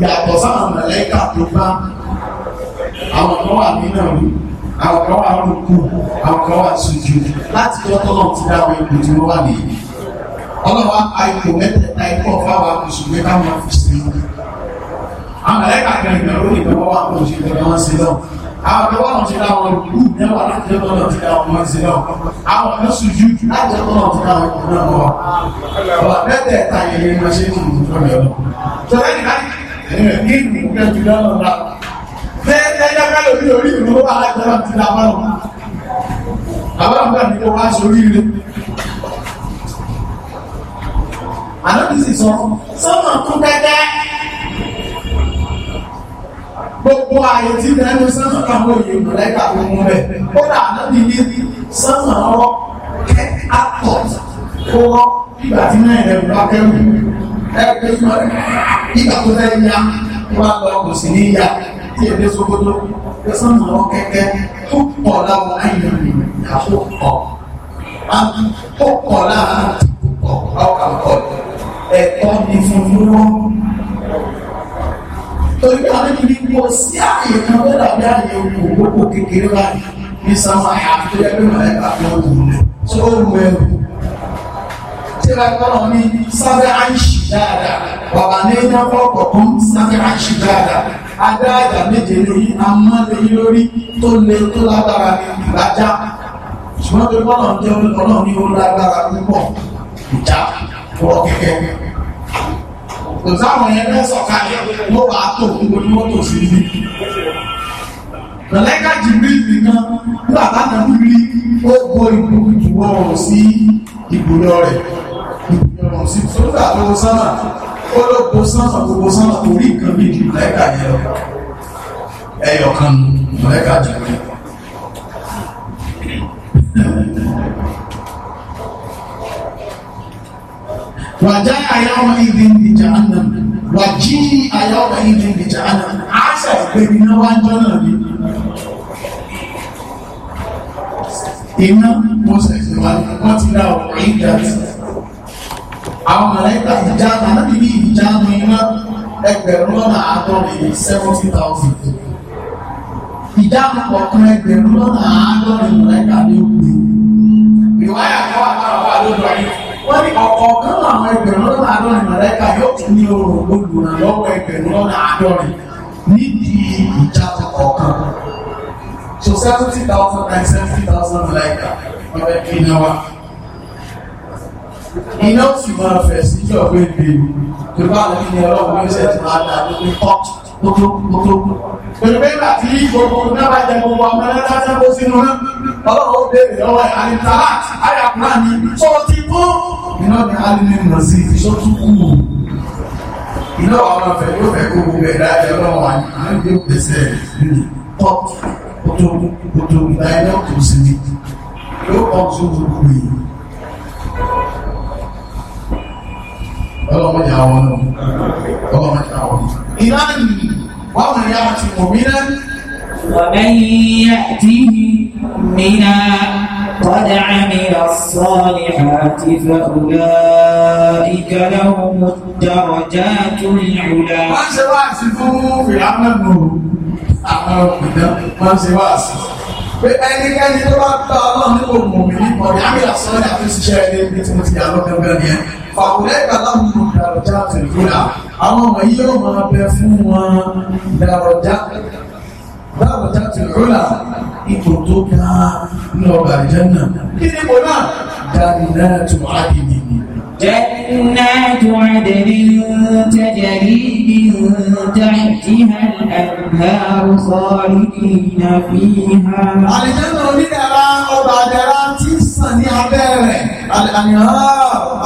yàtọ̀ sáwọn mẹ̀lẹ́kà tó bá àwọn kan wà nínú ìlú àwọn kan wà lóko àwọn kan wà sojú láti lọ́tọ́ náà ti dá àwọn ipò tí wọ́n wà nìyí. ọlọ́wà àìkò mẹ́tẹ̀ẹ̀ta ikọ̀ fáwọn àkùsùn mẹ́ta amẹ́ríkà kan ìgbà ó lè gbọ́ wà kó ṣe ìgbà wọn sí lọ àwọn ọmọ wọn ti dá wọn lù mẹ́wàá láti ẹgbẹ́ wọn ti dá wọn wọn sí lọ àwọn ọmọ sùn jù láti ẹgbẹ́ wọn ti dá wọn wọn náà wọ ọ̀la bẹ́tẹ̀ ta yẹyẹ ní wọ́n ṣe kù fún mi lọ. sọlá ní ká ní ní ìgbà jù lọ lọ bẹ́ẹ̀ ẹjọ́ ká lórí orí ìlú wà láti ẹgbẹ́ wọn ti dá wọn lọ. àwọn wá sórí ilé. àná sọ sọ́nà kú kẹ́kẹ́ gbogbo ààyè tí mẹ́nu sánmà káwọn èèyàn mọ̀lẹ́kà tó mú bẹ̀ kódà ànábì ní sánmà rọ kẹ́ àtọ̀ kó rọ ìgbà tí náà ẹ̀rọ bá kẹ́rù ẹgbẹ́ mọ́ ìgbà tó fẹ́ ya wá lọ kò sí ní ya tí èdè sókótó kẹ́ sánmà rọ kẹ́kẹ́ tó pọ̀ láwọn àyàn ìyàwó ọ̀ ó pọ̀ láàárín ọkọ̀ ọkọ̀ ẹ̀kọ́ ni fún wọn torí àwọn ibi kò sí àyè kan tó dàbí àyè òkòkò kékeré báyìí ní sáwọn àyà tó yẹ pé màá ẹ̀ka tó wù ú tí ó wù ẹ̀ wù. tí a kọ́nà ní sábẹ́ àìsí dáadáa bàbá ní dábọ̀ kọ̀ọ̀kan sábẹ́ àìsí dáadáa adáàdà méje lóyún amọ́lẹ́yìn lórí tó le tó lágbára ní ìbájá ṣùgbọ́n pé bọ́lá ń jẹ́ ọlọ́run ní ó lágbára púpọ̀ ìjà rọ kò sáwọn yẹn fẹ́ sọ̀kalẹ̀ wọ́n wàá tò níbo ni wọ́n tò sí ibi. Mọ̀lẹ́kà Jibril nìkan nígbà táwọn ọdún rí ó bo ìbùkún jù wọ́n sí ìbùdó rẹ̀. Ìbùdó rẹ̀ sí sódà lọ́wọ́ sánà ó ló bo sánà gbogbo sánà orí nǹkan bíi ju mọ̀lẹ́kà yẹn lọ. Ẹyọ kan mọ̀lẹ́kà Jibril. wàjá àyàwó ìdín di jahannam wàjí àyàwó ìdín di jahannam àṣà ìpèmí náà wá jọ́nà ní iná mọ́sẹ̀ ìwà wọ́n ti dá ọ̀pọ̀ ìdájí àwọn mọ̀lẹ́ta ìjáàmù àti ní ìjáàmù iná ẹgbẹ̀rún lọ́nà àádọ́rin 70,000 ìjáàmù kọ̀ọ̀kan ẹgbẹ̀rún lọ́nà àádọ́rin mọ̀lẹ́ta ní ó pè ìwáyà kọ́wàá wọ́n ní ọ̀kọ̀ọ̀kan làwọn ẹgbẹ̀rún lọ́nà àádọ́rin mọ̀lẹ́ka yóò tún ní oòrùn olùrànlọ́wọ́ ẹgbẹ̀rún lọ́nà àádọ́rin nídìí ìjà kọ̀ọ̀kan so seventy thousand and seventy thousand mọ̀lẹ́ka ọ̀rẹ́ kí ni iná sì máa fẹ̀ sí ìjọ pé bèrè tó bá wọn ní ọlọ́run ní ṣe ti máa dà ní pé tọ́ tótótótó. pẹ̀lú pé ìgbà tí gbogbo náà bá jẹ gbogbo ọmọ náà lásán kó sínú náà ọlọ́run ó bèrè lọ́wọ́ ẹ̀ àyíkàlá àyàkùnrin àmì tó ti kú. iná mi á lè nà sí ìṣótú kù iná àwọn ọ̀fẹ́ yóò fẹ́ kó gbogbo ẹ̀dá ẹ̀jẹ̀ ọlọ́run àyè àyè yóò pèsè tọ́ tótótótó ìdáyẹ̀ náà tó sí ni yóò kọ́ tó gbogbo yìí. ọlọ́mọdé àwọn nù ọlọ́mọdé àwọn nù. ìlànà wàhùn ní àwọn ti mọ̀ mí náà. ومن يأته منا قد عمل الصالحات فأولئك لهم الدرجات العلى. ما سواء سفوه في عمل àwọn ọ̀pìdá máa ń ṣe wá sí. pé ẹnikẹ́ni tó bá gbá ọlọ́run nípò mọ̀ mí nípa ọ̀dà àmì àsọ́lẹ̀ àti ṣiṣẹ́ ẹni tí mo ti yà lọ́gbẹ̀ẹ́ bẹ́ẹ̀ ni ẹ. fàkùnrin kàlámù dàrọ̀jà tẹ̀lifúnà àwọn ọmọ yìí yóò máa bẹ fún wọn dàrọ̀jà dàrọ̀jà tẹ̀lifúnà ipò tó ga ní ọgbà ìjẹ́nà kí ni mo náà dárí náà tó àdì nìyí. جنات عدن تجري من تحتها الأنهار خالدين فيها. على جنة ونيلة أو بعد sàn ní abẹ́ rẹ̀ àlàyé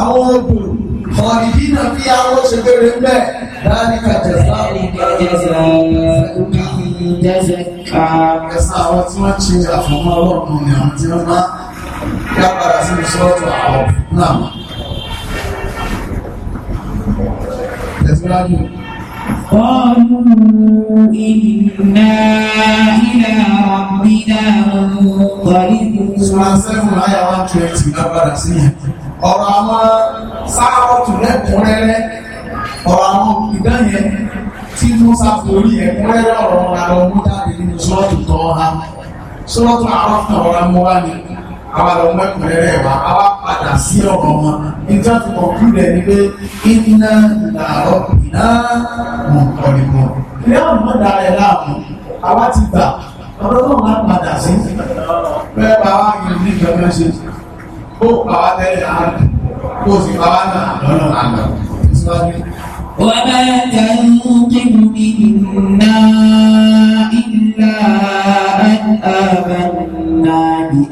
àwọn odò ọ̀rìdì náà fi àwọn ṣèbéèrè ń bẹ̀ láti kàjẹ́ sáwọn ẹ̀sán àwọn tí wọ́n ṣe àfọmọ́ ọlọ́run ni àwọn tí wọ́n máa dábàrà sí ìṣọ́ọ̀tù àwọn náà. Tẹ̀síwájú. قالوا إنا إلى ربنا منقلبون Surah 7 ayah 120 la padà sí yẹn. Ọ̀rọ̀ àwọn sáárọ̀tù lẹ́kùnrẹ́rẹ́, ọ̀rọ̀ àwọn ìdán yẹn tí Musa forí ẹ̀kúnrẹ́rẹ́ ni àwa lọ mọ ẹ̀kúnrẹ́rẹ́ wa àwa padà sí ọ̀rọ̀ wọn nígbà tó kọ̀ọ̀kúrẹ́ ni pé iná làárọ̀ iná mọ̀ kọ́lẹ́kọ́ ilé àwọn ọmọ dára ẹ̀ láàmú àwa ti gbà ọ̀dọ́ náà máa padà sí bẹ́ẹ̀ bá wà ní ìlú ìjọba ṣe kó àwa tẹ́lẹ̀ àná kó o sì àwa náà lọ́nà àná síwájú. وما تنقم منا إلا أن آمنا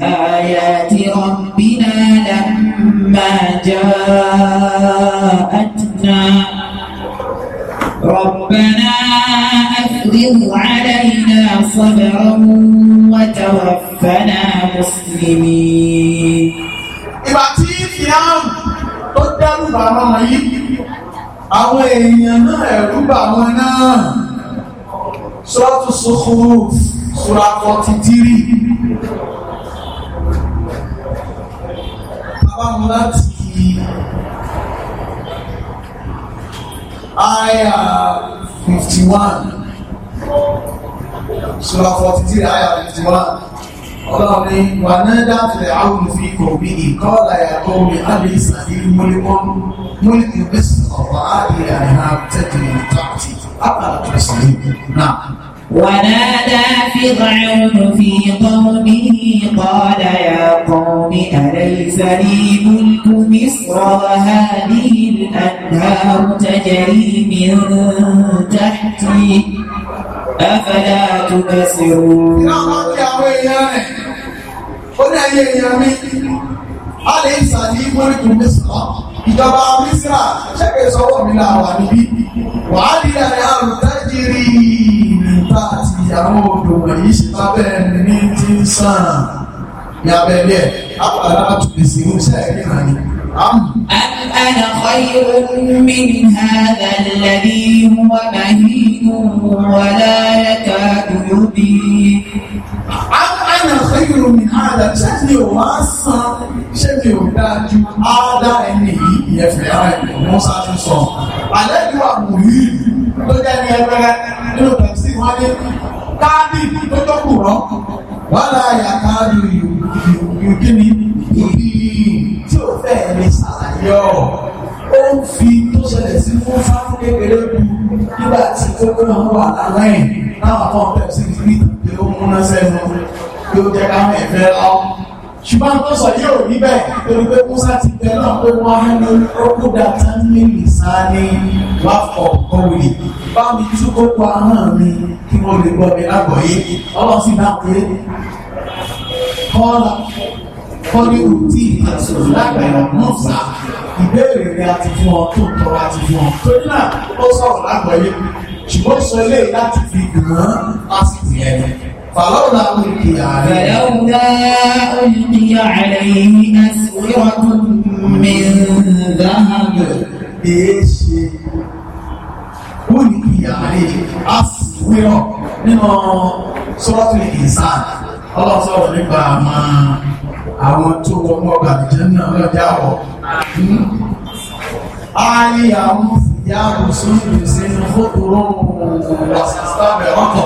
آيات ربنا لما جاءتنا ربنا أفرغ علينا صبرا وتوفنا مسلمين ìgbà tí fìhàn tó dẹ́rù bà wọn yìí àwọn èèyàn náà ẹ̀rù bà wọn náà sọ́tún sọ́kúrú sura forty three apá mu láti àyà fifty one sura forty three àyà fifty one ọlọ́run ní wà náà dáfẹ́ àwọn fi kòmí ìkọ́lá ẹ̀kọ́ mi àbí ìsàdí múlíkún múlíkún bẹ́sẹ̀ ọ̀pá àdìyà ìhà tẹ́tẹ̀lẹ̀ tààtì àpàlà tẹ̀sílẹ̀ náà. ونادى فرعون في قومه قال يا قوم أليس لي ملك مصر وهذه الأنهار تجري من تحتي أفلا تبصرون أليس لي ملك مصر ìjọba mísírà ṣẹ́kẹ̀ẹ́ sọ́wọ́ mi làwà níbí wàhálì àrùn bá àti ìyàwó odò wọ̀nyí ṣe bá bẹ́ẹ̀ ni ní ti ń sàn ní abẹ́lẹ̀ àpàdà láti pèsè ìmúṣẹ́ ẹ̀rí kan ni. أم أنا خير من هذا الذي هو مهين ولا يكاد يبين ana khairu min ada ṣé mi ò wá san ṣé mi ò dáa ju ẹni yìí ìyẹn fìlà ẹ̀ wọ́n sọ. Àlẹ́ ìlú àbúrò yìí tó jẹ́ ní ẹgbẹ́rẹ́ nínú pẹ̀lú wọn ní káàdì tó tọ́kù rọ́ wọ́n lá yà káàdì ìrùkí ni ìdí tí ò fẹ́ ní sàlàyé ọ̀ ó ń fi tó ṣẹlẹ̀ sí fún fáwọn kékeré bu nígbà tí ó pé wọn wà láláyìn táwọn àwọn pẹ̀lú sí ìdílé tó múná sẹ́nu yóò jẹ́ káwọn ẹ̀fẹ́ lọ́wọ́ ṣùgbọ́n tó sọ yóò rí bẹ́ẹ̀ torí pé musa ti bẹ náà pé wọ́n á ní ókú dàtà ní lìsáni wà fọ̀ kọ́wé bá mi tú kókó ahọ́n mi kí wọ́n lè gbọ́ mi lágbọ̀ọ́yé ọlọ́run sì náà pé kọ́lá kọ́lí òtí ìtàsọ̀rọ̀ lágbàá musa ìbéèrè rẹ̀ àti fún ọ tó tọrọ àti fún ọ torí náà ó sọ̀rọ̀ lágbọ̀ọ́yé ṣùgbọ́n sọ eléyìí láti fi dùn án lásìkò yẹn فلولا ألقي عليه فلولا ألقي عليه أسورة من ذهب إيش ألقي عليه أسورة nínú sọ́rọ́tù ìsàn ọlọ́sọ̀rọ̀ nípa àmà àwọn tó wọ́n ọgbà ìjẹ́ náà lọ́jà ọ̀ ayé àwọn fìyà àrùsùn ìrìnsìn fótó rọrùn ọ̀sán sábẹ̀ ọkọ̀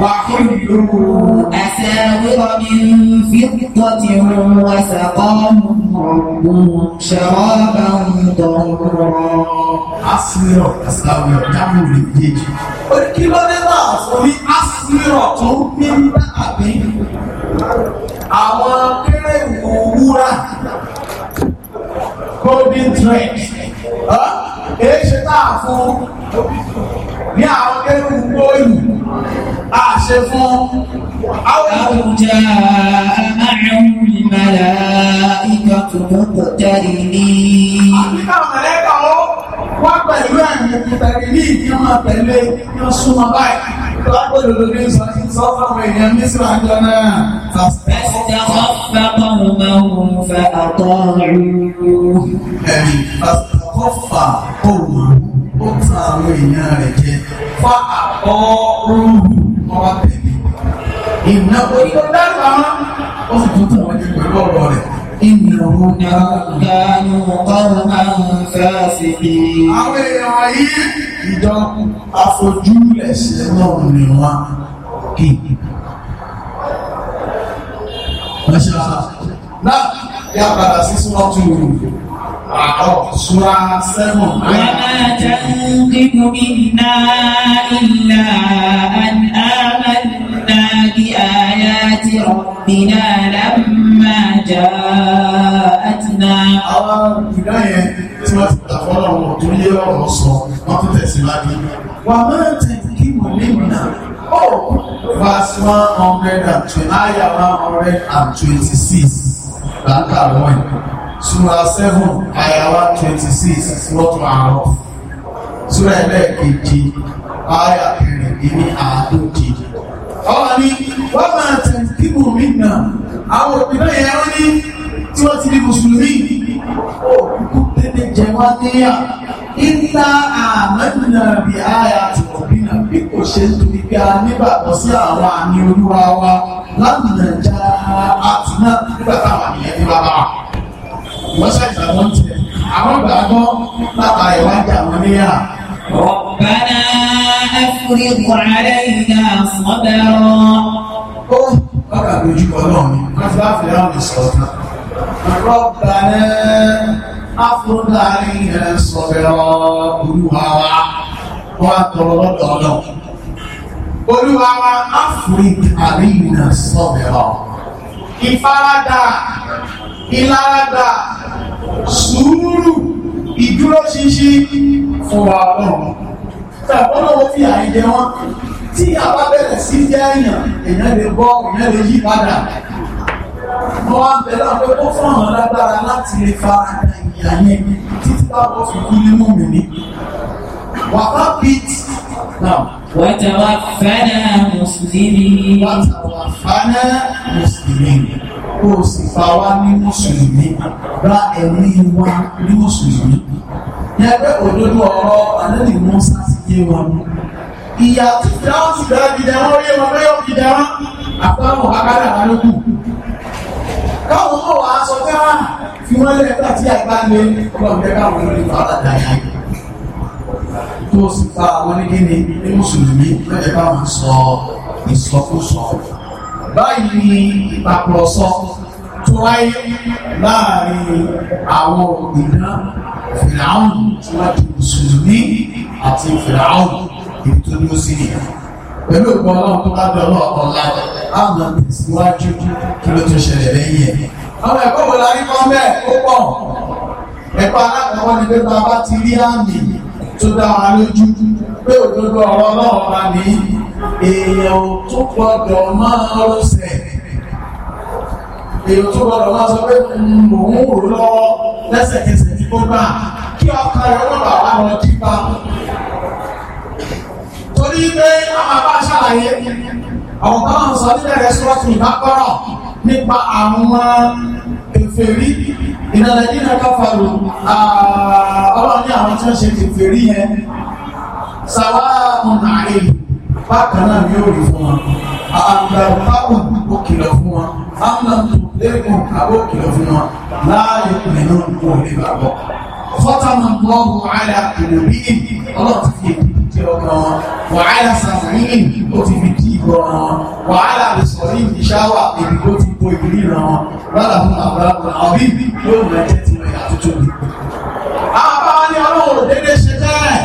وحلوا أساور من فضة وسقاهم ربهم شرابا ضرا asmirọ̀ asàwẹ̀ ọ̀dáwò lè yéjì. ó ní kí ló dé náà fún ní asmirọ̀ tó ń gbé ní àwọn kérèwò wúrà àṣẹ fún àwọn àwùjá àmàrùn ìmàlà ìjọ tuntun kò jáde ní. àbíká mọ̀lẹ́kà ó wá pẹ̀lú ẹ̀mí pẹ̀lú ní ìdíwọ̀n pẹ̀lú ìyọ̀ súnmọ́ báyìí. فاستخف قومه wọ́n wá tẹ̀lé ìnáwó tó dára wọn ó sì tún tún wọn jẹ pẹ̀lú ọ̀rọ̀ rẹ̀. Ìnáwó náà dánú ọ̀rọ̀ máa ń fẹ́ sí i. Àwọn èèyàn wọ̀nyí ìjọ afojú ẹ̀sẹ̀ náà ni wọ́n kì í. Mọ̀ṣá náà yá padà sí Súnmọ́tù àárọ̀ Súra Sẹ́mọ̀n. Wọ́n máa jẹ́ ń gbígbó mi náà ìlà بآيات ربنا لما جاءتنا وما تذكر منا Oh, verse 120, ayah 126. Láńkà lọ́yìn. Sura 7, ayah 126, lọ́tún àárọ̀. Sura ẹlẹ́ẹ̀kejì, ayah kẹrìndínláàádóje ọwọ́ ni wọ́n máa tẹ̀ kíbù mí náà àwọn òbí náà yẹn wọ́n ní tí wọ́n ti di mùsùlùmí òkú tẹ́lẹ̀ jẹ wá níyà ìta àmẹ́bìnà bí àyà àti ọ̀bìnà bí kò ṣe ń tóbi bí a nígbàgbọ́ sí àwọn àmì olúwa wa lánàá já àti náà nígbà táwọn àmìyàn ní bàbá wọ́n ṣàìsàn wọ́n tẹ̀ àwọn gbàgbọ́ bàbá ìwádìí àwọn níyà ربنا أفرض علينا صبرا Bákan lójú ọlọ́run ni, wọ́n ti bá fi ráhùn ìsọ̀tàn. Rọ́bàná Áfúrúdà ìyẹn sọ̀rọ̀ olúwa wa, wọ́n á tọrọ lọ́dọ̀ ọlọ́run. Olúwa wa Áfúrúdà àríyìnà sọ̀rọ̀. Ìfaradà, ìlaradà, sùúrù ìdúró ṣinṣin fún wa ọlọ́run tàbọ́nà fi àìjẹ wọn tí a bá bẹ̀rẹ̀ sí jẹ́ èèyàn èèyàn lè bọ́ èèyàn lè yí padà wọ́n wá ń bẹ̀rẹ̀ pé ó fún àwọn lágbára láti lè fara ìyà yẹn títí bá wọ́n fi kú nínú mi ní wàhálà bíi وتوفنا مسلمين وتوفنا مسلمين kò sì fa wá ní mùsùlùmí ra ẹ̀mí wa ní mùsùlùmí. ní ẹgbẹ́ òdodo ọ̀rọ̀ àlẹ́lì musa ti yé wọn mú. ìyá tìjà ó ti dára gidi àwọn orí wọn lọ́yọ̀ gidi àwọn àpamọ́ akára àwọn lókù. káwọn ọmọ wa sọ káà ah, fi wọn lẹ́ẹ̀ká tí àgbà lé ọgbà òjẹ́ káwọn olùkọ́ àbàdà yá yìí tó sì bá àwọn onídìní ní mùsùlùmí lọ́jọ́ báwọn sọ ìsọkúsọ. báyìí ni ìpapọ̀sọ tó wáyé láàrin àwọn ìdán fìràún tí wọ́n ti mùsùlùmí àti fìràún ètò ní ó sì nìyà pẹ̀lú ìgbọ́n náà tó bá dọ̀ náà ọ̀la àmọ́ tẹ̀síwájú kí ló tún ṣẹlẹ̀ lẹ́yìn ẹ̀. àwọn ẹ̀kọ́ wo la rí kọ́ mẹ́ẹ̀ ó pọ̀ ẹ̀kọ́ alákọ̀ọ́wọ́ ni pé bá a bá ti rí àmì tó dá wa lójú pé òdodo ọ̀rọ̀ náà wà ní èèyàn ò tó gbọdọ̀ máa rọ́sẹ̀ èèyàn tó gbọdọ̀ máa sọ pé hmm, mò ń wò lọ́wọ́ lẹ́sẹ̀kẹsẹ̀ tí kò gbà kí ọkàn rẹ̀ wọ́n bà wá lọ jí pa torí pé àwọn bá ṣàlàyé àwọn sọ nípa àwọn èfèrí ìdàlẹ̀ nínú káfàrù ọlọ́run ní àwọn tí wọ́n ṣe kèfèrí yẹn sàwáàmù nàárì bákan náà yóò rí fún wọn àgbàrúfáwù ó kìlọ̀ fún wọn amúnàmù lẹ́kùn àbó fún wọn láàyè pẹ̀lú òní bàbọ̀ fọ́tàmù lọ́wọ́ àyà ìlú bí ọlọ́run ti di ọmọ wàhálà sàmúlì ó ti fi di ìgbọ́ wọn wàhálà àlùsọ̀rí ìṣáwà èmi ló ti bo ìrírí ran wọn lọ́la fún àbúrò àwọn bíbí yóò mọ ẹjẹ́ ti rẹ̀ àtúntò mi. àbá ni ọlọ́run ò dédé ṣe bẹ́ẹ̀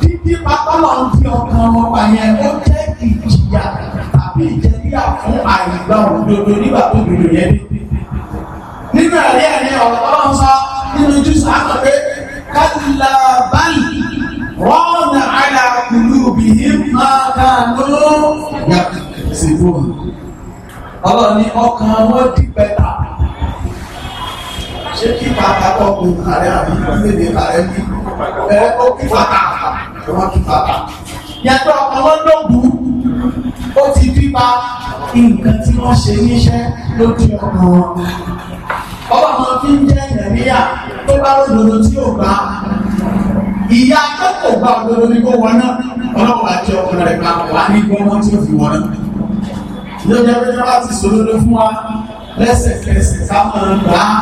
dídí pápálọ̀ ń di ọkàn wọn pààyàn ó jẹ́ ìjìyà tàbí ìjẹníyà fún àìgbà òdodo nígbà tó gbèrò yẹn dé. nínú ẹ̀rí ẹ̀rí ọ̀rọ̀ ọlọ́run sọ nínú jùsọ̀ rọ́ọ̀nà aláàkùnlú obìnrin máa dáadọ́ yàtọ̀ sí fún ọlọ́ni ọkàn wọn di pẹ́ta ṣé kí bàtà ọkùnrin ààrẹ àbí ìgbéde ààrẹ ní ẹ ó kí bàtà wọn kí bàtà yàtọ̀ ọkàn wọn ó ti bípa nǹkan tí wọ́n ṣe níṣẹ́ lójú ọkàn wọn ọba máa fi ń jẹ́ ìrẹ̀lẹ́yà tó bá lòdòdó tí ò gbà ìyá akẹ́kọ̀ọ́ gba òdodo ní kó wọ́n náà ọlọ́wọ́ àti ọkùnrin rẹ̀ ká wà ní gbọ́n tí ó fi wọ́n náà. yóò jẹ́ pé wọ́n ti sòdodo fún wa lẹ́sẹ̀kẹsẹ̀ ká máa gbà á.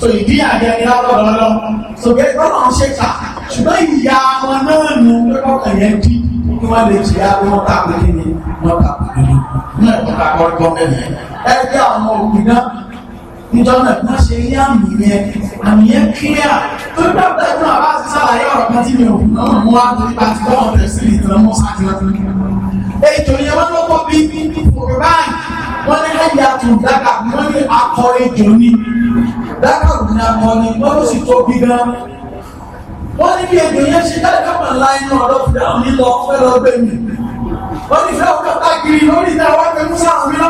tó ìdí àjẹ́ ni lábọ̀dọ̀ lọ sọ̀gẹ́ gbọ́dọ̀ ṣe kà ṣùgbọ́n ìyá wọn náà nù lọ́kàn yẹn dí kí wọ́n lè jìyà bí wọ́n tàbí kí ni wọ́n tàbí kí ni wọ́n tàbí kí ni nítorí náà má ṣe rí àmì yẹn àmì yẹn kíá tó gbà pé ẹnu àbá ti ṣàlàyé ọ̀rọ̀ kan tí mi ò fún ọmọ wa torí bá ti gbọ́n ọ̀rẹ́ sí ìtàn mọ́ sáájú ètò yẹn wọ́n lọ́kọ́ bí fòrò báyìí wọ́n ní ẹ̀yà tó dáka ní akọ ètò ni dáka kò ní akọ ni wọ́n ló sì tóbi gan wọ́n ní bí ètò yẹn ṣe dáka máa inú ọ̀dọ́ fúdáhùn nílọ fẹ́ lọ fẹ́ wọ́n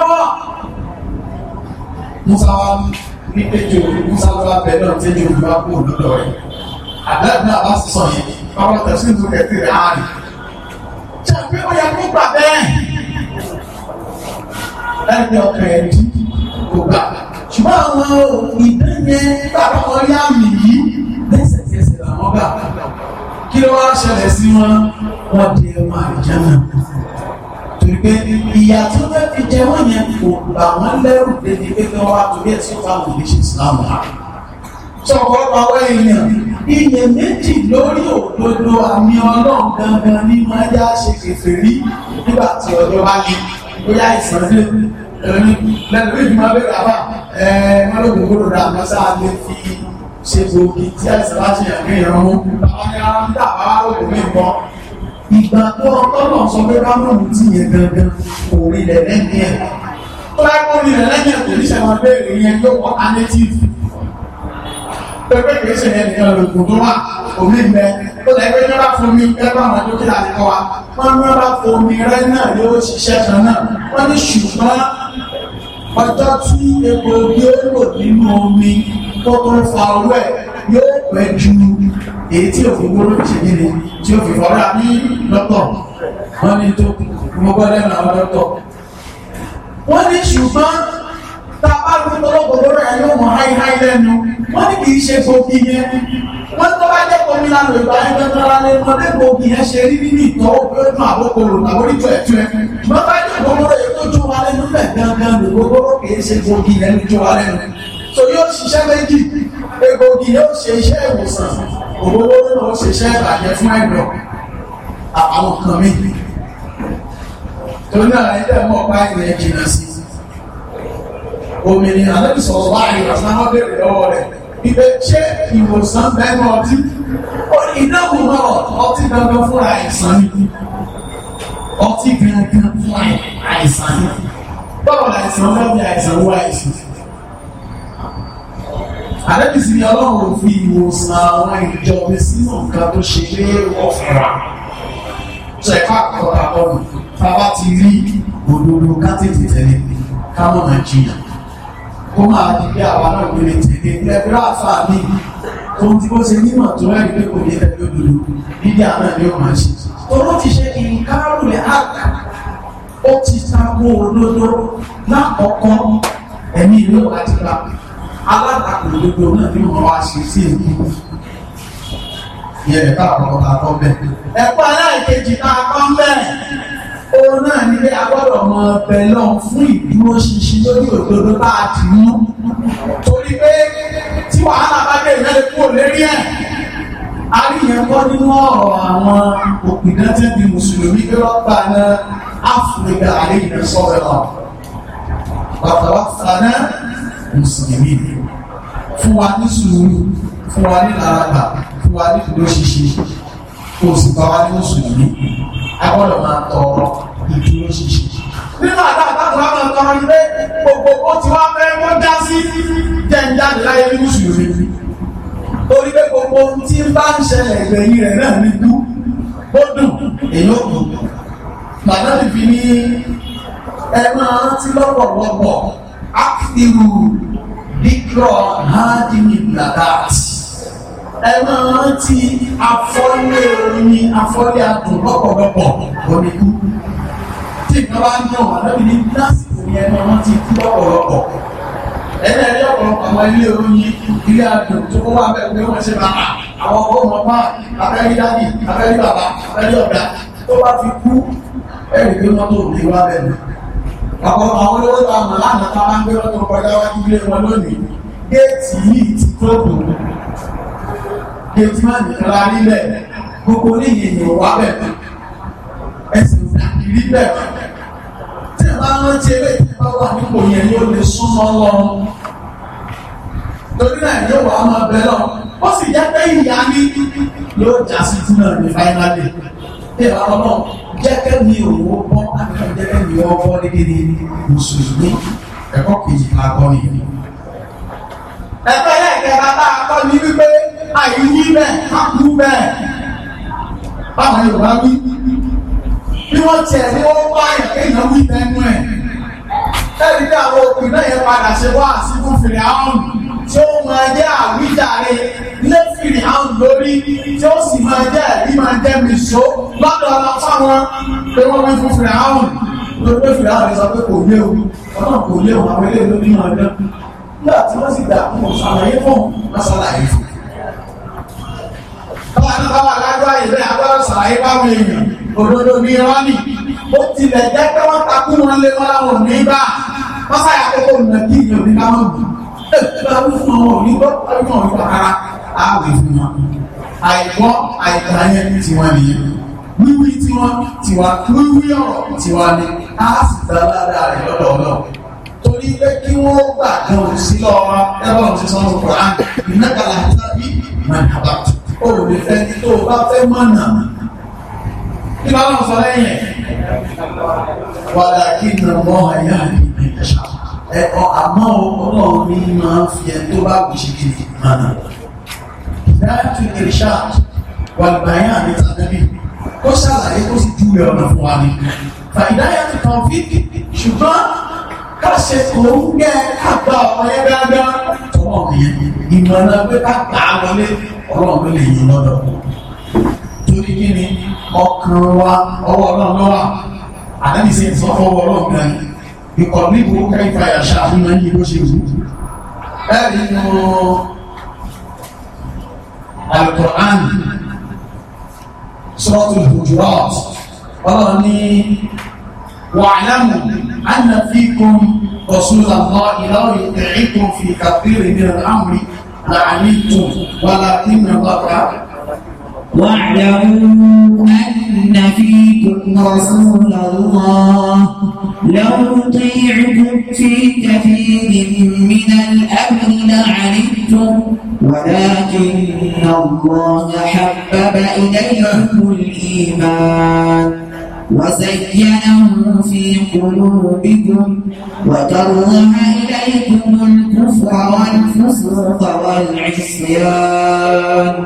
musa wa ní péjọ musa ló wá bẹ náà péjọ ló wá kó lọ́dọ̀ rẹ̀ àdáàbò àbá sísọ yìí bàbá tẹ̀sí ìlú kẹ̀kẹ́ rẹ̀ á rí. ṣé pé ó yẹ kó gbà bẹ́ẹ̀ ẹni ọkàn ẹ̀ dí kò gbà ṣùgbọ́n àwọn ìdẹ́yẹ bàbá wọn rí àmì yìí lẹ́sẹ̀kẹsẹ̀ làwọn gbà kí ló wá ṣẹlẹ̀ sí wọn wọ́n dé ọmọ àìjẹ́ náà torí pé ìyà tó fẹ́ fi jẹ wọ́n yẹn kò gbà wọ́n lẹ́rù débi pé kí wọ́n wá torí ẹ̀ sí fáwọn ìlẹ́sìn Islam rà sọ̀pọ̀lọpọ̀ àwọn èèyàn iye méjì lórí òdodo àmì ọlọ́run gangan ní máa yá ṣe kèfèrí nígbà tí ọjọ́ bá ní bóyá ìsànlé ẹ̀rín lẹ́nu ìgbìmọ̀ abẹ́rẹ́ àbá ẹ̀ẹ́ mọ́lòkùn gbọ́dọ̀ rà mọ́sá lè fi ṣe gbòógì tí àìsàn bá ṣe yàn ìgbà tó ọlọ́run sọ pé rámọ̀nù ti yẹn dandan kò rí rẹ̀ lẹ́yìn ẹ̀ tó bá kó rí rẹ̀ lẹ́yìn ẹ̀ kò ní ṣẹ̀wọ̀n béèrè yẹn yóò wọ́n anétíìfù pẹ̀pẹ́ kìí ṣe yẹn nìkan lògùn tó wà omi gbẹ ó lẹ́gbẹ́ ní bá fomi ẹgbẹ́ àwọn dókítà nìkan wa wọ́n ní bá fomi rẹ náà yóò ṣiṣẹ́ kan náà wọ́n ní ṣùgbọ́n ọjọ́ tí egbòogi ó lò nínú omi tó tó fa owó ẹ̀ yóò pẹ́ ju èyí tí òfin gbóró ṣe nílé tí ó fi fọ́ra ní dọ́tọ̀ wọ́n ní tó mo gbọ́ lẹ́nu àwọn dọ́tọ̀ wọ́n ní ṣùgbọ́n tá a bá gbé tọ́lọ́gbọ̀n lórí ẹ̀ yóò mọ̀ háíháí lẹ́nu wọ́n ní kì í ṣe gbòógì yẹn wọ́n tó bá jẹ́ kọ́mí lánàá ìgbà ẹgbẹ́ tọ́lá lé wọn dé gbòógì yẹn ṣe rí nínú ìtọ́ ọdún àbókòrò àbórí tó ẹ̀tú ẹ̀ wọ́n bá jẹ́ gbogbo rẹ̀ tó jó wa lẹ́nu bẹ̀ gangan lè gbogbo kì í wa lẹ́nu so yóò ṣiṣẹ́ méjì egbògi yóò ṣe iṣẹ́ ìwòsàn òwòwò náà ó ṣe iṣẹ́ ìbàjẹ́ fún ẹ̀dọ̀ àwọn kan mi torí náà ilé ẹ̀mọ́ ọ̀pá ilẹ̀ jìnnà sí òmìnira lẹ́bi sọ̀rọ̀ báyìí àti náà bèrè lọ́wọ́ rẹ̀ ibẹ̀ ṣé ìwòsàn bẹ́ẹ̀mọ́ ọtí ó ní ìdáhùn náà ọtí dandan fún àìsàn yìí ọtí gangan fún àìsàn yìí báwo làìsàn náà bí àìsàn wọ àìsàn yìí àrẹ́bì sí ni ọlọ́run fi ìwòsàn àwọn ìjọba sínú nǹkan tó ṣe lé ọ̀fìnra ṣẹ̀fà kọ̀ọ̀ta ọ̀nà tábà ti rí òdodo ká tètè tẹ̀lé káwọn nàìjíríà kó máa di bí àwa náà gbére tẹ̀lé lẹ́gbẹ́rẹ́ àfààní tó ń tí ó ṣe nímọ̀ tó rẹ̀ pé kò ní ẹgbẹ́ òdodo nídìí àná ni ó máa ṣe tọ́lọ́ ti ṣe ìkárùn rẹ̀ àgbà ó ti ta kó òdodo lákọ̀ọ́kọ́ ẹ̀mí ìlú àti lápẹ́ alátakò gbogbo náà ní mọ̀ wá ṣe sí èyí yẹ ẹ̀ka àwọn ọ̀tá kọ́ bẹ́ẹ̀. ẹ̀kọ́ aláìkejì tá a kọ́ bẹ́ẹ̀ òun náà ní pé a gbọ́dọ̀ mọ bẹ̀lọ́n fún ìdúró ṣinṣin lórí òdodo bá a ti mú torí pé tí wàhálà bá dé ìrẹ́lẹ̀ kúrò lérí ẹ̀ àríyàn kọ́ nínú ọ̀rọ̀ àwọn òpìdán tí di mùsùlùmí pé wọ́n gbà náà áfíríkà àríyàn sọ̀rọ̀ bàtàwà sànà mùsùlùmí fún wa ní sùúrù fún wa ní làràbà fún wa ní ìdúróṣinṣin kò sì bá wa ní mùsùlùmí a gbọ́dọ̀ máa tọrọ ìdúróṣinṣin. nínú àdá àtàkùn àwọn ọ̀tọ̀ ọ̀rọ̀ ilé gbogbo ó ti wá fẹ́ wọ́n dá sí jẹ́ǹjáde láyé ní mùsùlùmí torí pé gbogbo tí ń bá ń ṣẹlẹ̀ ìgbẹ̀yìn rẹ̀ náà ní kú ó dùn èyí ó dùn bàbá mi fi ní ẹ máa rántí lọ́pọ̀lọpọ̀ áfíìrù bíkọ́ hadi ẹ máa rántí afọ́lé orin afọ́lé adùn lọ́pọ̀lọpọ̀ oníkú tí nǹkan bá ń yàn àlọ́bí ní lásìkò yẹn máa rántí kú lọ́pọ̀lọpọ̀ ẹ̀rẹ́ ẹ̀rí ọ̀pọ̀lọpọ̀ àwọn ilé oyin ilé adùn tó kó wá bẹ́ẹ̀ pé wọ́n ṣe bàbá àwọn ọkọ̀ ọmọ pa abẹ́rí dádì abẹ́rí bàbá abẹ́rí ọ̀dà tó bá fi kú ẹ̀rí pé wọ́n tó rí wá bẹ́ẹ̀ ọ̀pọ̀lọpọ̀ àwọn olówó ta mọ̀ lánàá ta máa ń gbé lọ́tọ̀ kọjá wájú ilé wọn lónìí géètì yìí ti tóògùn géètì máa nìkan la nílẹ̀ gbogbo oníyìí ni ò wá bẹ̀ ẹ̀sìn ìrí bẹ̀ tí ẹ̀ bá rántí eré tí ẹ̀ wà nípò yẹn ni lè súnmọ́ lọ torí náà yóò wá máa bẹ̀ lọ ó sì jẹ́ pé ìyá ní yóò já sí náà ní fáínálì bẹ́ẹ̀ bá lọ́nà jẹ́kẹ́ mi ò wọ́ bọ́ àbíkà jẹ́kẹ́ mi ò bọ́ nídìí ní mùsùlùmí ẹ̀kọ́ kejì tá a kọ́ ni. ẹgbẹ́ ẹ̀kẹ́ta tá a kọ́ ni wípé àìyí bẹ́ẹ̀ kákú bẹ́ẹ̀ báwa Yorùbá wí bí wọ́n tiẹ̀ ní wọ́n bá ẹ̀kẹ́ ìyàwó ìbẹ́nu ẹ̀ ẹ̀rí bí àwọn òkú náà yẹn padà ṣe wá àsìkò fèrè àwọn tí ó máa jẹ́ àwíjàre lẹ́fìrì àwọn lórí tí ó sì máa jẹ́ ẹ̀rí máa jẹ́ mìṣó lọ́dọ̀ ọ̀la fáwọn pé wọ́n wí fún fìrà àwọn lórí pé fìrà àwọn sọ pé kò lé o ọ̀nà kò lé o àwọn ilé ìlú nínú ọjọ́ nígbà tí wọ́n sì gbà fún ọ̀sàlàyé fún ọ̀sàlàyé fún. báwa náà báwa lágbára ìlú àgbára sàlàyé báwọn èèyàn òdodo ní rọ́nì ó tilẹ̀ jẹ́ pé wọ́n takú wọn lé wọn láwọn ní ẹgbẹ́ àwọn fún àwọn òní gbọ́ àwọn òní bàkàrà àwẹ̀ fún wọn àìgbọ́ àìgbàyẹ tiwọn nìyẹn wíwí tiwọn tiwa wíwí ọ̀rọ̀ tiwa ni a sì dá ládàá rẹ̀ lọ́dọ̀ ọlọ́run torí pé kí wọ́n gbà kan sí lọ́wọ́ ẹgbẹ́ òun ti sọ wọn kọ̀ á ìnákàlà tàbí ìmọ̀nàbà ó lè fẹ́ ní tó bá fẹ́ mọ̀nà kí lọ́wọ́ sọ lẹ́yìn wàdà kí n nà mọ́ àyà ìmọ̀ ìdẹ̀ṣà ẹ̀kọ́ àmọ́ ọlọ́run ní máa ń fi ẹni tó bá wù ṣe kí ni mọ̀nà. dáàtú ìrìṣà wà gbàyàn ní tàbí kó ṣàlàyé kó sì júwe ọ̀nà fún wa ni. fàìdáyà ti kàn fi ṣùgbọ́n ká ṣe kò ń gẹ́ àgbà ọ̀pọ̀ yẹn dáadáa. ọmọ mi ìmọ̀nà pé ká gbà á wọlé ọlọ́run lè yín lọ́dọ̀ torí kí ni ọkàn wa ọwọ́ ọlọ́run lọ́wọ́ àdáni ṣe ìsọ́fọ́wọ́ ọlọ́run gan-an ìkọ̀bí burú kẹfà yàṣà àfihàn yìí ló ṣe wù ẹ̀rí nù Al-Qur'an Suratul Hujurat ọlọ́run ní wa'lamu anna fikum rasulallahi law yuti'ukum fi kathirin min al-amri la'anittum walakinna واعلموا أن فيكم رسول الله لو يطيعكم في كثير من الأمر لعنتم ولكن الله حبب إليكم الإيمان وزينه في قلوبكم وكره إليكم عليكم الكفر والفسوق والعصيان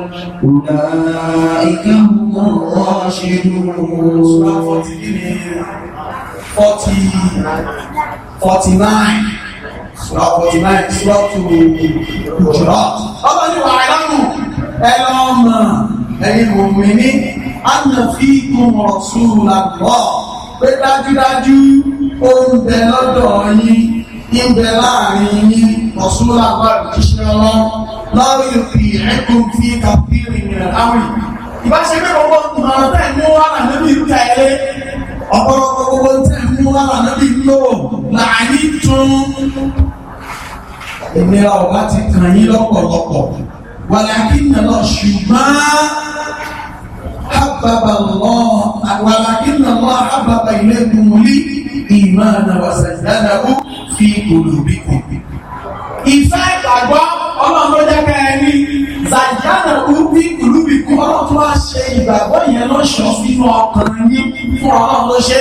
أولئك هم الراشدون 49 Sura 49 Sura to Hujurat. Ọlọ́run ni wà láàrùn ẹlọ ọmọ ẹ̀yin mòmìnì, a nà fi kún ọ̀sùn làbọ̀ pé dájúdájú ó ń bẹ lọ́dọ̀ yín ń bẹ láàrin yín ọ̀ṣúnlá gbàdúrà iṣẹ́ ọlọ́run láwọn ìpì ẹ̀kùn fi kàfíìrì mìíràn láwìn. ìbáṣe pé gbogbo ọ̀nà tẹ̀ mú wà lànàbí ń ta ẹ̀rẹ́ ọ̀pọ̀lọpọ̀ gbogbo tẹ̀ mú wà lànàbí ń lò láàyè tún. ìnira ọ̀gá ti kàn yín ìmáàna wàsàdánàwó fi olùbíkò. Ìfẹ́ ìgbàgbọ́ ọlọ́run ló jẹ́ ká ẹ rí. Zàdánàwó fi olùbíkò ọlọ́run tó wá ṣe ìgbàgbọ́ yẹn lọ́ṣọ̀ọ́ sínú ọkàn yín fún ọlọ́run ló ṣe.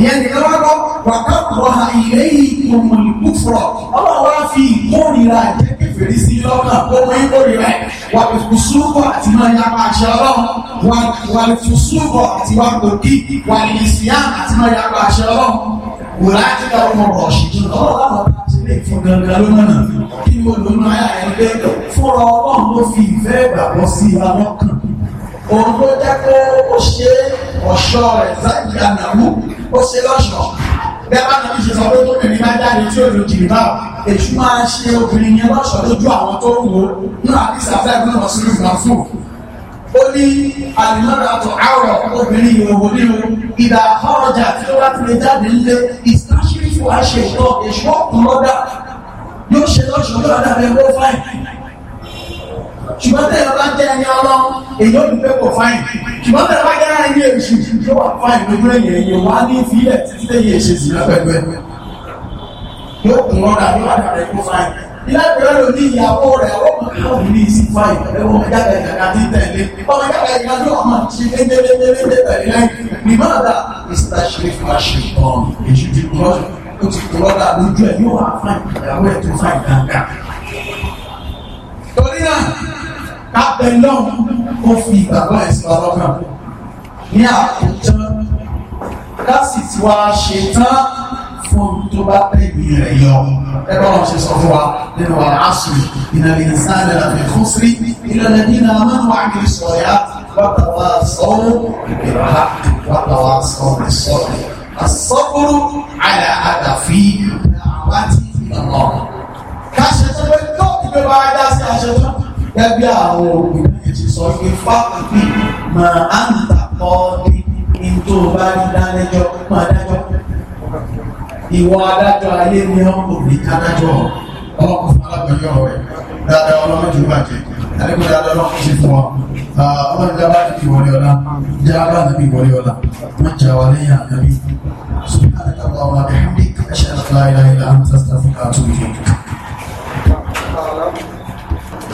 Ìyẹn nìkan wá gbọ́, wàkàtúrọ̀ àìlẹ́yìn ìkùnmọ̀ ìkúfọ̀rọ̀. Ọlọ́run wá fi ìkórìíra àjẹk kèfèrí sí lọ́kàn owó ìkórè rẹ̀ wà lè fún súnbọ̀ àti máa ya pa àṣẹ ọlọ́run wà lè fún súnbọ̀ àti wà gòkè wà lè ìsìyá àti máa ya pa àṣẹ ọlọ́run wò láti dá ọmọ rọ̀ ṣìjú lọ́wọ́ láwọn ilé fún gangan ló mọ̀nà kí mo lò ní ayá ẹgbẹ́ fúnra ọlọ́run ló fi ìfẹ́ ìgbàgbọ́ sí i lọ́wọ́ kan òun ló jẹ́ pé ó ṣe ọ̀ṣọ́ rẹ̀ bẹ́ẹ̀ náà ṣe sọ pé tó bẹ̀rẹ̀ bá jáde tí ó lò jìrì bá èṣù máa ṣe obìnrin yẹn lọ́ṣọ̀ lójú àwọn tó wò ó nínú àdìsí àfẹ́gbẹ́ náà sí ìfúnná fún ó ní àlùmọ́ra àtọ̀ àrọ̀ obìnrin ìhòòhò nínú ìdá ọ̀rọ̀jà tí ó bá ti lè jáde nílé ìsáṣírí fún àṣẹ ìtọ́ èṣù ọ̀kùnrọ́dà yóò ṣe lọ́ṣọ̀ lọ́dà rẹ̀ wọ́n fáìlì ṣùgbọ́n tẹ̀yẹ bá jẹ́ ẹni ọlọ́ èyí ó dùn kò fáìn ṣùgbọ́n tẹ̀yẹ bá jẹ́ ẹni èṣù ló wà fáìn lójú ẹ̀yìn ẹ̀yìn wá ní ìfilẹ̀ títí tẹ̀yẹ èṣè sí lọ́pẹ̀lẹ́ yóò kún ọ̀dà ní wàdà rẹ̀ kó fáìn ilábẹ̀rẹ̀ ló ní ìyàwó rẹ̀ ọkùnrin náà ní ìsìn fáìn ẹ̀wọ̀n jáde ìjàkà tí tẹ̀lé ọmọ jáde ìjàkà tí ọmọ ṣe lédélélélé tẹ̀lé lẹ́yìn nígbà náà mr sheriff máa ṣe ìtàn èṣù ti kúrọ́ ó ti kúrọ́ dà lójú ẹ̀ yóò wá fáìn ìyàwó ẹ̀ tó fáìn dáadáa torí náà kápẹ́ náà kó fi ìgbàgbọ́ ẹ̀sìn ọlọ́kàn ní àkójọ ká sì ti wá ṣe tán fún tó bá pẹ̀lú rẹ̀ yọ ẹgbẹ́ wọn ṣe sọ fún wa nínú wa asùn ìnáwó ìsáàlì àti ìfúnsí ìlànà nínú amáhùn àgbèrè sọ̀yà wàtàwà sọ́wọ́ ìgbèrà wàtàwà sọ́wọ́ sọ́wọ́ asọ́kúrú àyà àdàfí àwátì ìlànà ká ṣe tó pé tó ìgbé wa dá sí àṣẹ tó gẹ́gẹ́ àwọn òbí ti sọ pé fáfàbí máa á ń tàkọ́ ní ní tó bá ní dálẹ́jọ́ máa dájọ́ ìwọ adájọ́ ayé ni ọkọ̀ ní kádájọ́ ọlọ́kùn fún alábẹ̀yọ́ rẹ̀ dáadáa ọlọ́mọdé bàjẹ́ àdékùn dáadáa ọlọ́kùn sí fún wa ọmọ ìjà bá ti wọlé ọlá ìjà bá nàbí wọlé ọlá má jà wà lẹ́yìn ànábì sùgbọ́n àdékùn àwọn àbẹ̀hàmdí kàṣẹ́ àtàlá ìlà ìlà àmì sàstàfíkà àtúnyẹ̀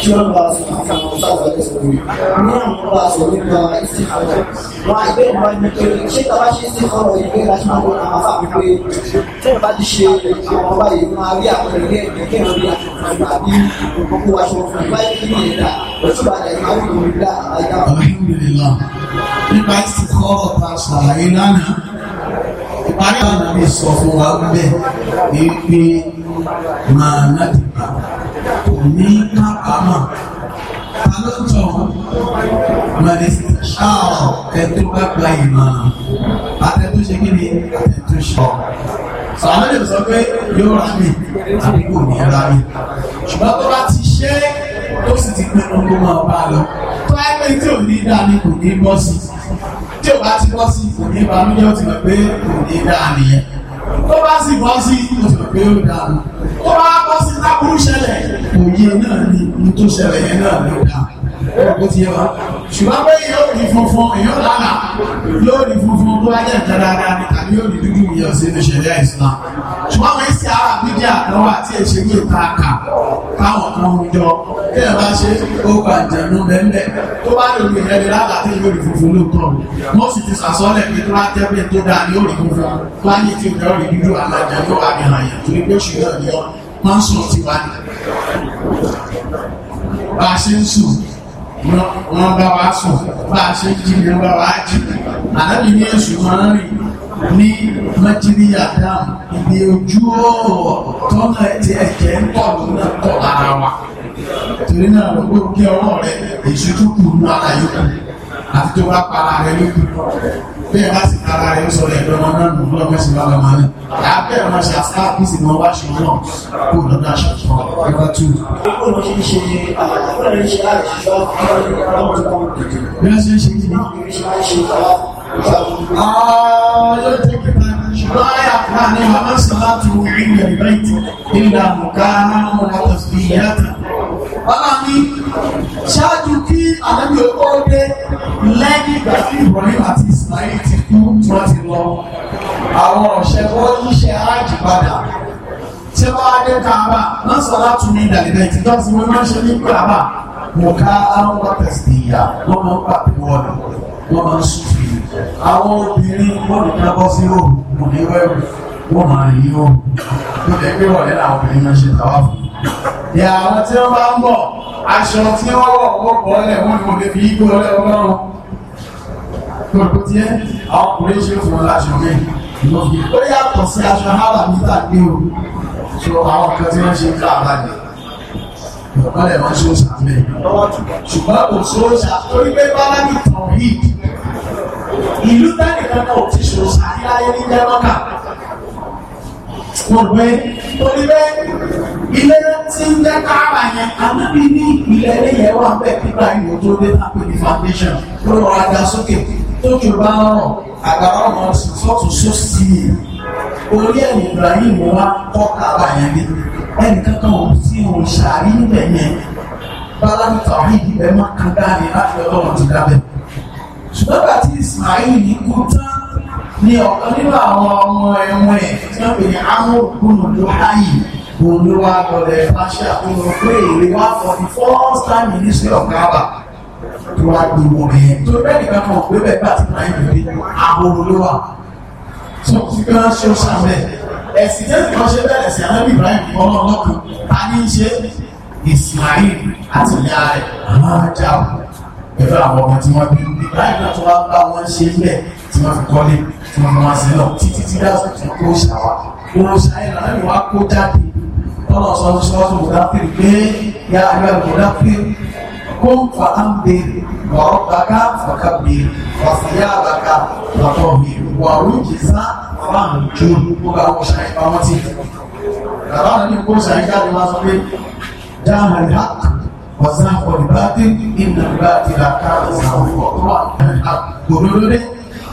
tí wọ́n bá sọ àwọn ọ̀sáwọ̀ ẹ̀sìn ní àwọn bá sọ nípa ìsìnkọ̀rọ̀ wọn àgbẹ̀ ìwà ni pé ṣé tàbá ṣe ìsìnkọ̀rọ̀ ìgbé láti máa wọ́n àwọn afáàmì pé tí wọ́n bá ti ṣe alhamdulilah nípa ìsìnkọ̀rọ̀ ta ṣàlàyé lánàá ìparí àwọn àmì sọ fún wa ń bẹ̀ kò ní kábàámọ̀ talóńtọ̀ mọ̀lẹ́sì ṣáọ̀ ẹ̀tọ́ bá gba ìmọ̀ràn àtẹ̀tọ́ ṣe kí ni àtẹ̀tọ́ ṣọ. sàmúlò lè sọ pé yóò rà mí àbí kò ní rà mí ṣùgbọ́n tó bá ti ṣe é tó sì ti pinnu kó máa bá a lọ tó á pé tí ò ní dá ni kò ní bọ́ sí tí ò bá ti bọ́ sí kò ní bá mi yóò ti mọ̀ pé kò ní dá nìyẹn tó bá sì bọ́ sí pé ó dáa tó bá bọ́ sí lábúrú ṣẹlẹ̀ òye náà ni tó ṣẹlẹ̀ yẹn náà ló dáa ó ti yẹ ṣùgbọ́n pé yóò di funfun yóò lálà yóò di funfun tó wájẹ́ nǹkan dáadáa tàbí yóò di dúdú yẹn sí ní ṣẹ̀ríà Islam ṣùgbọ́n àwọn èsì ara bíbí àtọwọ́ àti èṣe ní ìta àkà táwọn kan ń jọ bí ẹ bá ṣe ó gba ìjẹ̀nu bẹ́ẹ̀ tó bá lè rí ẹni yóò di funfun lóòótọ́ mo sì ti sàsọ́lẹ̀ pé tó bá jẹ́ pé tó dáa yóò di funfun láyé ti wọ́n bá wa sùn bá a ṣe jí ni wọ́n bá wa jí àdábì ní èṣù máa ń rìn ní nàìjíríà dáhùn ìdí ojú ọ̀rọ̀ tọ́nà ti ẹ̀jẹ̀ ń pọ̀ lónà pọ̀ lára wa torí náà ló gbé ọwọ́ rẹ̀ èṣù tó kù nù ara yòókù àti tó bá para rẹ̀ lókù bẹ́ẹ̀ bá sì tara rẹ̀ sọ ẹ̀dọ́ náà náà nù lọ́wọ́ sí bàbá máa ní àbẹ́ ọ̀nà ṣe àṣàkíyèsí ni wọ́n wá ṣe náà kó lọ́dọ̀ àṣà tó ẹgbẹ́ tù. bí wọ́n ṣe ń ṣe kí ni. yóò tẹ́ kí n ṣùgbọ́n àyà kan ní wàhálà sọ̀rọ̀ àti wòlíì rẹ̀ bẹ́ẹ̀ ti nígbà mọ̀ká náà mọ̀ká tó fi yàtọ̀ bàbá mi ṣáájú kí ànábì ó dé lẹ́yìn ìgbà tí Ibrahim àti Ismail ti kú tí wọ́n ti lọ àwọn ọ̀ṣẹ́ wọ́n yíṣẹ́ ájì padà tí wọ́n á dé káàbà náà sọ láti ní ìdàlẹ́dẹ́ ìtìjọ́ tí wọ́n máa ń ṣe ní káàbà mo ká àwọn wọ́tẹ̀sì ìyá wọ́n máa ń pàdé wọ́ọ̀lù wọ́n máa ń sùfì àwọn obìnrin wọ́n lè ká bọ́ sí òòrùn kò ní wẹ́rù wọ́n máa ń yí òòrùn ló dé pé wọ̀lẹ́ làwọn obìnrin máa ń ṣe tàwa ní àwọn tí wọ́n bá ń bọ̀ aṣọ tí wọ́n wọ̀ wọ́pọ̀ ọlẹ̀ wọ́n ni mo lè fi igbó ọlẹ́ ọlọ́run gbogbo tí ẹ́ àwọn ọkùnrin ṣe fún ọ láṣọ mi ó yàtọ̀ sí aṣọ hálà mítà ní o so àwọn kan tí wọ́n ṣe ń ká àbájẹ ọ̀pọ̀ lẹ̀ wọ́n ṣóòṣà mẹ́ ṣùgbọ́n kò ṣóòṣà torí pé bálágì tàn yìí ìlú tẹ́nìkan náà ò ti ṣòṣà ní ayé ní jẹ́rọ́kà wọ́n pẹ́ torí bẹ́ẹ̀ ilé tí ń jẹ́ káàbà yẹn ànábì ní ìpìlẹ̀ ilé yẹn wà bẹ́ẹ̀ pípa ìwò tó dé tàbí ní foundation ló rọ ada sókè tójú bá rọ̀ àgbàrá ọmọ sọ́tù sósì orí ẹ̀yìn Ibrahim wa kọ́ káàbà yẹn ni ẹnì kankan ò sí òun ṣàrí níbẹ̀ yẹn bala ní tàbí ìbẹ̀ máa kan dáa ní láti ọlọ́run ti dábẹ̀ ṣùgbọ́n bàtí Ismail kú tán ni ọ̀kan nínú àwọn ọmọ ẹ̀wọ̀n ẹ̀ tí wọ́n pè ní amóhùnkùnù ló háyì òun ló wá lọ́lẹ̀ fáṣẹ́ àkóso pé èrè wá for the first time in history of Ghana tó wá gbé wọn bẹ́ẹ̀ tó bẹ́ẹ̀ nìkan kan pé bẹ́ẹ̀ bá ti náà yìí dé àbòrò ló wà tó ti gbé wọn ṣe ó sàmẹ́ ẹ̀sìn tẹ́sí kan ṣe bẹ́ẹ̀ ẹ̀sìn anábì Ibrahim ọmọ ọlọ́kùn ta ní í ṣe Ismail àti ìyá rẹ̀ máa jáwọ́ pẹ̀lú àwọn ọmọ tí wọ́n bí Ibrahim náà tó wá bá wọn ṣe bẹ́ẹ̀ wọ́n fi kọ́lé tí wọ́n wá sí lọ títí tí dáṣọ ti kó ṣàwà kó ṣàìlà lẹ́yìn wá kó jáde tọ́lá sọ fún sọ́ọ́sì mọ̀dáfíì pé yá ayọ́ mọ̀dáfíì kó ń fa áńbé wọ̀rọ̀ bàkà fàkàbé wàsíyá bàkà wàtọ̀mí wàrú jìsá fáàmù ju kó bá wọ́n ṣàìlà wọn ti. bàbá mi kó ṣàìlà ni wọ́n sọ pé dáhùn ìhà wàsáfọ̀ ìbátí ìnà ìbátí làkàrà ìsàwọ̀ ọ̀tọ̀ àgbòdòdó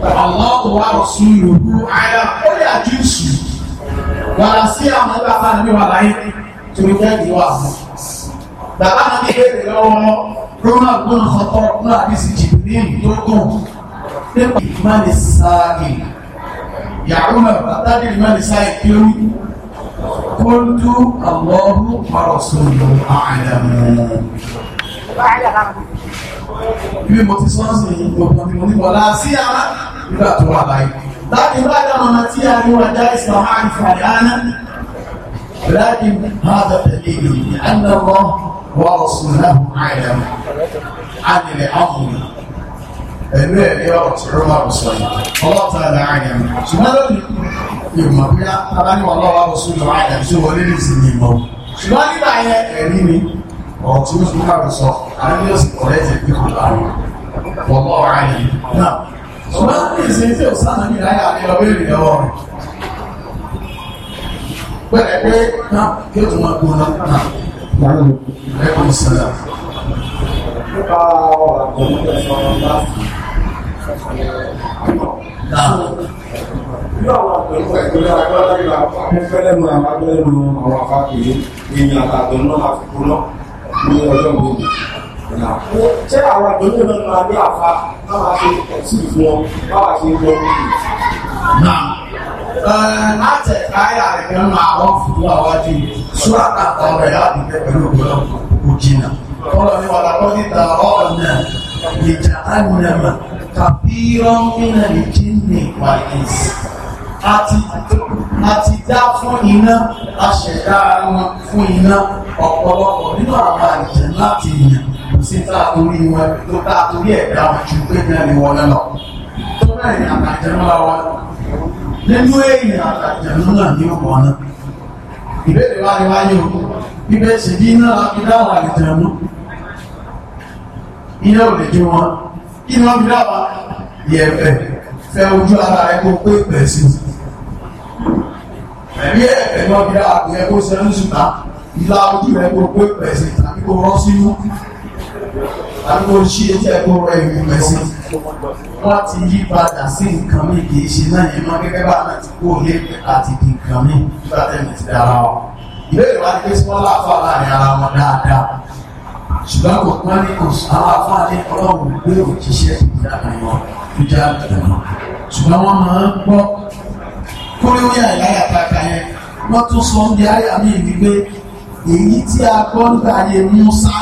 Allahu wa rasuluhu ala kulli ajusu wàlá sí àwọn ẹgbẹ́ afá níbi wà láyé torí fẹ́ẹ̀dì wà mọ́ bàbá náà ní èrè lọ́wọ́ ronald gbọ́n ọ̀tọ̀ náà àbí sì jì ní ìdógún nípa ìmọ̀lẹ̀ sáàgì yàrá náà bàtà dé ìmọ̀lẹ̀ sáàgì kí ó rí kóńtù Allahu wa rasuluhu àlàmù ibi mo ti sọ́ọ̀sì gbogbo ni mo ní wọlá sí ara nígbà tó wà láyé láti bá dáná ọmọ tí a ní wọn dá ìsìlámù àìfà dáná láti bá dá tẹ̀lé ìdí ànáwó wọ́n ọ̀sùn náà àìdáwó àdìrẹ̀ ọ̀hún ẹ̀mí ẹ̀mí ọ̀rọ̀ tí ó máa sọ yìí ọlọ́ta ẹ̀dá àìdáwó ṣùgbọ́n lónìí ìmọ̀ or two scholars of various collected people are. Wallahu alayhi. Now, ṣùgbọ́n ní ìsinsìn ọ̀sán náà ní ìráyà àríyọ béèrè lọ́wọ́ rẹ̀. Bẹ́ẹ̀ pé náà kí o tún máa gbóná náà. Ẹ̀kọ́ ìsìnlẹ̀. Nípa ọ̀rọ̀ àkọ́kọ́ ìjọba ọ̀la. Náà. Nígbà àwọn àpẹẹrẹ ìpínlẹ̀ agbára ìlà àwọn afákìlẹ̀ èèyàn àtàgbẹ̀ náà ní ọjọ́ gbogbo ṣé àwọn àgbẹ̀wò náà máa ní àfa máa ṣe ẹ̀sì fún wọn máa ṣe ń lọ láti ẹ̀ka ẹ̀yà ẹ̀kẹ́ máa wọ́n fún àwọn di ṣúra kàtà ọ̀rẹ́ láti fẹ́ pẹ̀lú ògbọ́n kò jìnnà kọ́lọ̀ ní wàlá kọ́ níta ọ̀rọ̀ náà ìjà ánìyàmà tàbí rọ́mìnà ìjìnnì wáyé àti a ti dá fún iná a ṣẹ̀dá wọn fún iná ọ̀pọ̀lọpọ̀ nínú àwọn àjẹ́ láti yàn kò sí tá a torí wọn tó tá a torí ẹ̀dá wọn ju pé náà ni wọn lọ. tó bẹ́ẹ̀ ni àtàjẹ́ ńlá wa nínú èèyàn àtàjẹ́ ńlá ní ọ̀pọ̀ náà. ìbéèrè wa ni wáyé o ibẹ̀ sì bí iná la fi dáhùn àjẹ́ mú iná ò lè dín wọn kí ni wọ́n fi dáhùn yẹ̀fẹ̀ fẹ́ ojú ara ẹ̀ kó pé pẹ̀ sí i ẹ̀mí ẹ̀rọ ìdá àgbẹ̀ ẹ̀kọ́ sẹ́nu ṣùgbọ́n ìlà ojú rẹ̀ kó pé pẹ̀sì tàbí kó rọ́ sínú tàbí kó ṣí etí ẹ̀kọ́ rẹ̀ ìwé pẹ̀sì láti yí padà sí nǹkan mi kì í ṣe náà yẹn mọ́ gẹ́gẹ́ bá náà ti kó lé àti di nǹkan mi nígbà tẹ́lẹ̀ ti dára wọn. ìbéèrè wa ni pé sọ́lá àfa láàrin ara wọn dáadáa ṣùgbọ́n kò pọ́n ní oṣù àwọn afá ọlọ́run gbé òjíṣẹ́ ìdáná wọn tó já ìdáná ṣùgbọ́n wọ́n máa ń gbọ́ kúrẹ́ ó yà ìláyà kàkà yẹn wọ́n tún sọ ń àyà mi wípé èyí tí a gbọ́ nígbà yẹn Musa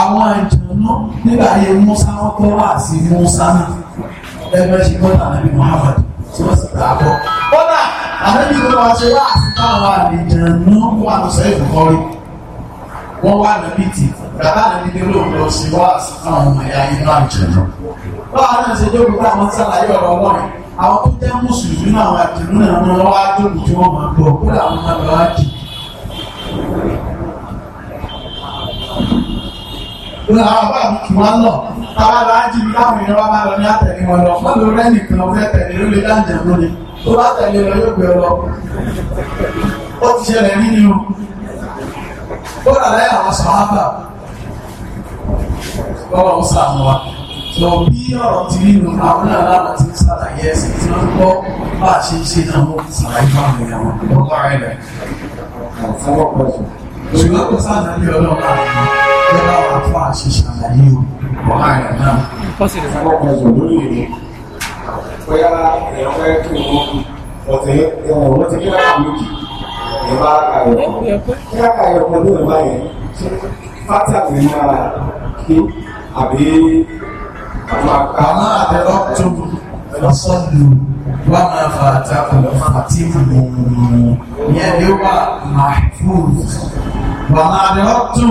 àwọn ìjọ̀nà nígbà yẹn Musa wọ́n kọ́ wá sí Musa ẹgbẹ́ ṣe gbọ́dọ̀ àbí Muhammad tí wọ́n sì gbà bọ́. kódà àbẹ́bí ló wá ṣe wá sí káwọn àlejò wà lọ́sẹ̀ ìfọ̀kọ́rí wọ́n wà níbi tì bàbá mi ní ló lọ sí wá sí fún ọmọ ẹ̀yà inú àjẹ̀nà. báwa náà ṣe dókòó àwọn tó jẹ́ mùsùlùmí náà àwọn àjẹmú náà wọn wá jókòó tí wọ́n máa gbọ́ kó làwọn máa lọ ájì. Ìlú àwọn bá mi wọ́n lọ, táwa lọ ájì bí láwọn èèyàn wá bá lọ ní àtẹ̀lé wọn lọ, wọ́n lọ rẹ́ nìkan fẹ́ tẹ̀lé ló lè dáǹjẹ̀ ni, tó bá tẹ̀lé lọ yóò gbé lọ. Ó ti ṣẹlẹ̀ rí ni o, ó rà láyé àwọn sọ̀rọ̀ àbà, ọlọ́run sàmúwa sọ bí ọ̀rọ̀ ti rí nu àwọn náà lára ti ń ṣàlàyé ẹ̀sìn tí wọ́n gbọ́ bá a ṣe ń ṣe náà wọ́n ti ṣàlàyé fún àwọn èèyàn wọn lọ́kọ̀ rẹ̀ rẹ̀. ṣùgbọ́n kò sáàdá ní ọlọ́ọ̀la rẹ̀ lọ́wọ́ àwọn afọ àṣìṣe àlàyé o lọ́kọ̀ rẹ̀ náà. bóyá èèyàn fẹ́ kí wọ́n ti wọ́n ti kí lára méjì ìbá kàyọ̀kọ̀ kí á kàyọ̀kọ̀ ní ìbá yẹn fátà ní máa kí àbí àmọ́ àdẹ́rọ́tò lọ́sọ̀lù wà máa fà àtàkùn àti ìmọ̀ọ́mọ́ yẹn ló wà mahfuz wà máa àdẹ́rọ́tò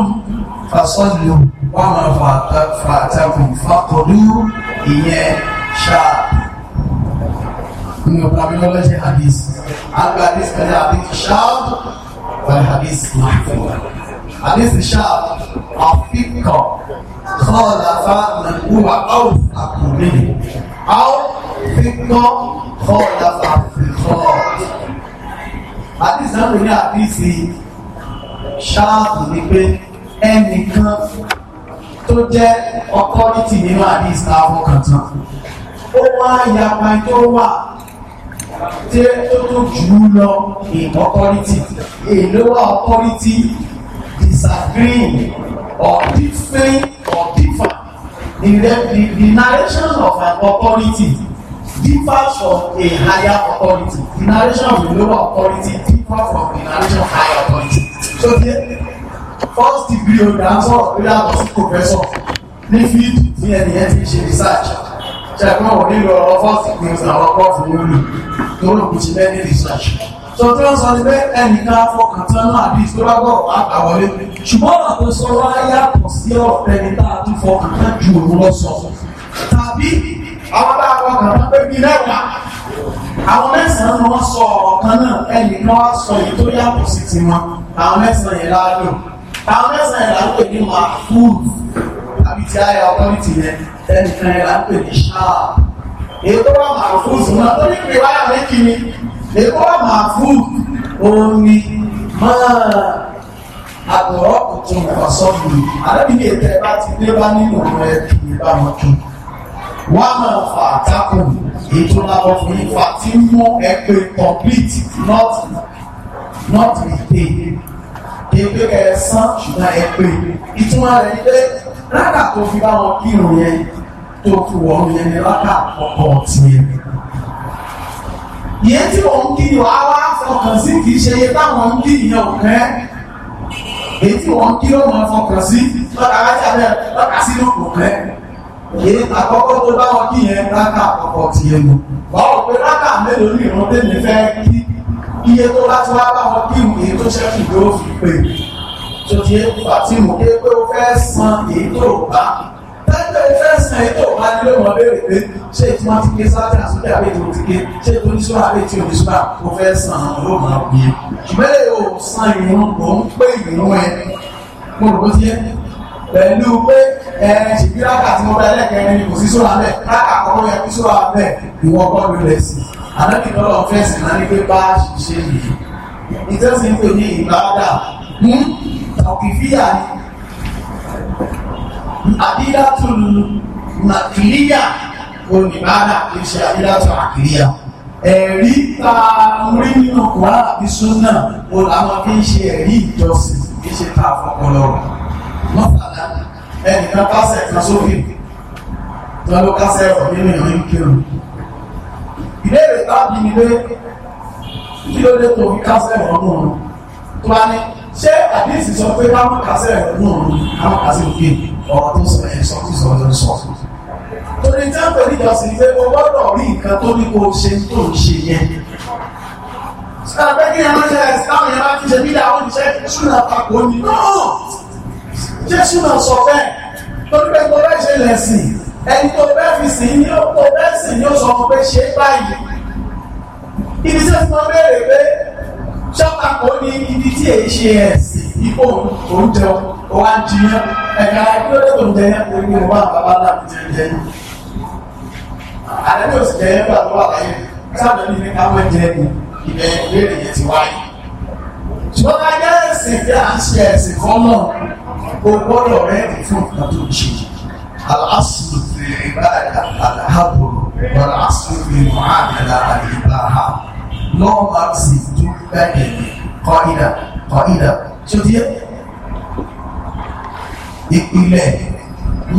lọ́sọ̀lù wà máa fà àtàkùn fàkọ̀dú ìyẹn ṣáà nínú terminology hadith àgbà hadith kan ní hadith ṣáà wà hadith mahfuz hadith ṣáà àfikàn kọ́ọ̀láfà nàkúwà áwù àkùnmí áwù fíkọ́ kọ́ọ̀láfà fíkọ́. àdìsí náà ní àdìsí ṣáàbù ni pé ẹnìkan tó jẹ́ ọkọ́rítì nínú àdìsí àfọkàntán ó wá yapa tó wà tí ó tó jù ú lọ in authority èlò authority disagree or differing or differ the the the narrations of an authority differs from a higher authority the narration of a lower authority differ from the narration of a higher authority so the first degree o da sọ̀rọ̀ lórí àtọ sí professor ní field ní ẹni ẹ ti ṣe research ṣàgbọ́n ò nílò ọ̀rọ̀ first degree ọ̀sán àwọn kọ́ọ̀fù lónìí tó lò kù sí many research so tí wọ́n sọ ní pé ẹnìkan fọkàn tán náà àbí ìṣúra gbọ́rọ̀ wá gbà wọlé ṣùgbọ́n àtò sọ̀rọ̀ ayé àpọ̀ sí ọ̀rọ̀ ẹni tá a tún fọ àná ju òun lọ sọ. tàbí àwọn bá wọn kàn án pé bí mẹ́wàá àwọn mẹ́sàn-án wọn sọ ọ̀rọ̀ kan náà ẹnì kan wá sọ èyí tó yàtọ̀ sí tiwọn àwọn mẹ́sàn-án yẹn láàlú àwọn mẹ́sàn-án yẹn láàlú èyí máa fúlù àbí ti ayé ọkọ̀lìtì yẹn ẹnìkan yẹn láàlú èyí ṣáà èyí tó wà ni èyí tó wà máa àbọ̀rọ̀ òtún ẹ̀wà sọ́ọ̀bù àdébìlì ètò ẹ̀ bá ti dé bá nínú ọ̀rọ̀ ẹ̀ kì í bá wọn tó. wọ́n á máa fa àtàkù ètò làwọn fún yín fa tí ń mú ẹgbẹ́ complete not not retain èpè kẹsàn ṣùgbọ́n ẹgbẹ́ ìtumọ̀ rẹ̀ ni pé rákà tó fi bá wọn kírun yẹn tó fi wọ̀ọ́rùn yẹn ni rákà ọkọ̀ tiẹ̀ ìyẹn tí òun kí ni wàá wá fọkàn sí kì í ṣe iye táwọn ń kí ìyẹn òkẹ́ èyí tí wọ́n kí ló máa fọkàn sí lọ́ka lájà bẹ́ẹ̀ lọ́ka sí ló kò pẹ́ èyí àkọ́kọ́ tó bá wọn kí yẹn rákà àkọ́kọ́ ti yẹn lò wọ́n ò pé rákà mélòó ní ìran tèmi fẹ́ kí iye tó bá ti wá bá wọn kí èyí tó ṣẹ́kù ló fi pè tó ti yẹ fàtìmù pé ó fẹ́ san èyí tó bá tẹ́tẹ́ fẹ́sẹ̀ ètò ọba ni yóò mọ béèrè pé ṣé tí wọ́n ti ké sáfẹ́ àsúnjẹ́ àbí ètò ti ké ṣé tó ní sọ́ra àbí ètò ìṣúra kò fẹ́ san àwọn yóò máa wí. mẹ́lẹ̀ yóò san ìrún kò ń pè ìrún ẹ mo rò ó ti yẹ pẹ̀lú pé ẹ ṣèbí rákà tí mo bẹ ẹlẹ́kẹrin kò sí sọ́ra bẹ́ẹ̀ rákà kọ́kọ́ yẹ kí sọ́ra bẹ́ẹ̀ ìwọ bọ́ọ̀lù rẹ̀ sí àdánìkọ́lọ́ fẹ́sẹ̀ náà ní pé bá ṣiṣẹ́ yìí ìtẹ́sìn pè ní ìgbàdà hmm? tàkìfíyà ni àdídàtù nàkìlíyà oníbàárà kì í ṣe àdídàtù àkìlíyà ẹ̀rí tá a rí nínú kùrá àbí súnà o làwọn fi ń ṣe ẹ̀rí ìjọsìn kì í ṣe tá a fọpọlọ rẹ̀ mọ́tàlá ẹnìkan kásẹ̀ kan sókè tó ló kásẹ̀ ọ̀rọ̀ nínú ìrìn kírun ìbéèrè tábí ni pé kí ló dé tó fi kásẹ̀ ọ̀rọ̀ nù ọ̀rọ̀ tó bá ní ṣé àdínsì sọ pé káwọn kásẹ̀ ọ̀rọ̀ nù ọ̀rọ̀ káwọn kásẹ̀ òkè ọ̀rọ̀ tó sọ ẹ̀ sọ tí sọ ló sọ. torí tí a ń pè ní ìjọsìn ìfẹ́ mo gbọ́dọ̀ rí nǹkan tó ní kó o ṣe tó ń ṣe yẹn. sàbẹ́kì ẹ̀rọ ṣe ẹ̀sìn táwọn yẹn bá ti ṣe bídà ó níṣẹ́ ṣúná papò ní náà jésù náà sọ bẹ́ẹ̀ torí pé mo bẹ́ẹ̀ ṣe lẹ̀sìn ẹni tó bẹ́ẹ̀ fi sìn ní ó tó bẹ́ẹ̀ sìn ní ó sọ fún pé ṣe báyìí ibi tí ó ti mọ béèrè pé ṣọ́pàpọ̀ ní ibi tí èyí ṣe ẹ̀sìn ìbò oúnjẹ wa ń jiyàn ẹ̀ka ìdílé tó ń jẹ yẹn torí mo bá bàbá náà jẹ jẹ yẹn. àdébí òsì jẹ yẹn gbà tó wà láyé sábà ní ní káwọn jẹ ní ibẹ̀ ìbéèrè yẹn ti wáyé. ṣùgbọ́n ká jẹ́ ẹ̀sìn tí a ń ṣe ẹ̀sìn kan náà o gbọ́dọ̀ rẹ̀ ní fún ìgbà tó ń ṣe. aláṣù fi tí ó ti yẹ ìpìlẹ̀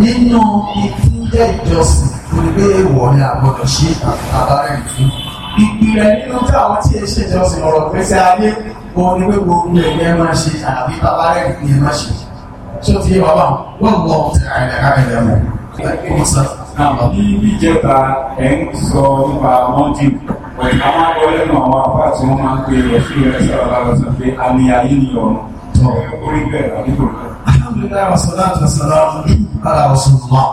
nínú ìtúndẹ̀ ìjọsìn onígbé ìwọ̀ ni àgbọ̀dọ̀ ṣe àbárẹ̀ fún ìpìlẹ̀ nínú tí àwọn tí ẹ ṣe ìjọsìn ọ̀rọ̀ pẹ́sẹ́ ayé òun ni pé gbogbo ẹ̀yẹ máa ṣe àbí bàbárẹ̀ ni ẹ máa ṣe tí ó ti yẹ bàbá wọn lọ tẹ̀ àìlẹ̀ká ilẹ̀ mọ́ ní ìjẹta ẹ̀ ń sọ nípa mọ́jú pẹ̀lú àwọn akọ́lẹ́nu àwọn afá tí wọ́n máa ń pe ẹ̀fí rẹ̀ sọ̀rọ̀ lálọ́sọ̀ pé a ní ayé ní sọ̀rọ̀. alhamdulilayi wa salatu wa salamu ala rasulillah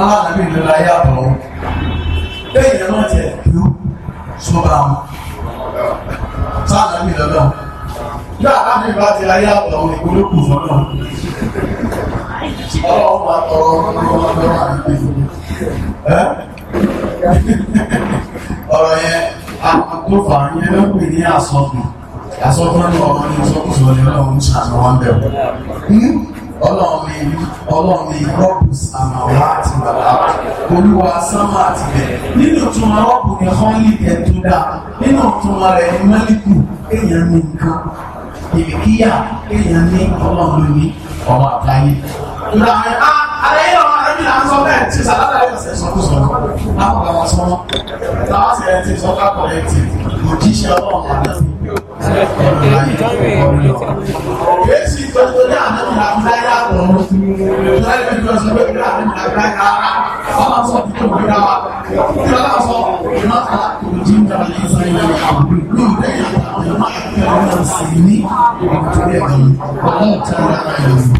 ala nabi lila ya bọ̀ bẹ́ẹ̀ yẹn náà tẹ̀ yó sọ́ba mu sáà nabi lọ́dọ̀ yóò àbá mi bá ti ayé àbọ̀ ìgbóló kù fún náà ọlọ́run máa tọrọ ní àsọ̀tún asọ́kùnrin ọmọ ní ìsọkùsọ ní ọlọ́run ṣàánú wọn bẹ̀rù ọlọ́ọ̀mí ọlọ́ọ̀mí rọ́pù sàmàwá àti bàbá olúwa sámà àti bẹ̀ nínú ìtumọ̀ rọ́pù ní họ́nlì ẹ̀tọ́ dá nínú ìtumọ̀ rẹ̀ ní mẹ́lìkù èèyàn ní nǹkan ìbìkíyà èèyàn ní ọlọ́ọ̀mí ní ọmọ àtàyè. ìlànà àlẹ́ yóò kí là ń sọ bẹ́ẹ̀ tí sàlátà yóò ṣe sọkúsọ láwọn àwọn sọ láwọn sì ẹ̀ ti sọ kápọ̀ ẹ̀ ti òjíṣẹ́ ọlọ́run Kèésì ìtọ́jú ní àná ìlà Abdullahi àbọ̀n Abdullahi bí wọ́n sọ pé ìlú àná ìlà Abdullahi rárá ọlọ́run sọ fún ìlú ìlú wa kí ọlọ́run sọ ìlú ọ̀tá ìlú ìjà ní ìsọ̀rọ̀ ìlú ìlú lẹ́yìn àwọn ọmọ àti ọmọ sí ní ìtúrẹ́ ọ̀hún ọ̀hún tí wọ́n rárá yẹn.